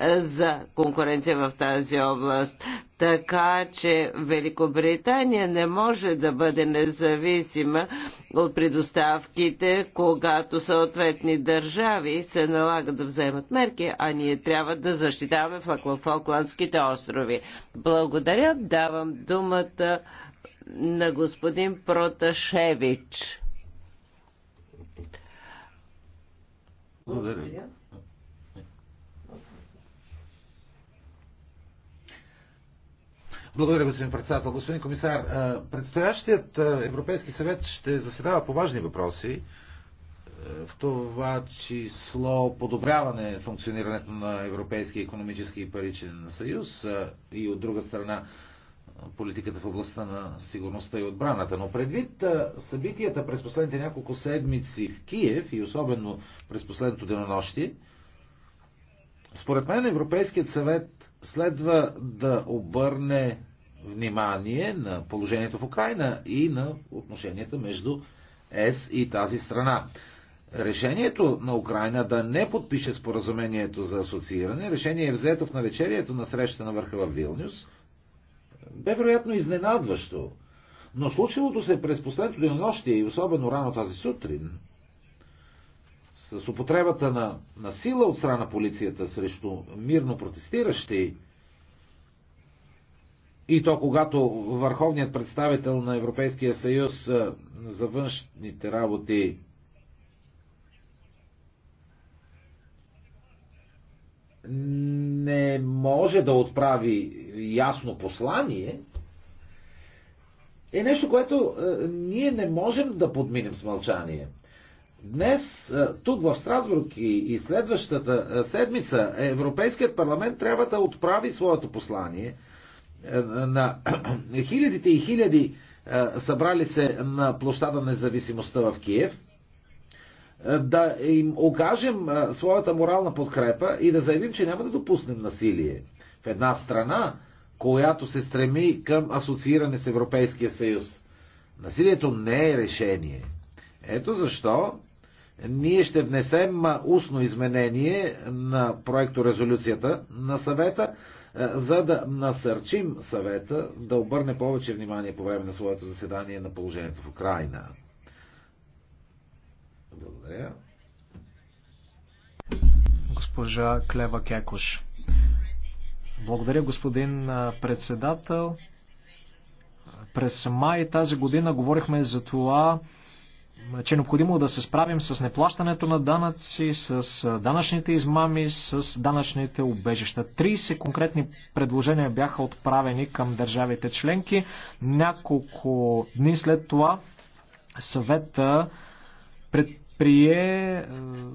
е, за конкуренция в тази област. Така че Великобритания не може да бъде независима от предоставките, когато съответни държави се налага да вземат мерки, а ние трябва да защитаваме Фолкландските острови. Благодаря, давам думата на господин Проташевич. Благодаря. Благодаря, господин председател. Господин комисар, предстоящият Европейски съвет ще заседава по важни въпроси, в това число подобряване функционирането на Европейския економически и паричен съюз и от друга страна политиката в областта на сигурността и отбраната. Но предвид събитията през последните няколко седмици в Киев и особено през последното денонощи, според мен Европейският съвет следва да обърне внимание на положението в Украина и на отношенията между ЕС и тази страна. Решението на Украина да не подпише споразумението за асоцииране, решение е взето в навечерието на среща на върха в Вилнюс – бе вероятно изненадващо. Но случилото се през последното ден нощи и особено рано тази сутрин, с употребата на, на сила от страна на полицията срещу мирно протестиращи, и то когато върховният представител на Европейския съюз за външните работи не може да отправи ясно послание, е нещо, което е, ние не можем да подминем с мълчание. Днес, е, тук в Страсбург и, и следващата е, седмица, Европейският парламент трябва да отправи своето послание е, на е, хилядите и хиляди е, събрали се на площада независимостта в Киев, е, да им окажем е, своята морална подкрепа и да заявим, че няма да допуснем насилие в една страна, която се стреми към асоцииране с Европейския съюз. Насилието не е решение. Ето защо ние ще внесем устно изменение на проекто резолюцията на съвета, е, за да насърчим съвета да обърне повече внимание по време на своето заседание на положението в Украина. Благодаря. Госпожа Клева Кекош. Благодаря, господин председател. През май тази година говорихме за това, че е необходимо да се справим с неплащането на данъци, с данъчните измами, с данъчните убежища. 30 конкретни предложения бяха отправени към държавите членки. Няколко дни след това съвета предприе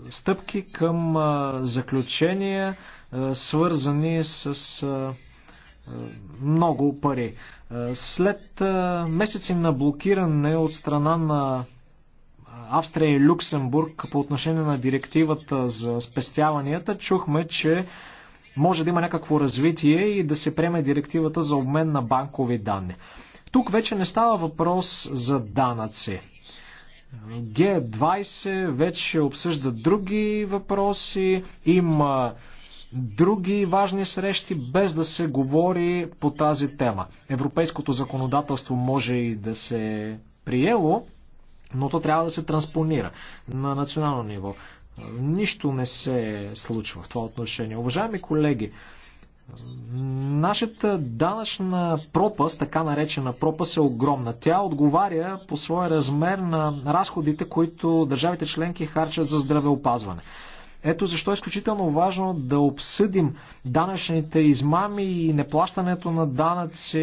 стъпки към заключения е, свързани с е, е, много пари. След месеци на блокиране от страна на Австрия и Люксембург по отношение на директивата за спестяванията, чухме, че може да има някакво развитие и да се приеме директивата за обмен на банкови данни. Тук вече не става въпрос за данъци. Г20 вече обсъжда други въпроси, има други важни срещи, без да се говори по тази тема. Европейското законодателство може и да се приело, но то трябва да се транспонира на национално ниво. Нищо не се случва в това отношение. Уважаеми колеги, Нашата данъчна пропаст, така наречена пропаст е огромна. Тя отговаря по своя размер на разходите, които държавите членки харчат за здравеопазване. Ето защо е изключително важно да обсъдим данъчните измами и неплащането на данъци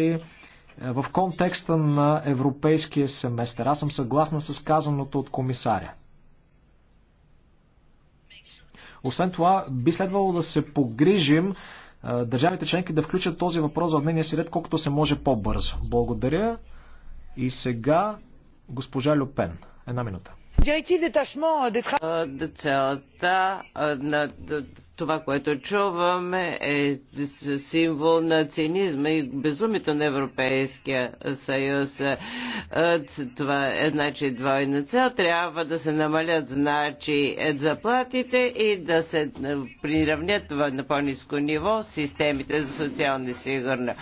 е, в контекста на европейския семестър. Аз съм съгласна с казаното от комисаря. Освен това, би следвало да се погрижим е, държавите членки да включат този въпрос в дневния си ред колкото се може по-бързо. Благодаря. И сега госпожа Люпен. Една минута. Целта на това, което чуваме е символ на цинизма и безумието на Европейския съюз. Това е значи двойна цел. Трябва да се намалят значи заплатите и да се приравнят на по-низко ниво системите за социална сигурна.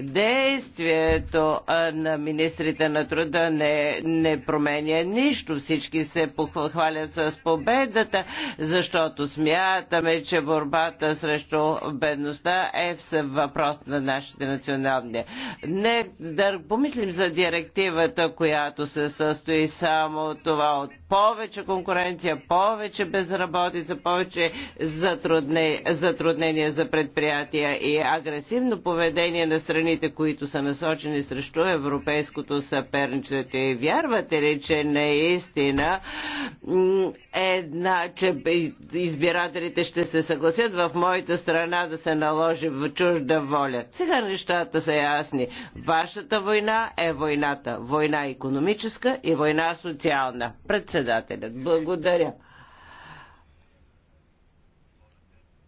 Действието на министрите на труда не, не променя нищо. Всички се похвалят с победата, защото смятаме, че че борбата срещу бедността е въпрос на нашите национални. Не да помислим за директивата, която се състои само това от повече конкуренция, повече безработица, повече затруднения за предприятия и агресивно поведение на страните, които са насочени срещу европейското съперничество. И вярвате ли, че наистина една, че избирателите ще се съгласят в моята страна да се наложи в чужда воля. Сега нещата са ясни. Вашата война е войната. Война економическа и война социална. Председателят, благодаря.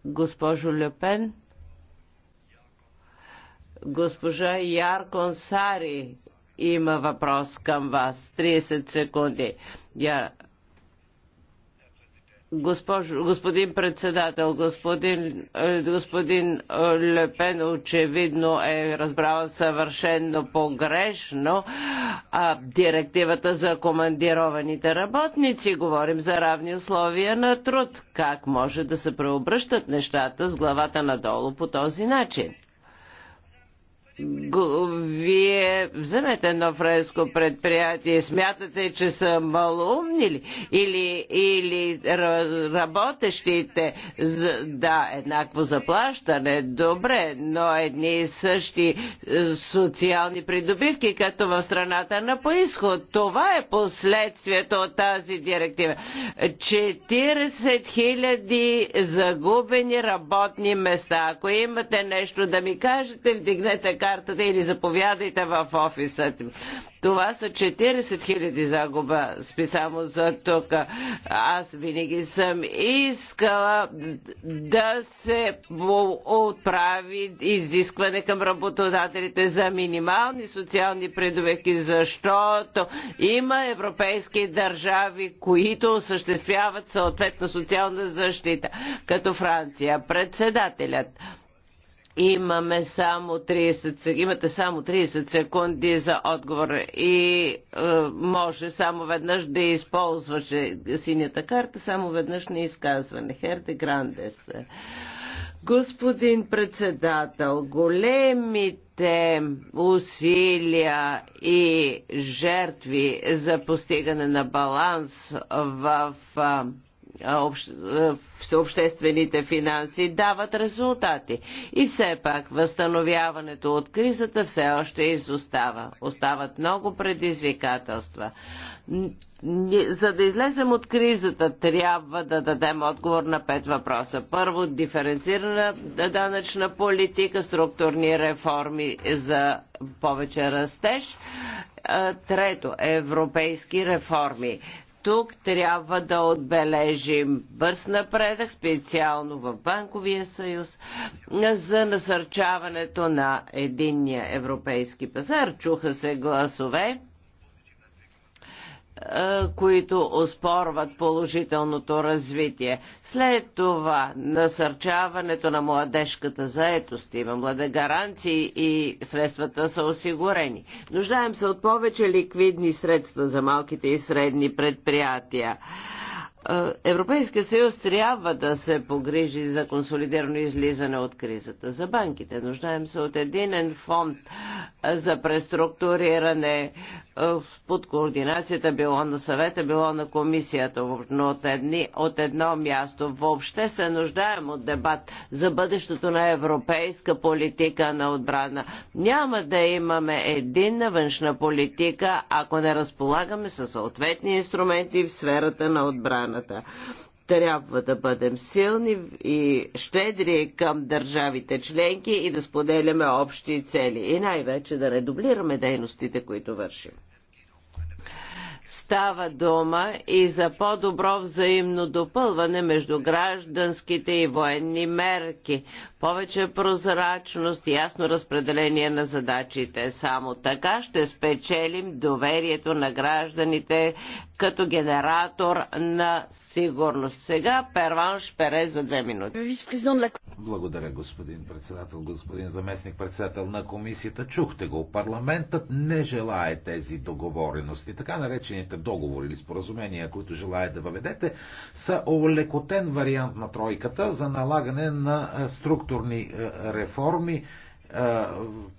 Госпожо Лепен, госпожа Яркон Сари има въпрос към вас. 30 секунди. Я господин председател, господин, е, господин е, Лепен очевидно е разбрал съвършенно погрешно а, директивата за командированите работници. Говорим за равни условия на труд. Как може да се преобръщат нещата с главата надолу по този начин? вие вземете едно френско предприятие смятате, че са малоумни ли? Или, или работещите да, еднакво заплащане, добре, но едни и същи е, социални придобивки, като в страната на поизход. Това е последствието от тази директива. 40 хиляди загубени работни места. Ако имате нещо да ми кажете, вдигнете карта картата или заповядайте в офиса. Това са 40 000 загуба специално за тук. Аз винаги съм искала да се отправи изискване към работодателите за минимални социални предовеки, защото има европейски държави, които осъществяват съответна социална защита, като Франция. Председателят Имаме само 30, имате само 30 секунди за отговор и е, може само веднъж да използваше синята карта, само веднъж на изказване. Херде Грандес. Господин председател, големите усилия и жертви за постигане на баланс в е, общ, всеобществените финанси дават резултати. И все пак възстановяването от кризата все още изостава. Остават много предизвикателства. За да излезем от кризата, трябва да дадем отговор на пет въпроса. Първо, диференцирана данъчна политика, структурни реформи за повече растеж. Трето, европейски реформи. Тук трябва да отбележим бърз напредък, специално в Банковия съюз, за насърчаването на единния европейски пазар. Чуха се гласове е, които оспорват положителното развитие. След това насърчаването на младежката заетост има младе гаранции и средствата са осигурени. Нуждаем се от повече ликвидни средства за малките и средни предприятия. Е, Европейския съюз трябва да се погрижи за консолидирано излизане от кризата. За банките нуждаем се от единен фонд е, за преструктуриране, е, под координацията било на съвета, било на комисията, но от, едни, от едно място. Въобще се нуждаем от дебат за бъдещето на европейска политика на отбрана. Няма да имаме единна външна политика, ако не разполагаме със съответни инструменти в сферата на отбраната трябва да бъдем силни и щедри към държавите членки и да споделяме общи цели и най-вече да редублираме дейностите, които вършим. Става дума и за по-добро взаимно допълване между гражданските и военни мерки повече прозрачност, ясно разпределение на задачите. Само така ще спечелим доверието на гражданите като генератор на сигурност. Сега Перванш Пере за две минути. Благодаря, господин председател, господин заместник председател на комисията. Чухте го. Парламентът не желае тези договорености. Така наречените договори или споразумения, които желаете да въведете, са олекотен вариант на тройката за налагане на структура структурни е, реформи е,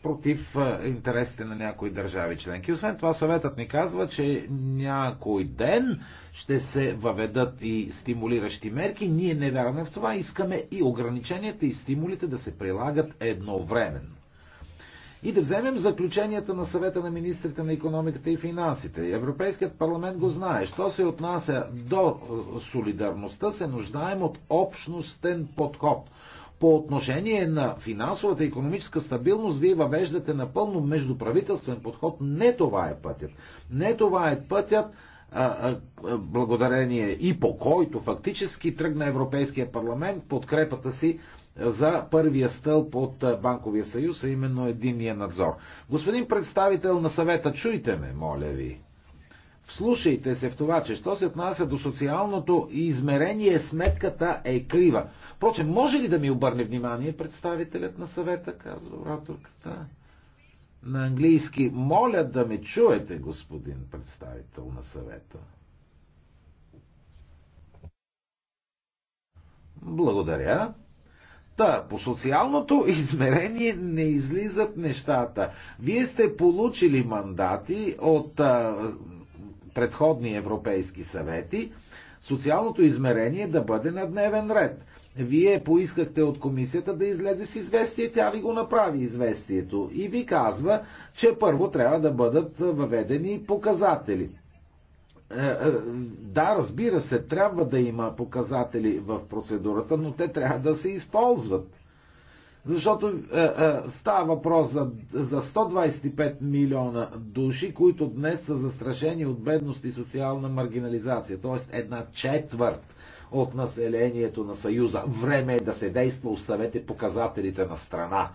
против е, интересите на някои държави членки. Освен това, съветът ни казва, че някой ден ще се въведат и стимулиращи мерки. Ние не вярваме в това. Искаме и ограниченията и стимулите да се прилагат едновременно. И да вземем заключенията на съвета на министрите на економиката и финансите. Европейският парламент го знае. Що се отнася до солидарността, се нуждаем от общностен подход – по отношение на финансовата и економическа стабилност, вие въвеждате напълно междуправителствен подход. Не това е пътят. Не това е пътят, благодарение и по който фактически тръгна Европейския парламент подкрепата си за първия стълб от Банковия съюз, а именно единния надзор. Господин представител на съвета, чуйте ме, моля ви. Слушайте се в това, че що се отнася до социалното измерение, сметката е крива. Впрочем, може ли да ми обърне внимание представителят на съвета, казва ораторката на английски. Моля да ме чуете, господин представител на съвета. Благодаря. Та, по социалното измерение не излизат нещата. Вие сте получили мандати от а, предходни европейски съвети, социалното измерение да бъде на дневен ред. Вие поискахте от комисията да излезе с известие, тя ви го направи известието и ви казва, че първо трябва да бъдат въведени показатели. Е, е, да, разбира се, трябва да има показатели в процедурата, но те трябва да се използват. Защото е, е, става въпрос за, за 125 милиона души, които днес са застрашени от бедност и социална маргинализация, т.е. една четвърт от населението на Съюза. Време е да се действа, оставете показателите на страна.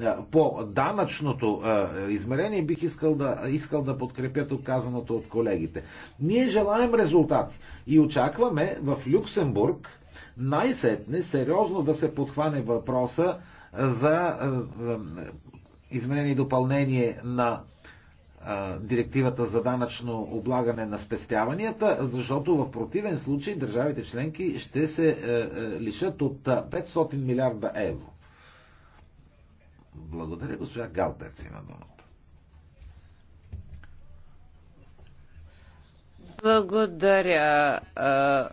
Е, по данъчното е, измерение бих искал да, искал да подкрепя тук казаното от колегите. Ние желаем резултати и очакваме в Люксембург най-сетне сериозно да се подхване въпроса за е, е, изменение и допълнение на е, директивата за данъчно облагане на спестяванията, защото в противен случай държавите членки ще се лишат от 500 милиарда евро. Благодаря, госпожа Галперци на дума. Благодаря а,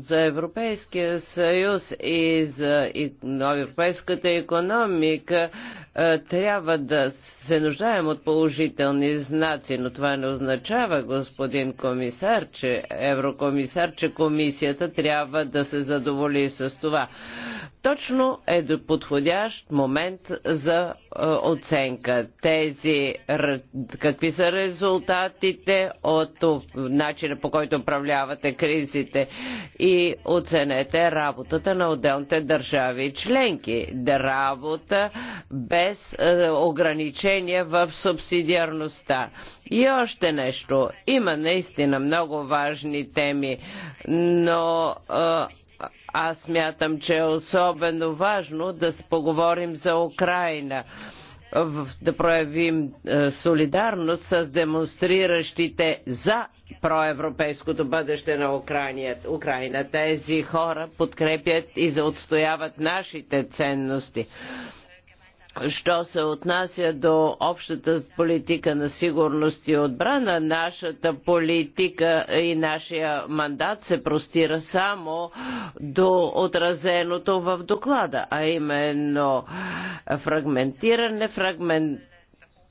за Европейския съюз и за и, но, европейската економика. Е, трябва да се нуждаем от положителни знаци, но това не означава, господин комисар, че еврокомисар, че комисията трябва да се задоволи с това. Точно е подходящ момент за е, оценка. Тези, какви са резултатите от начина по който управлявате кризите и оценете работата на отделните държави членки. Да работа без без е, ограничения в субсидиарността. И още нещо. Има наистина много важни теми, но е, аз мятам, че е особено важно да поговорим за Украина да проявим е, солидарност с демонстриращите за проевропейското бъдеще на Украина. Тези хора подкрепят и заотстояват нашите ценности. Що се отнася до общата политика на сигурност и отбрана, нашата политика и нашия мандат се простира само до отразеното в доклада, а именно фрагментиране, фрагмент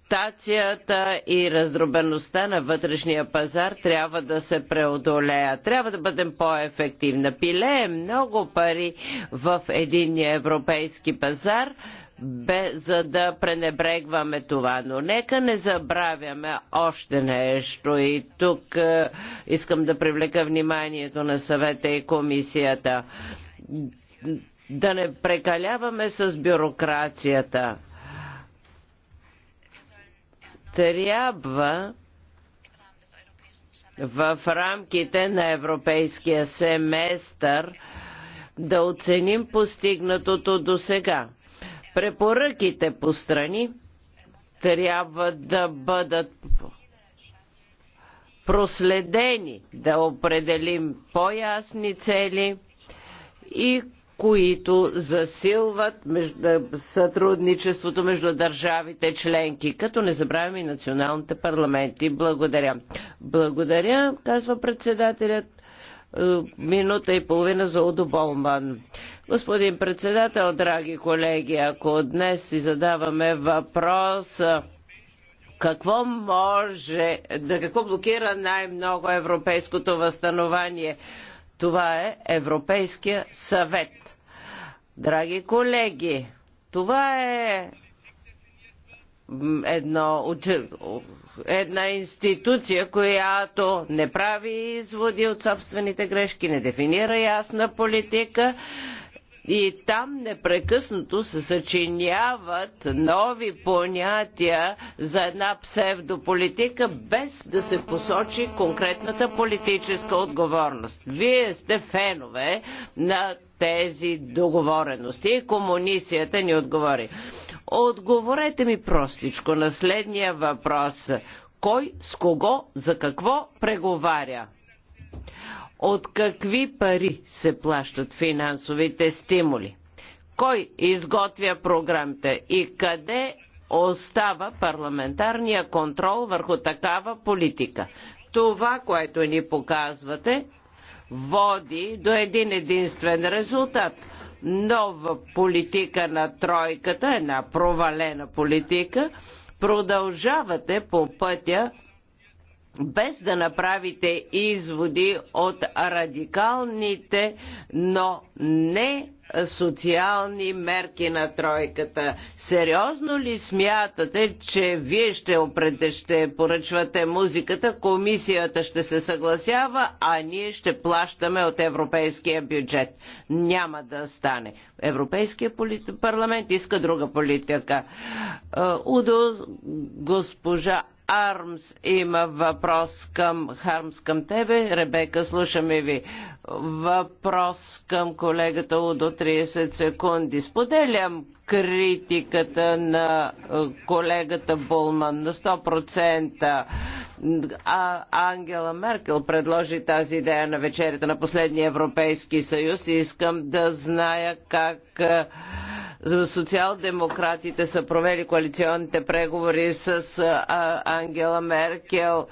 фрагментацията и раздробеността на вътрешния пазар трябва да се преодолея. Трябва да бъдем по-ефективни. Пилеем много пари в единния европейски пазар, за да пренебрегваме това. Но нека не забравяме още нещо и тук е, искам да привлека вниманието на съвета и комисията. Да не прекаляваме с бюрокрацията. Трябва в рамките на европейския семестър да оценим постигнатото до сега Препоръките по страни трябва да бъдат проследени, да определим по-ясни цели и които засилват между, сътрудничеството между държавите членки, като не забравяме и националните парламенти. Благодаря. Благодаря, казва председателят. Е, минута и половина за Удоболман. Господин председател, драги колеги, ако днес си задаваме въпрос какво може, да какво блокира най-много европейското възстанование, това е Европейския съвет. Драги колеги, това е едно, една институция, която не прави изводи от собствените грешки, не дефинира ясна политика, и там непрекъснато се съчиняват нови понятия за една псевдополитика, без да се посочи конкретната политическа отговорност. Вие сте фенове на тези договорености и комуницията ни отговори. Отговорете ми простичко на следния въпрос. Кой с кого за какво преговаря? от какви пари се плащат финансовите стимули, кой изготвя програмите и къде остава парламентарния контрол върху такава политика. Това, което ни показвате, води до един единствен резултат нова политика на тройката, една провалена политика, продължавате по пътя без да направите изводи от радикалните, но не социални мерки на тройката. Сериозно ли смятате, че вие ще, опрете, ще поръчвате музиката, комисията ще се съгласява, а ние ще плащаме от европейския бюджет? Няма да стане. Европейския полит... парламент иска друга политика. Е, Удо, госпожа Армс има въпрос към Хармс към тебе. Ребека, слушаме ви. Въпрос към колегата Удо 30 секунди. Споделям критиката на е, колегата Булман на 100%. А Ангела Меркел предложи тази идея на вечерята на последния Европейски съюз и искам да зная как е, социал-демократите са провели коалиционните преговори с Ангела Меркел.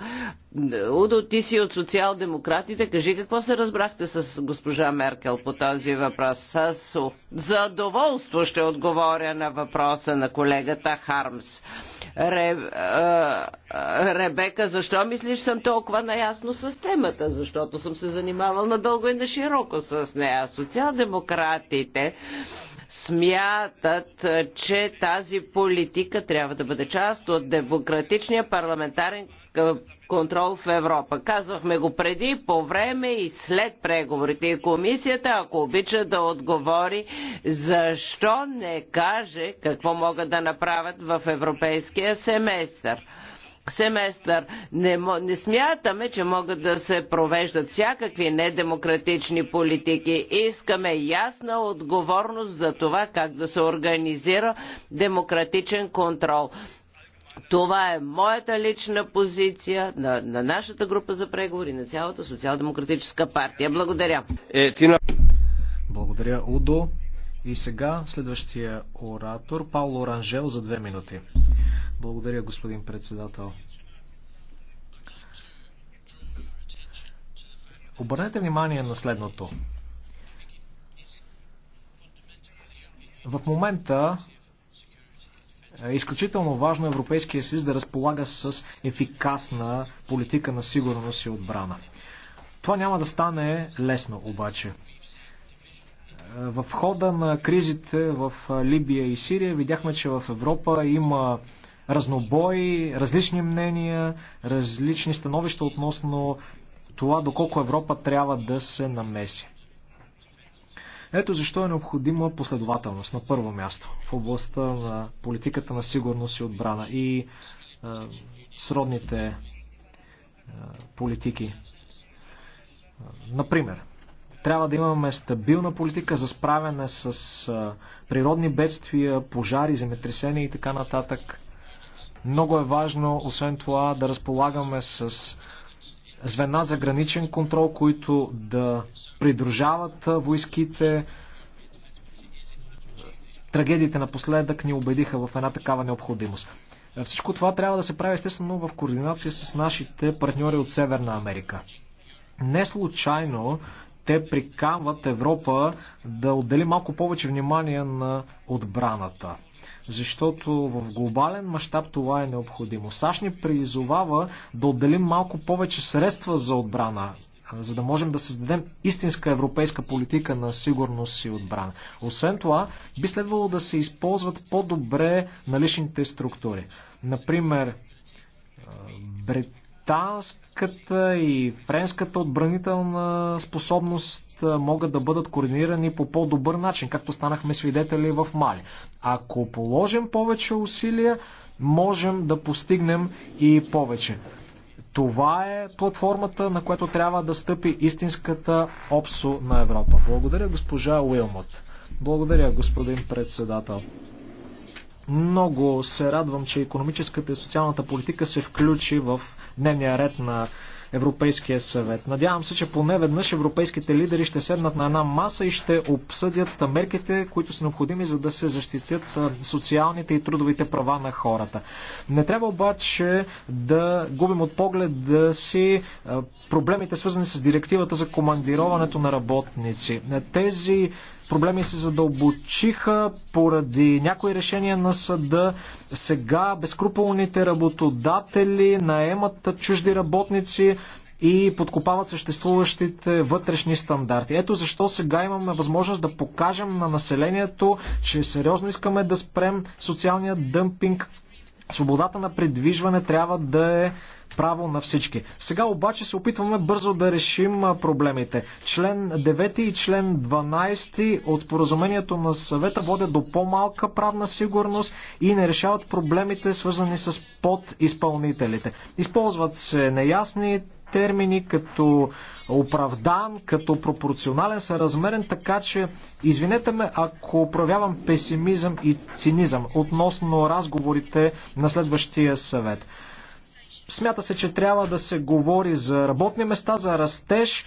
Удо, ти си от социал-демократите. Кажи какво се разбрахте с госпожа Меркел по този въпрос. С задоволство ще отговоря на въпроса на колегата Хармс. Ре, а, Ребека, защо мислиш съм толкова наясно с темата? Защото съм се занимавал надълго и на широко с нея. Социал-демократите смятат, че тази политика трябва да бъде част от демократичния парламентарен контрол в Европа. Казвахме го преди, по време и след преговорите. И комисията, ако обича да отговори, защо не каже какво могат да направят в европейския семестър семестър. Не, не смятаме, че могат да се провеждат всякакви недемократични политики. Искаме ясна отговорност за това как да се организира демократичен контрол. Това е моята лична позиция на, на нашата група за преговори, на цялата социал-демократическа партия. Благодаря. Е, ти на... Благодаря, Удо. И сега следващия оратор Пауло Оранжел за две минути. Благодаря, господин председател. Обърнете внимание на следното. В момента е изключително важно Европейския съюз да разполага с ефикасна политика на сигурност и отбрана. Това няма да стане лесно обаче. В хода на кризите в Либия и Сирия видяхме, че в Европа има разнобои, различни мнения, различни становища относно това доколко Европа трябва да се намеси. Ето защо е необходима последователност на първо място в областта на политиката на сигурност и отбрана и е, сродните е, политики. Например, трябва да имаме стабилна политика за справяне с е, природни бедствия, пожари, земетресения и така нататък. Много е важно, освен това, да разполагаме с звена за граничен контрол, които да придружават войските. Трагедиите напоследък ни убедиха в една такава необходимост. Всичко това трябва да се прави естествено в координация с нашите партньори от Северна Америка. Не случайно те прикамват Европа да отдели малко повече внимание на отбраната защото в глобален мащаб това е необходимо. САЩ ни призовава да отделим малко повече средства за отбрана, за да можем да създадем истинска европейска политика на сигурност и отбрана. Освен това, би следвало да се използват по-добре наличните структури. Например, Британия британската и френската отбранителна способност могат да бъдат координирани по по-добър начин, както станахме свидетели в Мали. Ако положим повече усилия, можем да постигнем и повече. Това е платформата, на която трябва да стъпи истинската ОПСО на Европа. Благодаря, госпожа Уилмот. Благодаря, господин председател. Много се радвам, че економическата и социалната политика се включи в дневния ред на Европейския съвет. Надявам се, че поне веднъж европейските лидери ще седнат на една маса и ще обсъдят мерките, които са необходими, за да се защитят социалните и трудовите права на хората. Не трябва обаче да губим от поглед да си проблемите, свързани с директивата за командироването на работници. Тези проблеми се задълбочиха поради някои решения на съда. Сега безкруполните работодатели наемат чужди работници и подкопават съществуващите вътрешни стандарти. Ето защо сега имаме възможност да покажем на населението, че сериозно искаме да спрем социалния дъмпинг. Свободата на придвижване трябва да е право на всички. Сега обаче се опитваме бързо да решим проблемите. Член 9 и член 12 от споразумението на съвета водят до по-малка правна сигурност и не решават проблемите свързани с подизпълнителите. Използват се неясни термини като оправдан, като пропорционален съразмерен, така че извинете ме, ако проявявам песимизъм и цинизъм относно разговорите на следващия съвет. Смята се, че трябва да се говори за работни места, за растеж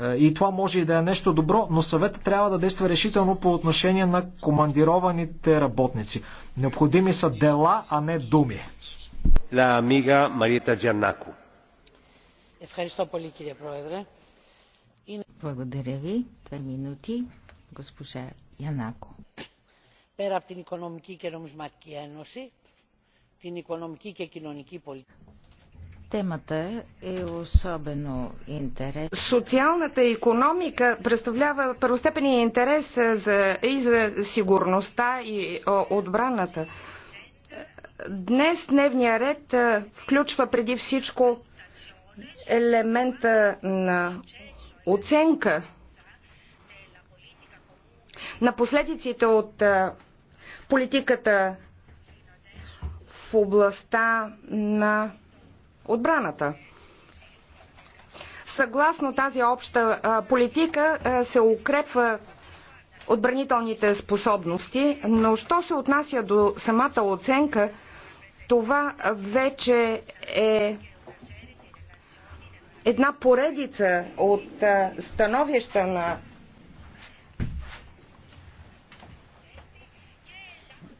е, и това може и да е нещо добро, но съвета трябва да действа решително по отношение на командированите работници. Необходими са дела, а не думи. La amiga Мариета Джаннако. Благодаря ви. Две минути. Госпожа Янако. Пера από την Οικονομική και Νομισματική Ένωση, την Οικονομική και Κοινωνική Πολιτική. Темата е особено интерес. Социалната економика представлява първостепения интерес за, и за сигурността и отбраната. Днес дневния ред включва преди всичко елемента на оценка на последиците от политиката в областта на отбраната. Съгласно тази обща политика се укрепва отбранителните способности, но що се отнася до самата оценка, това вече е една поредица от становища на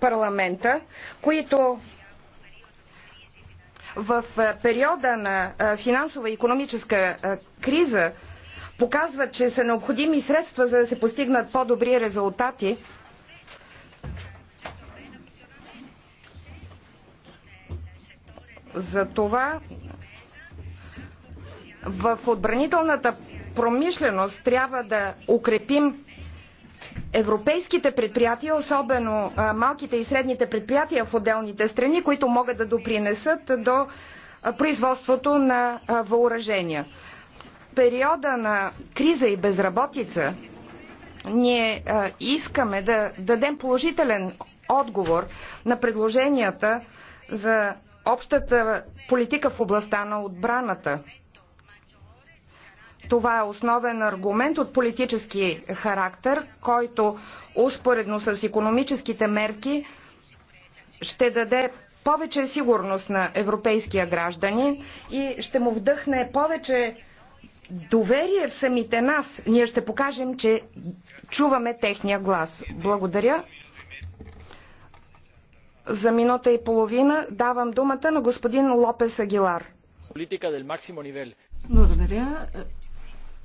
парламента, които в е, периода на е, финансова и економическа е, криза показват, че са необходими средства за да се постигнат по-добри резултати. Затова в отбранителната промишленост трябва да укрепим европейските предприятия, особено малките и средните предприятия в отделните страни, които могат да допринесат до производството на въоръжения. В периода на криза и безработица ние искаме да дадем положителен отговор на предложенията за общата политика в областта на отбраната. Това е основен аргумент от политически характер, който успоредно с економическите мерки ще даде повече сигурност на европейския гражданин и ще му вдъхне повече доверие в самите нас. Ние ще покажем, че чуваме техния глас. Благодаря. За минута и половина давам думата на господин Лопес Агилар. Политика Благодаря.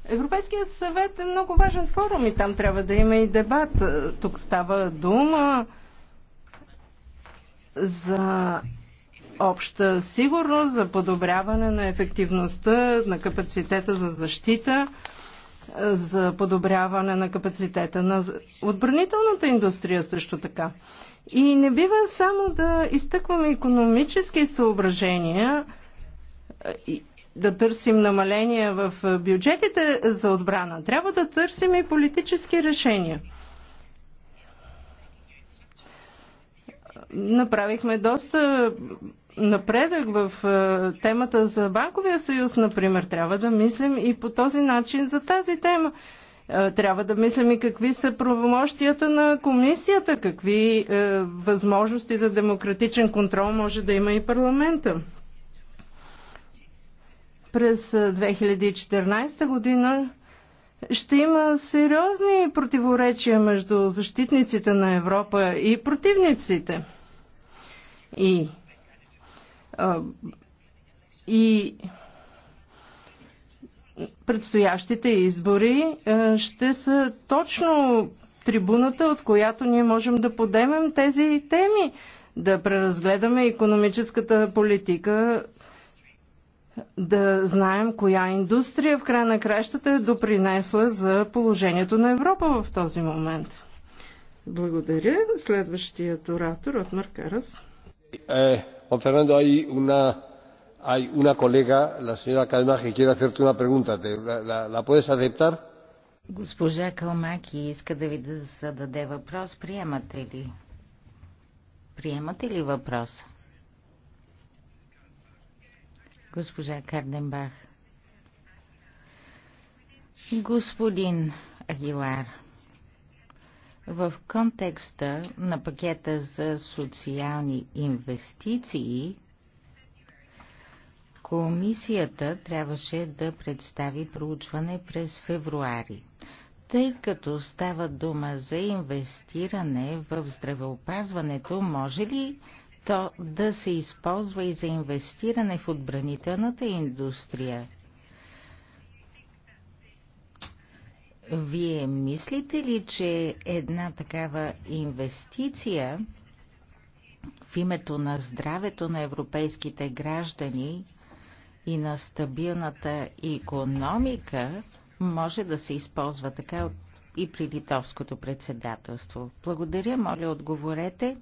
Европейският съвет е много важен форум и там трябва да има и дебат. Тук става дума за обща сигурност, за подобряване на ефективността, на капацитета за защита, за подобряване на капацитета на отбранителната индустрия също така. И не бива само да изтъкваме економически съображения, да търсим намаления в бюджетите за отбрана. Трябва да търсим и политически решения. Направихме доста напредък в е, темата за банковия съюз, например. Трябва да мислим и по този начин за тази тема. Е, трябва да мислим и какви са правомощията на комисията, какви е, възможности за демократичен контрол може да има и парламента през 2014 година ще има сериозни противоречия между защитниците на Европа и противниците. И, а, и предстоящите избори ще са точно трибуната, от която ние можем да подемем тези теми, да преразгледаме економическата политика да знаем коя индустрия в края на кращата е допринесла за положението на Европа в този момент. Благодаря. Следващият оратор от Маркарас. Eh, Juan Fernando, hay una, hay una colega, la señora Calma, que quiere hacerte una pregunta. ¿La, la, ¿La puedes aceptar? Госпожа Калмаки иска да ви зададе въпрос. Приемате ли? Приемате ли въпроса? Госпожа Карденбах. Господин Агилар, в контекста на пакета за социални инвестиции, комисията трябваше да представи проучване през февруари. Тъй като става дума за инвестиране в здравеопазването, може ли то да се използва и за инвестиране в отбранителната индустрия. Вие мислите ли, че една такава инвестиция в името на здравето на европейските граждани и на стабилната економика може да се използва така и при литовското председателство? Благодаря, моля отговорете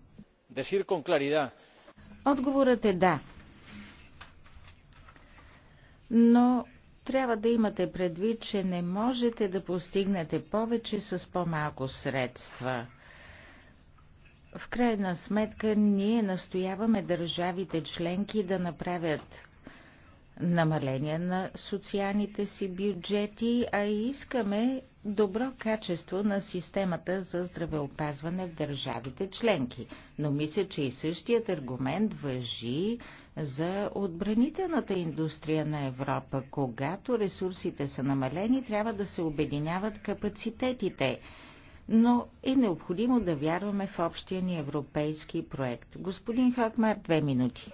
decir con claridad. Отговорът е да. Но трябва да имате предвид, че не можете да постигнете повече с по-малко средства. В крайна сметка ние настояваме държавите членки да направят намаление на социалните си бюджети, а искаме добро качество на системата за здравеопазване в държавите членки. Но мисля, че и същият аргумент въжи за отбранителната индустрия на Европа. Когато ресурсите са намалени, трябва да се обединяват капацитетите. Но е необходимо да вярваме в общия ни европейски проект. Господин Хакмар, две минути.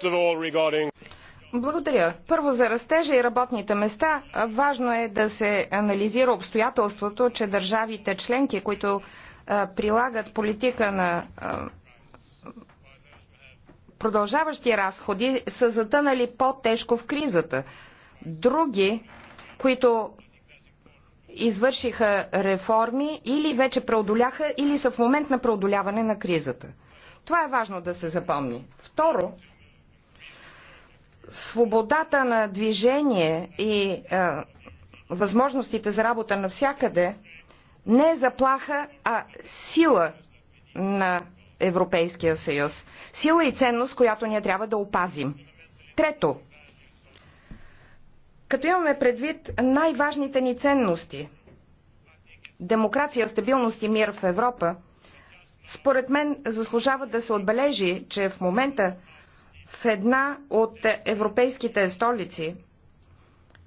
Благодаря. Първо за растежа и работните места. Важно е да се анализира обстоятелството, че държавите членки, които а, прилагат политика на а, продължаващи разходи, са затънали по-тежко в кризата. Други, които извършиха реформи или вече преодоляха, или са в момент на преодоляване на кризата. Това е важно да се запомни. Второ, свободата на движение и а, е, възможностите за работа навсякъде не е заплаха, а сила на Европейския съюз. Сила и ценност, която ние трябва да опазим. Трето, като имаме предвид най-важните ни ценности демокрация, стабилност и мир в Европа, според мен заслужава да се отбележи, че в момента в една от европейските столици,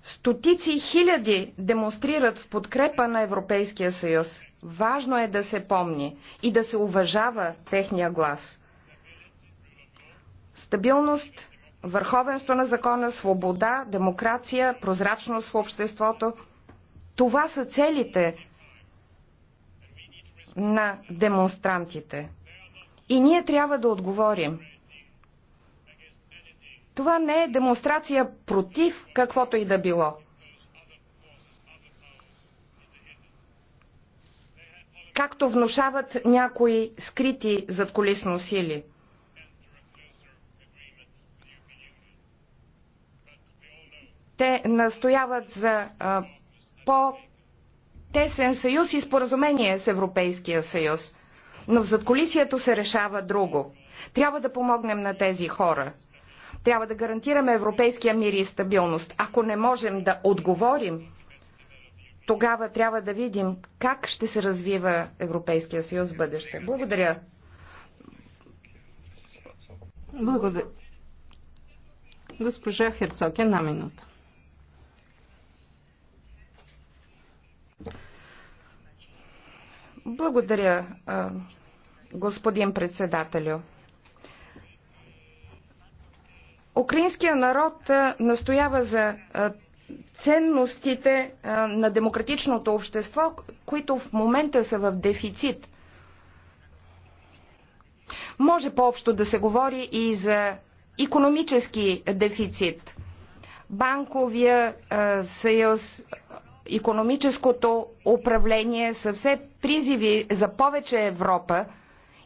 стотици хиляди демонстрират в подкрепа на Европейския съюз. Важно е да се помни и да се уважава техния глас. Стабилност, върховенство на закона, свобода, демокрация, прозрачност в обществото – това са целите на демонстрантите. И ние трябва да отговорим – това не е демонстрация против каквото и да било. Както внушават някои скрити колисно сили. Те настояват за по-тесен съюз и споразумение с Европейския съюз. Но в задколисието се решава друго. Трябва да помогнем на тези хора. Трябва да гарантираме европейския мир и стабилност. Ако не можем да отговорим, тогава трябва да видим как ще се развива Европейския съюз в бъдеще. Благодаря. Благодаря. Госпожа Херцог, една минута. Благодаря, господин председателю. Украинския народ настоява за ценностите на демократичното общество, които в момента са в дефицит. Може по-общо да се говори и за економически дефицит. Банковия съюз, економическото управление са все призиви за повече Европа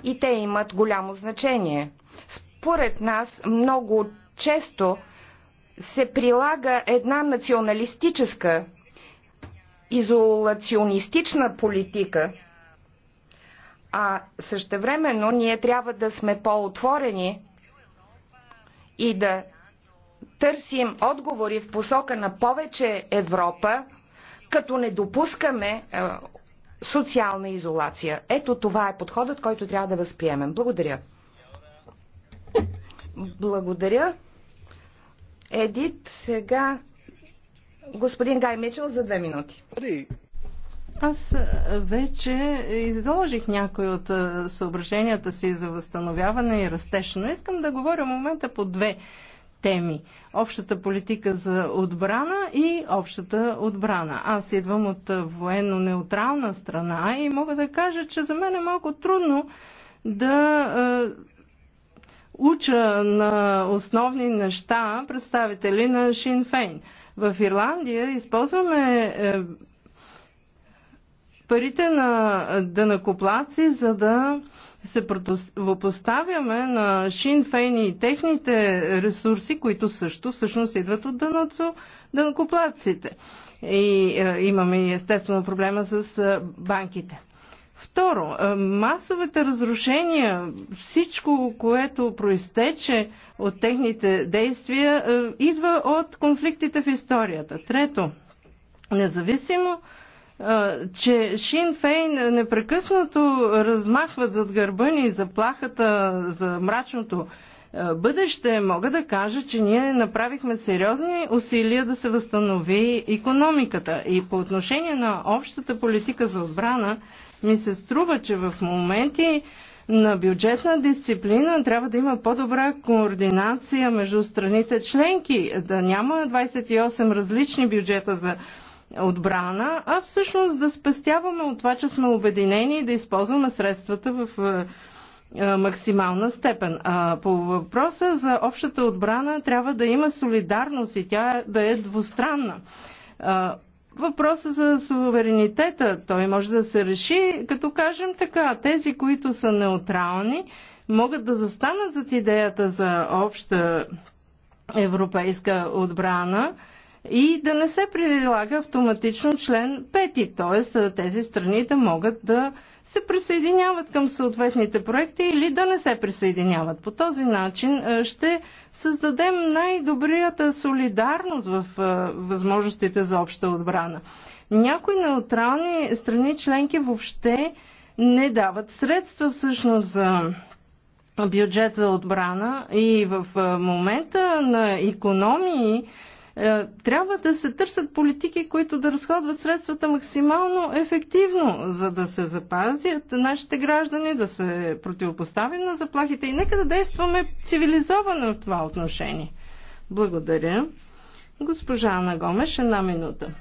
и те имат голямо значение. Според нас много често се прилага една националистическа, изолационистична политика, а същевременно ние трябва да сме по-отворени и да търсим отговори в посока на повече Европа, като не допускаме е, социална изолация. Ето това е подходът, който трябва да възприемем. Благодаря. Благодаря. Едит, сега господин Гай Мичел за две минути. Аз вече изложих някои от съображенията си за възстановяване и растеж, но искам да говоря в момента по две теми. Общата политика за отбрана и общата отбрана. Аз идвам от военно-неутрална страна и мога да кажа, че за мен е малко трудно да уча на основни неща представители на Шинфейн. В Ирландия използваме е, парите на дънакоплаци, за да се противопоставяме на Шинфейн и техните ресурси, които също всъщност идват от дънацо, дънакоплаците. И е, имаме естествено проблема с е, банките. Второ, е, масовите разрушения, всичко, което проистече от техните действия, е, идва от конфликтите в историята. Трето, независимо, е, че Шин Фейн непрекъснато размахват зад гърба ни заплахата за мрачното бъдеще, мога да кажа, че ние направихме сериозни усилия да се възстанови економиката. И по отношение на общата политика за отбрана, ми се струва, че в моменти на бюджетна дисциплина трябва да има по-добра координация между страните членки, да няма 28 различни бюджета за отбрана, а всъщност да спестяваме от това, че сме обединени и да използваме средствата в е, е, максимална степен. А по въпроса за общата отбрана трябва да има солидарност и тя да е двустранна въпроса за суверенитета, той може да се реши, като кажем така, тези, които са неутрални, могат да застанат зад идеята за обща европейска отбрана и да не се прилага автоматично член 5, т.е. тези страни да могат да се присъединяват към съответните проекти или да не се присъединяват. По този начин ще създадем най-добрията солидарност в възможностите за обща отбрана. Някои неутрални страни членки въобще не дават средства всъщност за бюджет за отбрана и в момента на економии е, трябва да се търсят политики, които да разходват средствата максимално ефективно, за да се запазят нашите граждани, да се противопоставим на заплахите и нека да действаме цивилизовано в това отношение. Благодаря. Госпожа Ана Гомеш, една минута.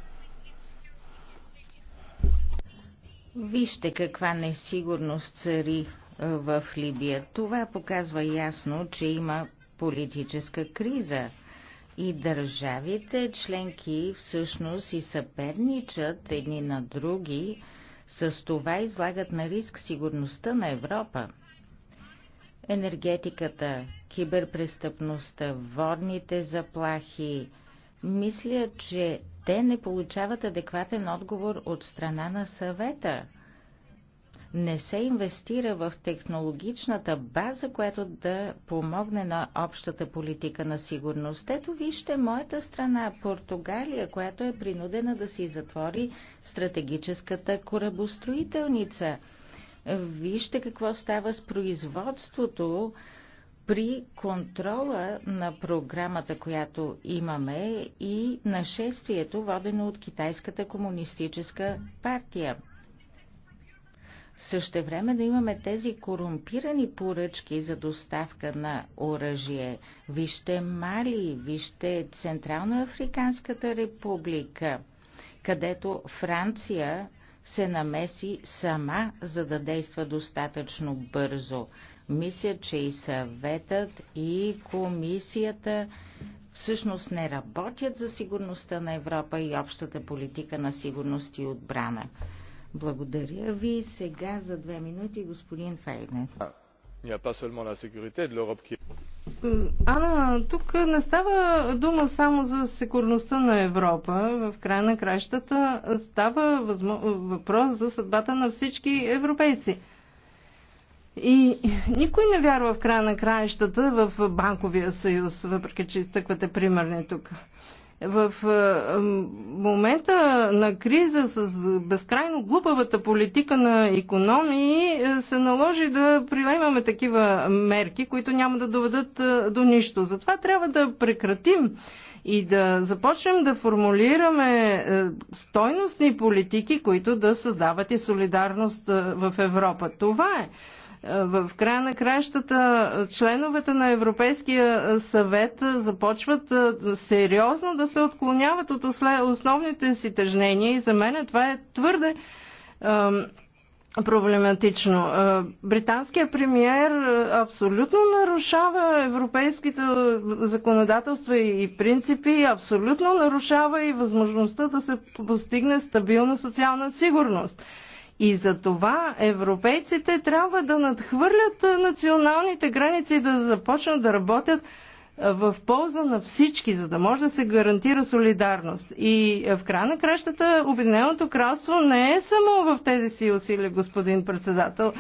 Вижте каква несигурност цари е, в Либия. Това показва ясно, че има политическа криза – и държавите членки всъщност и съперничат едни на други, с това излагат на риск сигурността на Европа. Енергетиката, киберпрестъпността, водните заплахи, мислят, че те не получават адекватен отговор от страна на съвета не се инвестира в технологичната база, която да помогне на общата политика на сигурност. Ето вижте моята страна, Португалия, която е принудена да си затвори стратегическата корабостроителница. Вижте какво става с производството при контрола на програмата, която имаме и нашествието, водено от Китайската комунистическа партия. Също време да имаме тези корумпирани поръчки за доставка на оръжие. Вижте Мали, вижте Централноафриканската република, където Франция се намеси сама, за да действа достатъчно бързо. Мисля, че и съветът, и комисията всъщност не работят за сигурността на Европа и общата политика на сигурност и отбрана. Благодаря ви. Сега за две минути господин Фейнер. Ана, тук не става дума само за сигурността на Европа. В края на кращата става възмо... въпрос за съдбата на всички европейци. И никой не вярва в края на краищата в банковия съюз, въпреки че изтъквате примерни тук. В е, момента на криза с безкрайно глупавата политика на економии е, се наложи да прилемаме такива мерки, които няма да доведат е, до нищо. Затова трябва да прекратим и да започнем да формулираме стойностни политики, които да създават и солидарност в Европа. Това е. Е, в края на кращата членовете на Европейския съвет започват е, сериозно да се отклоняват от основните си тъжнения и за мен това е твърде е, проблематично. Британският премиер абсолютно нарушава европейските законодателства и принципи, абсолютно нарушава и възможността да се постигне стабилна социална сигурност. И за това европейците трябва да надхвърлят националните граници и да започнат да работят в полза на всички, за да може да се гарантира солидарност. И в края на кращата Обединеното кралство не е само в тези си усилия, господин председател.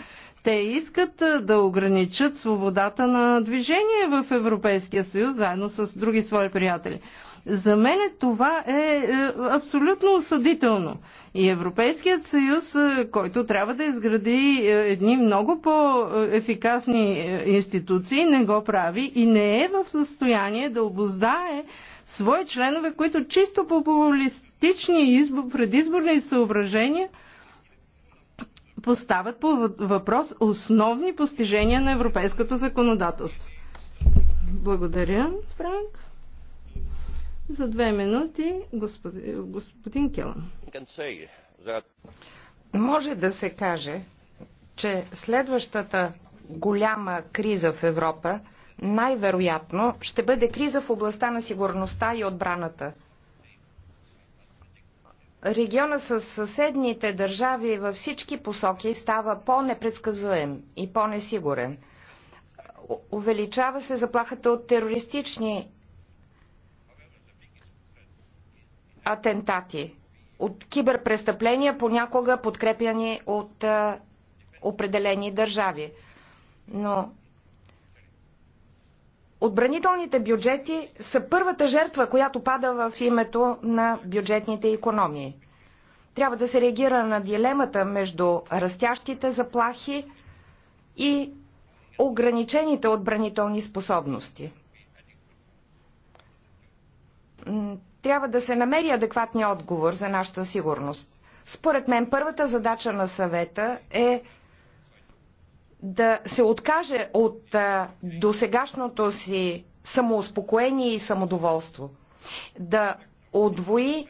Те искат да ограничат свободата на движение в Европейския съюз, заедно с други свои приятели. За мен това е, е абсолютно осъдително. И Европейският съюз, е, който трябва да изгради е, едни много по-ефикасни институции, не го прави и не е в състояние да обоздае свои членове, които чисто по популистични предизборни съображения поставят по въпрос основни постижения на европейското законодателство. Благодаря, Франк. За две минути господин, господин Келан. Може да се каже, че следващата голяма криза в Европа най-вероятно ще бъде криза в областта на сигурността и отбраната. Региона с съседните държави във всички посоки става по-непредсказуем и по-несигурен. Увеличава се заплахата от терористични атентати, от киберпрестъпления, понякога подкрепяни от а, определени държави. Но отбранителните бюджети са първата жертва, която пада в името на бюджетните економии. Трябва да се реагира на дилемата между растящите заплахи и ограничените отбранителни способности трябва да се намери адекватния отговор за нашата сигурност. Според мен първата задача на съвета е да се откаже от досегашното си самоуспокоение и самодоволство. Да отвои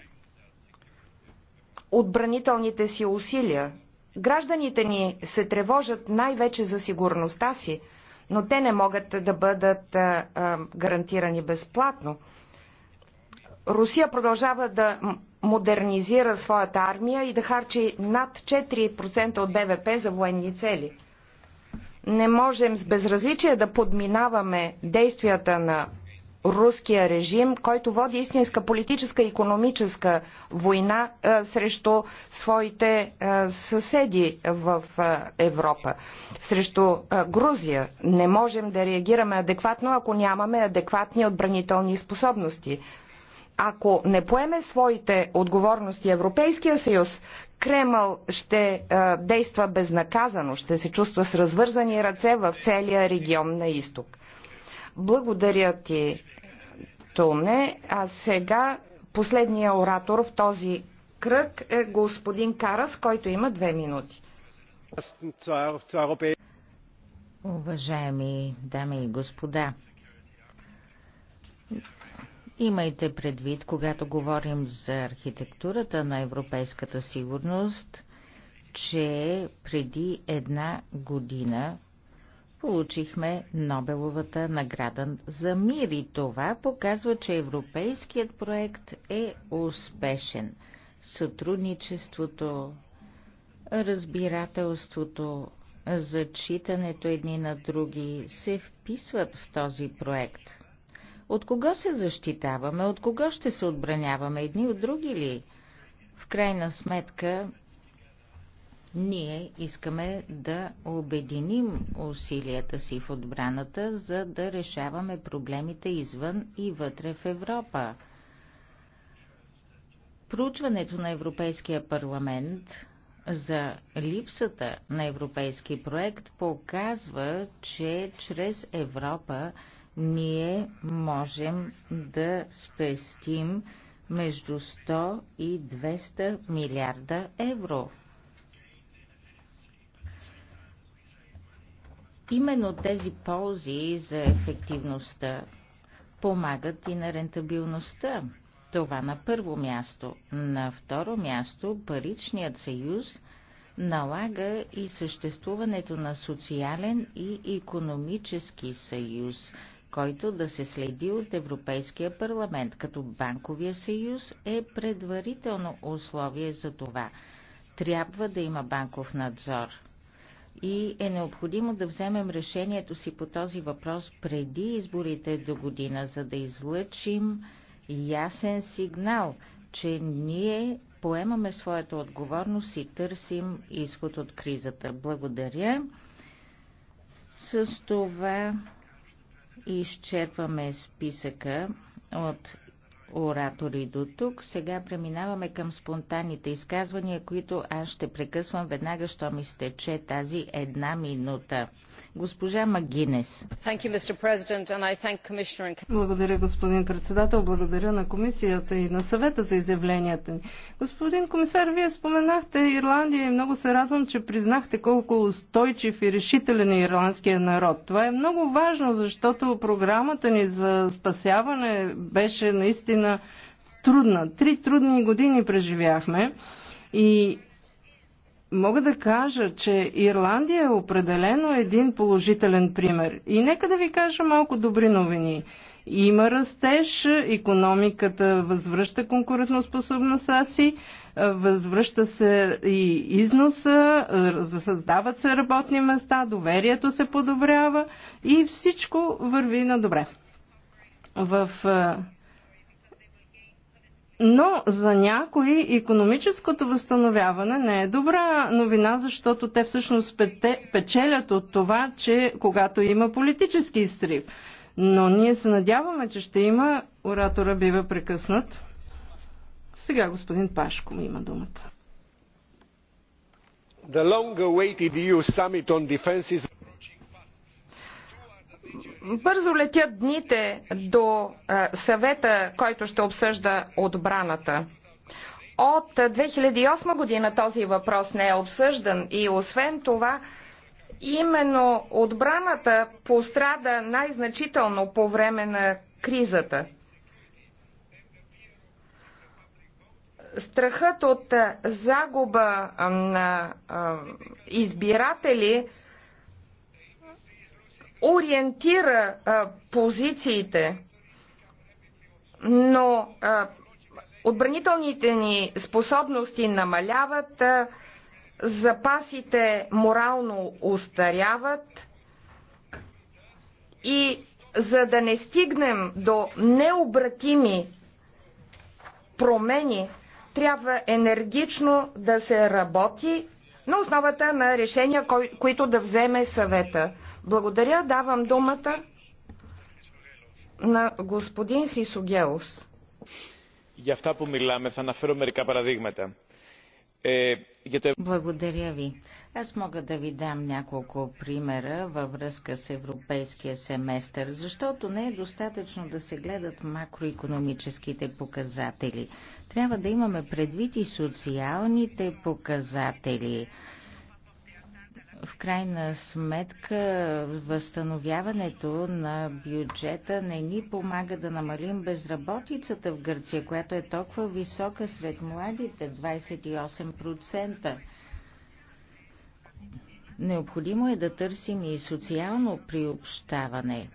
отбранителните си усилия. Гражданите ни се тревожат най-вече за сигурността си, но те не могат да бъдат гарантирани безплатно. Русия продължава да модернизира своята армия и да харчи над 4% от БВП за военни цели. Не можем с безразличие да подминаваме действията на руския режим, който води истинска политическа и економическа война а, срещу своите а, съседи в а, Европа, срещу а, Грузия. Не можем да реагираме адекватно, ако нямаме адекватни отбранителни способности ако не поеме своите отговорности Европейския съюз, Кремъл ще а, е, действа безнаказано, ще се чувства с развързани ръце в целия регион на изток. Благодаря ти, Туне. А сега последния оратор в този кръг е господин Карас, който има две минути. Уважаеми дами и господа, Имайте предвид, когато говорим за архитектурата на европейската сигурност, че преди една година получихме Нобеловата награда за мир и това показва, че европейският проект е успешен. Сътрудничеството, разбирателството, зачитането едни на други се вписват в този проект – от кого се защитаваме? От кого ще се отбраняваме? Едни от други ли? В крайна сметка, ние искаме да обединим усилията си в отбраната, за да решаваме проблемите извън и вътре в Европа. Проучването на Европейския парламент за липсата на европейски проект показва, че чрез Европа ние можем да спестим между 100 и 200 милиарда евро. Именно тези ползи за ефективността помагат и на рентабилността. Това на първо място. На второ място паричният съюз налага и съществуването на социален и економически съюз – който да се следи от Европейския парламент, като Банковия съюз е предварително условие за това. Трябва да има банков надзор. И е необходимо да вземем решението си по този въпрос преди изборите до година, за да излъчим ясен сигнал, че ние поемаме своята отговорност и търсим изход от кризата. Благодаря. С това Изчерпваме списъка от оратори до тук. Сега преминаваме към спонтанните изказвания, които аз ще прекъсвам веднага, що ми стече тази една минута. Благодаря, господин председател. Благодаря на комисията и на съвета за изявленията ми. Господин комисар, вие споменахте Ирландия и много се радвам, че признахте колко устойчив и решителен е ирландския народ. Това е много важно, защото програмата ни за спасяване беше наистина трудна. Три трудни години преживяхме. И мога да кажа, че Ирландия е определено един положителен пример. И нека да ви кажа малко добри новини. Има растеж, економиката възвръща конкурентоспособността си, възвръща се и износа, създават се работни места, доверието се подобрява и всичко върви на добре. В но за някои економическото възстановяване не е добра новина, защото те всъщност печелят от това, че когато има политически изстрив. Но ние се надяваме, че ще има. Оратора бива прекъснат. Сега господин Пашко има думата. The long-awaited EU summit on defense is Бързо летят дните до е, съвета, който ще обсъжда отбраната. От 2008 е, година този въпрос не е обсъждан и освен това именно отбраната пострада най-значително по време на кризата. Страхът от е, загуба на избиратели – ориентира а, позициите, но а, отбранителните ни способности намаляват, а, запасите морално устаряват и за да не стигнем до необратими промени, трябва енергично да се работи на основата на решения, кои, които да вземе съвета. Благодаря. Давам думата на господин Хрисогелос. Για αυτά που μιλάμε θα αναφέρω μερικά παραδείγματα. Благодаря ви. Аз мога да ви дам няколко примера във връзка с европейския семестър, защото не е достатъчно да се гледат макроекономическите показатели. Трябва да имаме предвид и социалните показатели. В крайна сметка, възстановяването на бюджета не ни помага да намалим безработицата в Гърция, която е толкова висока сред младите 28%. Необходимо е да търсим и социално приобщаване,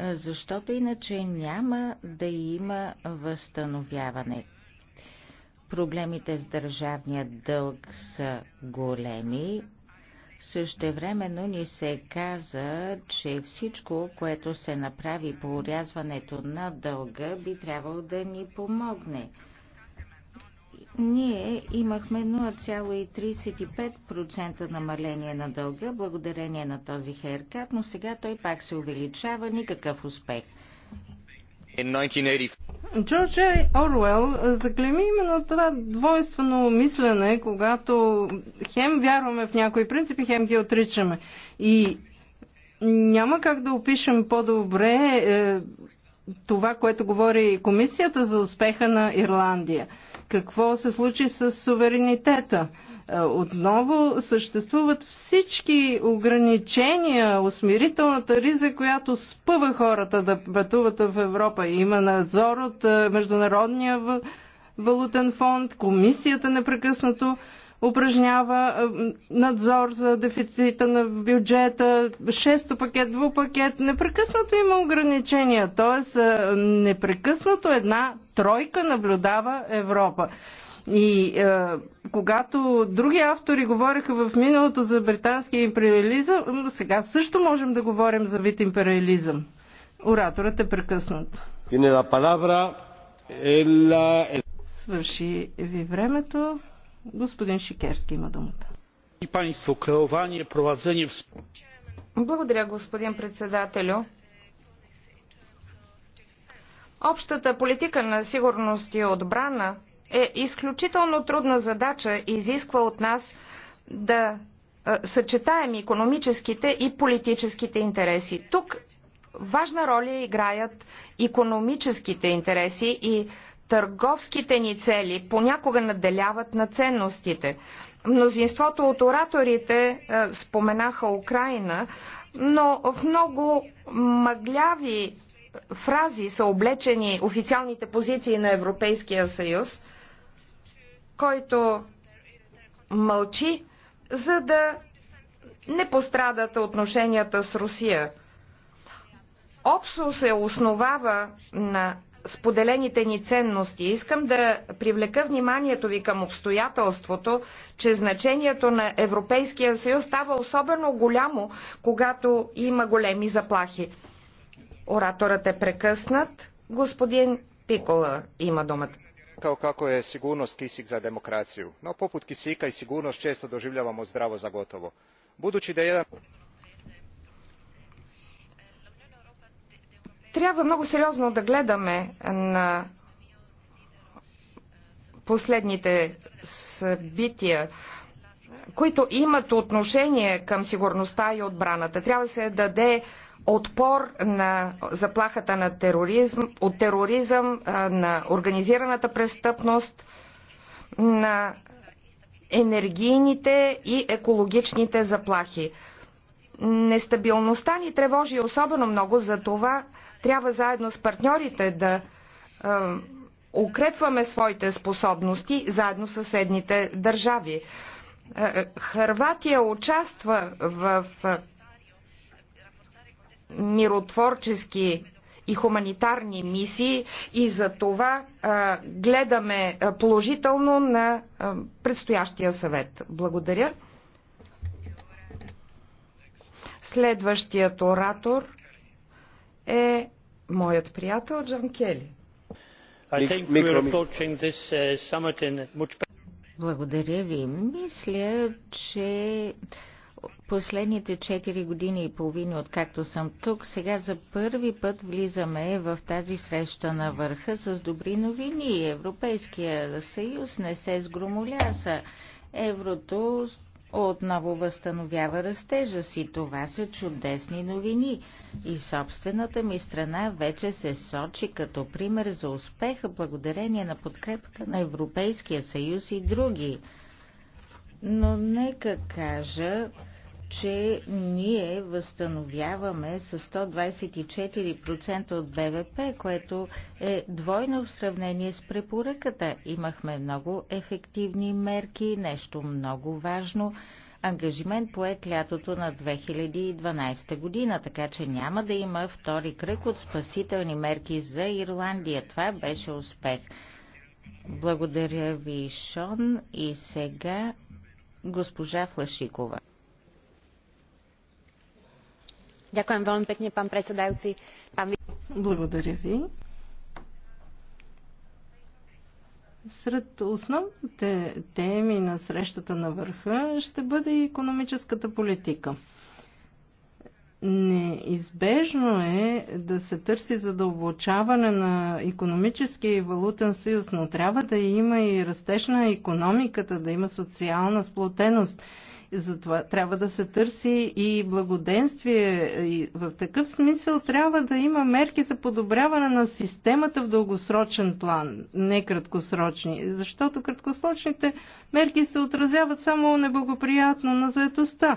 защото иначе няма да има възстановяване. Проблемите с държавния дълг са големи, Същевременно ни се каза, че всичко, което се направи по урязването на дълга, би трябвало да ни помогне. Ние имахме 0,35% намаление на дълга благодарение на този херкат, но сега той пак се увеличава. Никакъв успех. In 1984... Джордж е. Оруел заклеми именно това двойствено мислене, когато хем вярваме в някои принципи, хем ги отричаме. И няма как да опишем по-добре е, това, което говори комисията за успеха на Ирландия. Какво се случи с суверенитета? Е, е, отново съществуват всички ограничения, усмирителната риза, която спъва хората да пътуват в Европа. Има надзор от е, Международния валутен фонд, комисията непрекъснато упражнява е, надзор за дефицита на бюджета, шесто пакет, двупакет. Непрекъснато има ограничения, т.е. непрекъснато една тройка наблюдава Европа. И е, когато други автори говориха в миналото за британския империализъм, сега също можем да говорим за вид империализъм. Ораторът е прекъснат. Свърши ви времето. Господин Шикерски има думата. И панство, креование, проведение... Благодаря, господин председателю. Общата политика на сигурност и отбрана – е изключително трудна задача и изисква от нас да съчетаем економическите и политическите интереси. Тук важна роля играят економическите интереси и търговските ни цели понякога наделяват на ценностите. Мнозинството от ораторите споменаха Украина, но в много мъгляви фрази са облечени официалните позиции на Европейския съюз който мълчи, за да не пострадат отношенията с Русия. Общо се основава на споделените ни ценности. Искам да привлека вниманието ви към обстоятелството, че значението на Европейския съюз става особено голямо, когато има големи заплахи. Ораторът е прекъснат. Господин Пикола има думата rekao kako je sigurnost kisik za demokraciju no poput kisika i sigurnost esto doivljavamo zdravo za gotovo. budui da je jedan трябва много сериозно да гледаме на последните събития, които имат отношение към сигурността и отбраната. Трябва да се даде отпор на заплахата на тероризм, от тероризъм, на организираната престъпност, на енергийните и екологичните заплахи. Нестабилността ни тревожи особено много, за това трябва заедно с партньорите да укрепваме своите способности заедно с съседните държави. Харватия участва в миротворчески и хуманитарни мисии и за това а, гледаме положително на а, предстоящия съвет. Благодаря. Следващият оратор е моят приятел Джан Кели. Uh, Благодаря ви. Мисля, че Последните 4 години и половина, откакто съм тук, сега за първи път влизаме в тази среща на върха с добри новини. Европейския съюз не се сгромоляса. Еврото отново възстановява растежа си. Това са чудесни новини. И собствената ми страна вече се сочи като пример за успеха благодарение на подкрепата на Европейския съюз и други. Но нека кажа, че ние възстановяваме с 124% от БВП, което е двойно в сравнение с препоръката. Имахме много ефективни мерки, нещо много важно. Ангажимент поет лятото на 2012 година, така че няма да има втори кръг от спасителни мерки за Ирландия. Това беше успех. Благодаря ви, Шон. И сега госпожа Флашикова. Благодаря ви. Сред основните теми на срещата на върха ще бъде и економическата политика. Неизбежно е да се търси задълбочаване на економическия и валутен съюз, но трябва да има и растеж на економиката, да има социална сплотеност затова трябва да се търси и благоденствие. И в такъв смисъл трябва да има мерки за подобряване на системата в дългосрочен план, не краткосрочни. Защото краткосрочните мерки се отразяват само неблагоприятно на заетостта.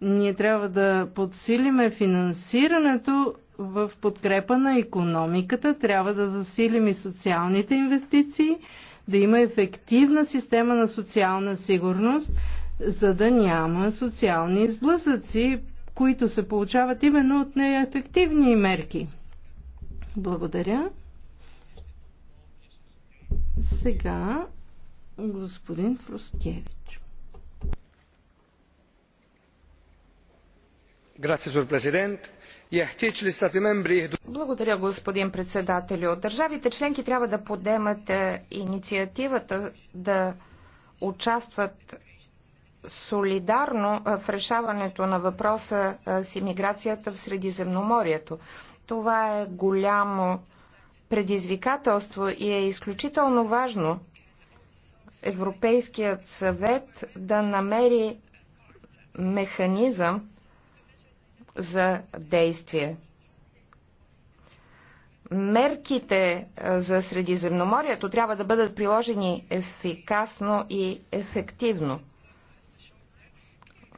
Ние трябва да подсилиме финансирането в подкрепа на економиката, трябва да засилим и социалните инвестиции, да има ефективна система на социална сигурност – за да няма социални изблъсъци, които се получават именно от неефективни мерки. Благодаря. Сега господин президент. E Благодаря, господин председателю. Държавите членки трябва да подемат е, инициативата да участват солидарно в решаването на въпроса с иммиграцията в Средиземноморието. Това е голямо предизвикателство и е изключително важно Европейският съвет да намери механизъм за действие. Мерките за Средиземноморието трябва да бъдат приложени ефикасно и ефективно.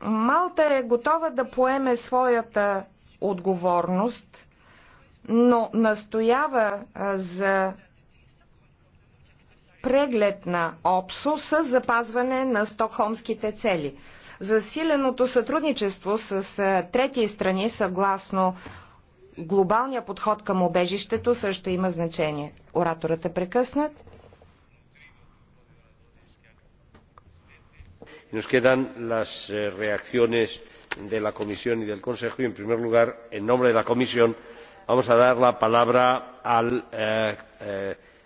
Малта е готова да поеме своята отговорност, но настоява за преглед на ОПСО с запазване на стокхолмските цели. Засиленото сътрудничество с трети страни съгласно глобалния подход към обежището също има значение. Ораторът е прекъснат. nos quedan las reacciones de la comisión y del consejo y en primer lugar en nombre de la comisión vamos a dar la palabra al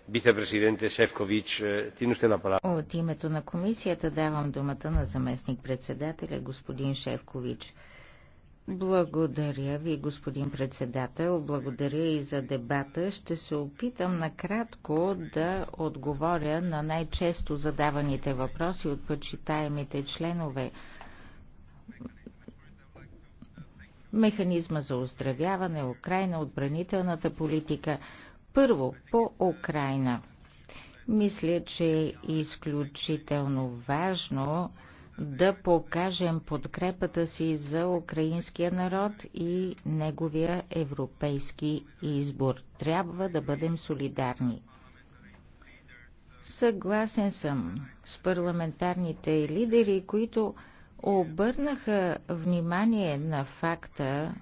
vicepresidente efovi. tiene usted la palabra. Благодаря ви, господин председател. Благодаря и за дебата. Ще се опитам накратко да отговоря на най-често задаваните въпроси от почитаемите членове. Механизма за оздравяване, Украина, отбранителната политика. Първо, по Украина. Мисля, че е изключително важно да покажем подкрепата си за украинския народ и неговия европейски избор. Трябва да бъдем солидарни. Съгласен съм с парламентарните лидери, които обърнаха внимание на факта,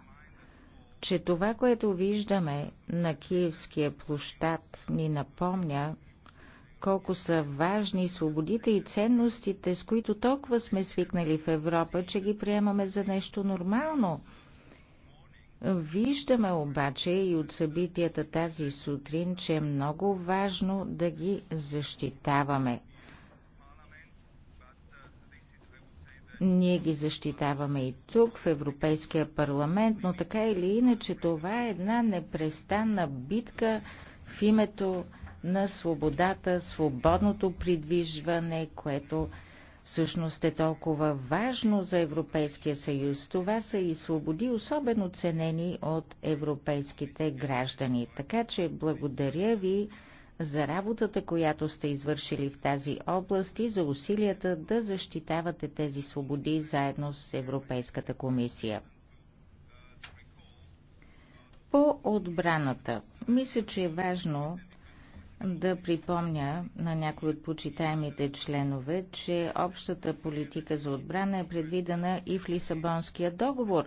че това, което виждаме на Киевския площад, ни напомня колко са важни свободите и ценностите, с които толкова сме свикнали в Европа, че ги приемаме за нещо нормално. Виждаме обаче и от събитията тази сутрин, че е много важно да ги защитаваме. Ние ги защитаваме и тук, в Европейския парламент, но така или иначе това е една непрестанна битка в името на на свободата, свободното придвижване, което всъщност е толкова важно за Европейския съюз. Това са и свободи, особено ценени от европейските граждани. Така че благодаря ви за работата, която сте извършили в тази област и за усилията да защитавате тези свободи заедно с Европейската комисия. По отбраната. Мисля, че е важно да припомня на някои от почитаемите членове, че общата политика за отбрана е предвидена и в Лисабонския договор.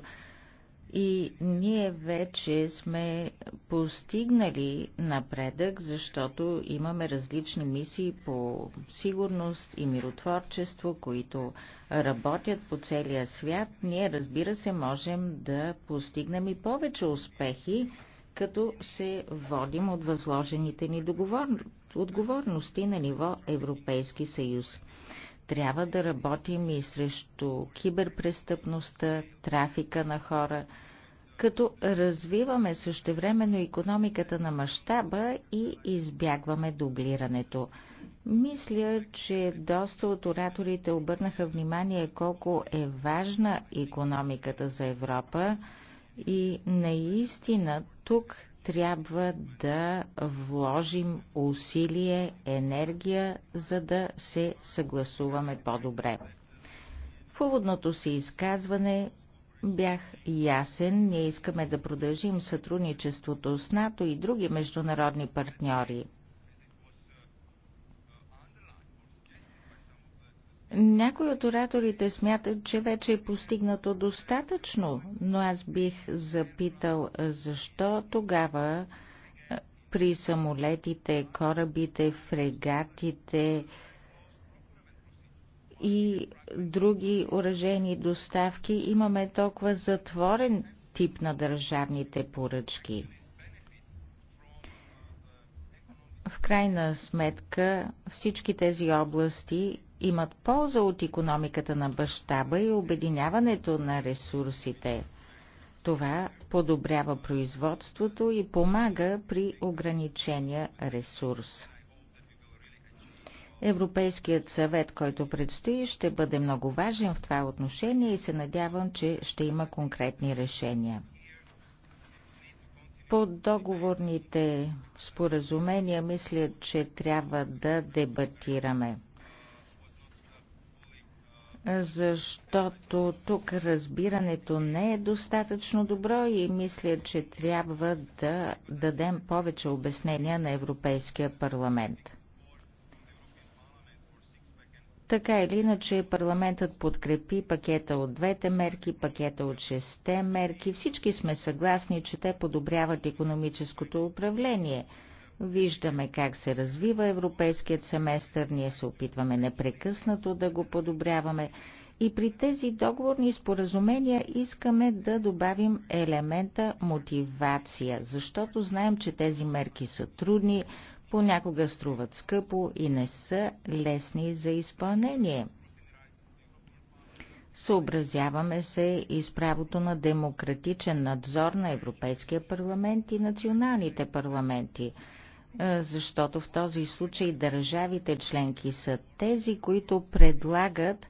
И ние вече сме постигнали напредък, защото имаме различни мисии по сигурност и миротворчество, които работят по целия свят. Ние, разбира се, можем да постигнем и повече успехи като се водим от възложените ни договор... отговорности на ниво Европейски съюз. Трябва да работим и срещу киберпрестъпността, трафика на хора, като развиваме същевременно економиката на мащаба и избягваме дублирането. Мисля, че доста от ораторите обърнаха внимание колко е важна економиката за Европа и наистина тук трябва да вложим усилие, енергия, за да се съгласуваме по-добре. В уводното си изказване бях ясен, ние искаме да продължим сътрудничеството с НАТО и други международни партньори – Някои от ораторите смятат, че вече е постигнато достатъчно, но аз бих запитал защо тогава при самолетите, корабите, фрегатите и други уражени доставки имаме толкова затворен тип на държавните поръчки. В крайна сметка всички тези области имат полза от економиката на бащаба и обединяването на ресурсите. Това подобрява производството и помага при ограничения ресурс. Европейският съвет, който предстои, ще бъде много важен в това отношение и се надявам, че ще има конкретни решения. По договорните споразумения мисля, че трябва да дебатираме защото тук разбирането не е достатъчно добро и мисля, че трябва да дадем повече обяснения на Европейския парламент. Така или иначе парламентът подкрепи пакета от двете мерки, пакета от шесте мерки. Всички сме съгласни, че те подобряват економическото управление – Виждаме как се развива европейският семестър, ние се опитваме непрекъснато да го подобряваме и при тези договорни споразумения искаме да добавим елемента мотивация, защото знаем, че тези мерки са трудни, понякога струват скъпо и не са лесни за изпълнение. Съобразяваме се и с правото на демократичен надзор на Европейския парламент и националните парламенти – е, защото в този случай държавите членки са тези, които предлагат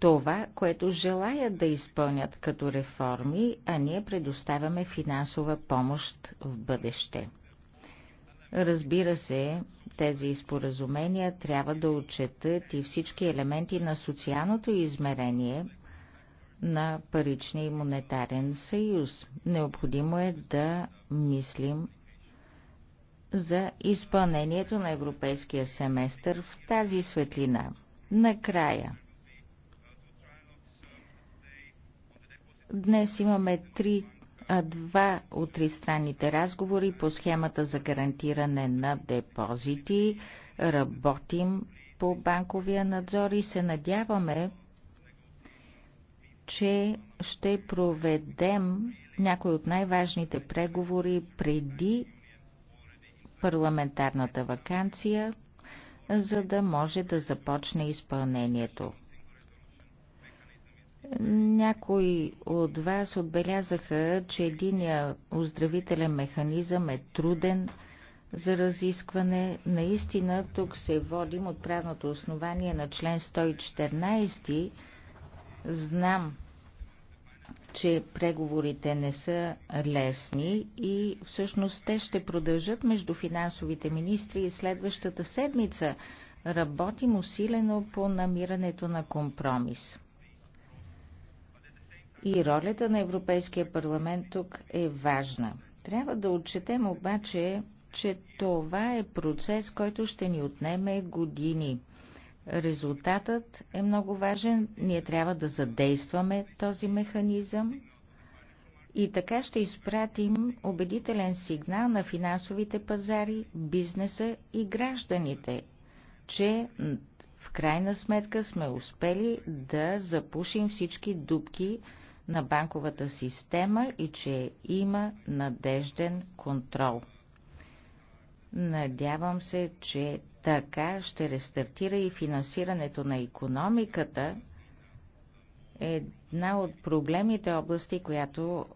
това, което желаят да изпълнят като реформи, а ние предоставяме финансова помощ в бъдеще. Разбира се, тези споразумения трябва да отчетат и всички елементи на социалното измерение на паричния и монетарен съюз. Необходимо е да мислим за изпълнението на европейския семестър в тази светлина. Накрая. Днес имаме три, а, два от тристранните разговори по схемата за гарантиране на депозити. Работим по банковия надзор и се надяваме, че ще проведем някои от най-важните преговори преди парламентарната вакансия, за да може да започне изпълнението. Някои от вас отбелязаха, че единия оздравителен механизъм е труден за разискване. Наистина тук се водим от правното основание на член 114. Знам, че преговорите не са лесни и всъщност те ще продължат между финансовите министри и следващата седмица. Работим усилено по намирането на компромис. И ролята на Европейския парламент тук е важна. Трябва да отчетем обаче, че това е процес, който ще ни отнеме години. Резултатът е много важен. Ние трябва да задействаме този механизъм и така ще изпратим убедителен сигнал на финансовите пазари, бизнеса и гражданите, че в крайна сметка сме успели да запушим всички дубки на банковата система и че има надежден контрол. Надявам се, че така ще рестартира и финансирането на економиката, една от проблемите области, която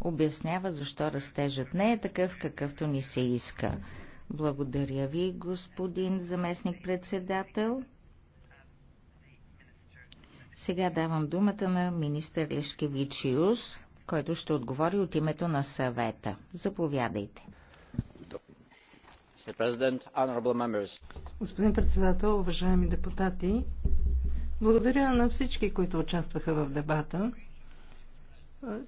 обяснява защо растежът не е такъв, какъвто ни се иска. Благодаря ви, господин заместник-председател. Сега давам думата на министър Лешкевичиус, който ще отговори от името на съвета. Заповядайте. Господин председател, уважаеми депутати, благодаря на всички, които участваха в дебата.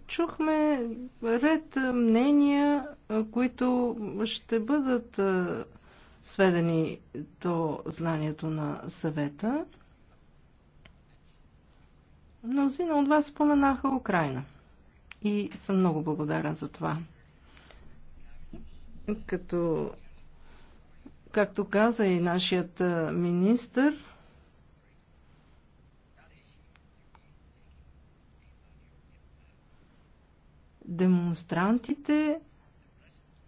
Чухме ред мнения, които ще бъдат сведени до знанието на съвета. Мнозина от вас споменаха Украина и съм много благодарен за това. Като Както каза и нашият министр, демонстрантите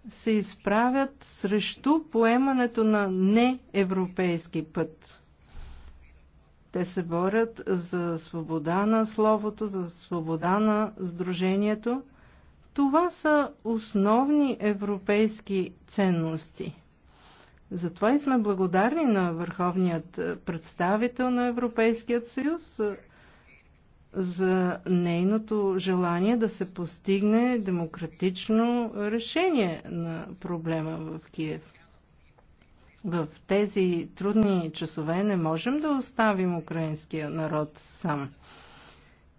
се изправят срещу поемането на неевропейски път. Те се борят за свобода на словото, за свобода на сдружението. Това са основни европейски ценности – затова и сме благодарни на върховният е, представител на Европейският съюз е, за нейното желание да се постигне демократично решение на проблема в Киев. В тези трудни часове не можем да оставим украинския народ сам.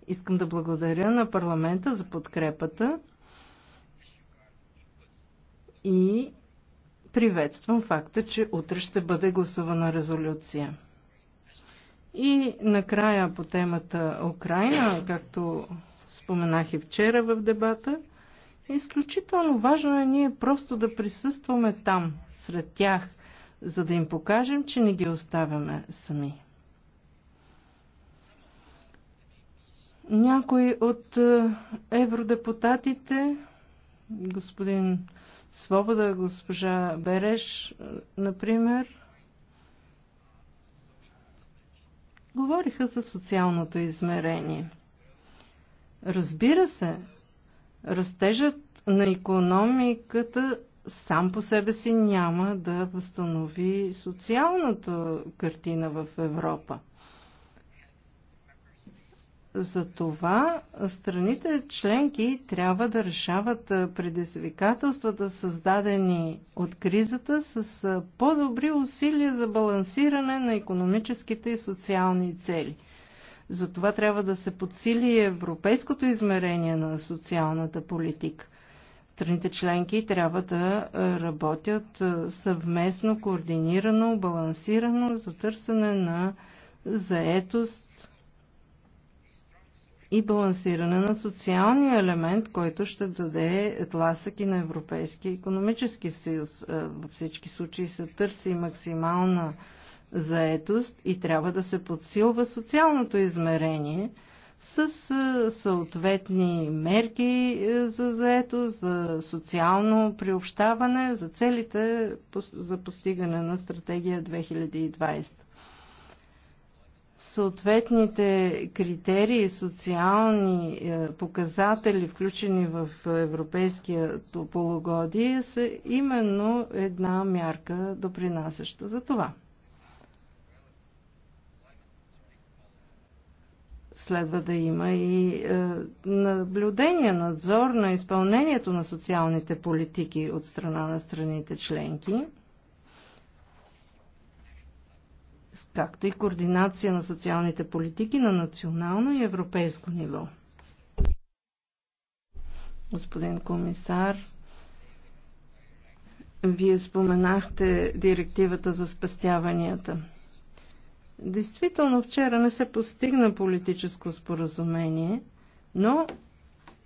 Искам да благодаря на парламента за подкрепата и приветствам факта, че утре ще бъде гласувана резолюция. И накрая по темата Украина, както споменах и вчера в дебата, изключително важно е ние просто да присъстваме там, сред тях, за да им покажем, че не ги оставяме сами. Някои от е, евродепутатите, господин свобода, госпожа Береш, например, говориха за социалното измерение. Разбира се, растежът на економиката сам по себе си няма да възстанови социалната картина в Европа. Затова страните членки трябва да решават предизвикателствата, създадени от кризата, с по-добри усилия за балансиране на економическите и социални цели. Затова трябва да се подсили европейското измерение на социалната политика. Страните членки трябва да работят съвместно, координирано, балансирано за търсене на заетост, и балансиране на социалния елемент, който ще даде тласък и на Европейския економически съюз. Е, във всички случаи се търси максимална заетост и трябва да се подсилва социалното измерение с е, съответни мерки е, за заетост, за социално приобщаване, за целите за постигане на стратегия 2020 съответните критерии, социални е, показатели, включени в европейския полугодие, са именно една мярка допринасяща за това. Следва да има и е, наблюдение, надзор на изпълнението на социалните политики от страна на страните членки. както и координация на социалните политики на национално и европейско ниво. Господин комисар, вие споменахте директивата за спестяванията. Действително вчера не се постигна политическо споразумение, но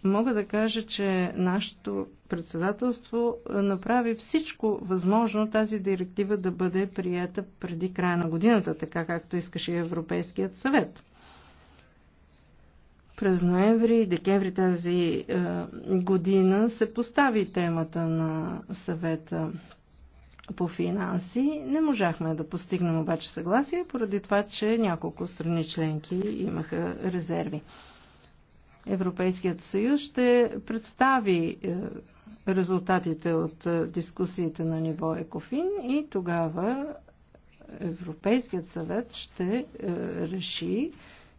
мога да кажа, че нашето председателство е, направи всичко възможно тази директива да бъде прията преди края на годината, така както искаше Европейският съвет. През ноември и декември тази е, година се постави темата на съвета по финанси. Не можахме да постигнем обаче съгласие, поради това, че няколко страни членки имаха резерви. Европейският съюз ще представи е, резултатите от е, дискусиите на ниво Екофин и тогава Европейският съвет ще е, реши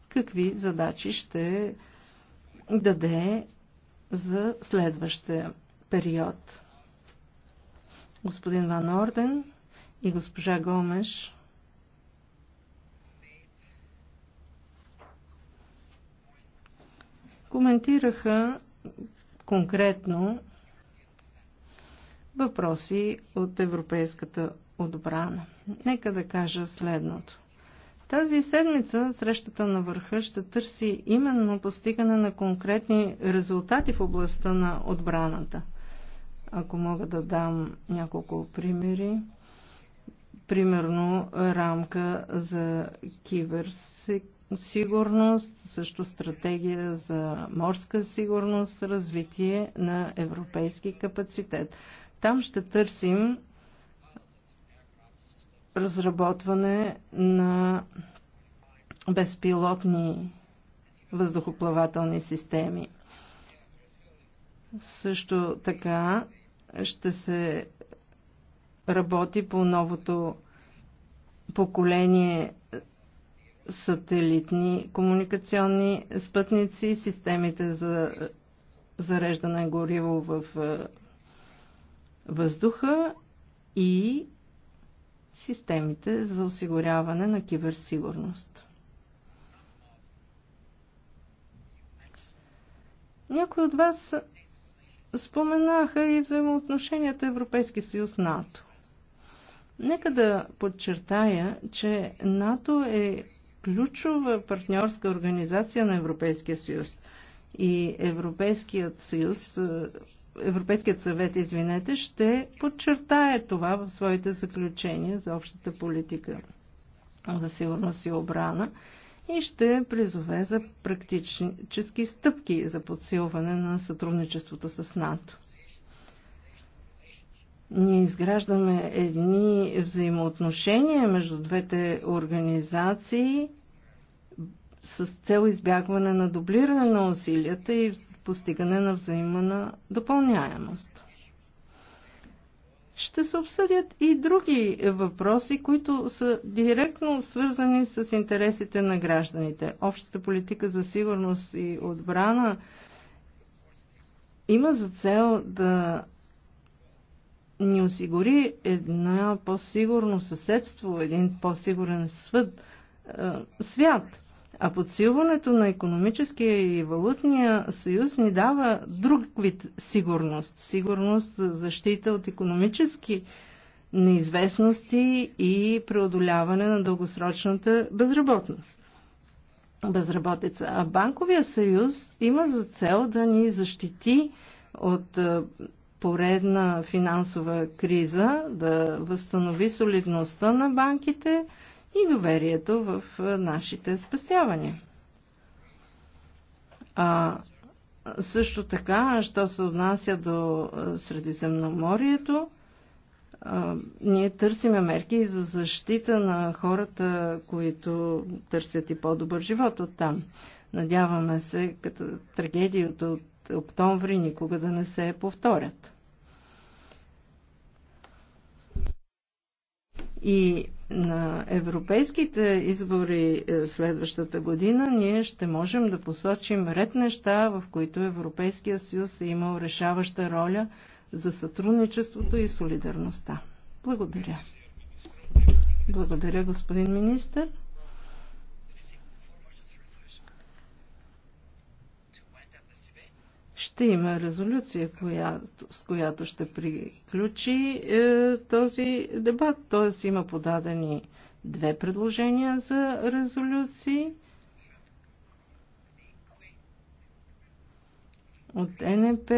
какви задачи ще даде за следващия период. Господин Ван Орден и госпожа Гомеш коментираха конкретно въпроси от европейската отбрана. Нека да кажа следното. Тази седмица срещата на върха ще търси именно постигане на конкретни резултати в областта на отбраната. Ако мога да дам няколко примери, примерно рамка за киберсек сигурност, също стратегия за морска сигурност, развитие на европейски капацитет. Там ще търсим разработване на безпилотни въздухоплавателни системи. Също така ще се работи по новото поколение сателитни комуникационни спътници, системите за зареждане гориво в е, въздуха и системите за осигуряване на киберсигурност. Някои от вас споменаха и взаимоотношенията Европейски съюз-НАТО. Нека да подчертая, че НАТО е ключова партньорска организация на Европейския съюз. И Европейският съюз, е, Европейският съвет, извинете, ще подчертае това в своите заключения за общата политика за сигурност и обрана и ще призове за практически стъпки за подсилване на сътрудничеството с НАТО. Ние изграждаме едни взаимоотношения между двете организации с цел избягване на дублиране на усилията и постигане на взаимна допълняемост. Ще се обсъдят и други въпроси, които са директно свързани с интересите на гражданите. Общата политика за сигурност и отбрана има за цел да ни осигури едно по-сигурно съседство, един по-сигурен е, свят. А подсилването на економическия и валутния съюз ни дава друг вид сигурност. Сигурност, защита от економически неизвестности и преодоляване на дългосрочната безработност. Безработица. А банковия съюз има за цел да ни защити от е, поредна финансова криза, да възстанови солидността на банките и доверието в нашите спестявания. А, също така, що се отнася до Средиземноморието, а, ние търсиме мерки за защита на хората, които търсят и по-добър живот от там. Надяваме се, като трагедията от октомври никога да не се повторят. И на европейските избори е, следващата година ние ще можем да посочим ред неща, в които Европейския съюз е имал решаваща роля за сътрудничеството и солидарността. Благодаря. Благодаря, господин министр. Ще има резолюция, която, с която ще приключи е, този дебат. Т.е. има подадени две предложения за резолюции. От НП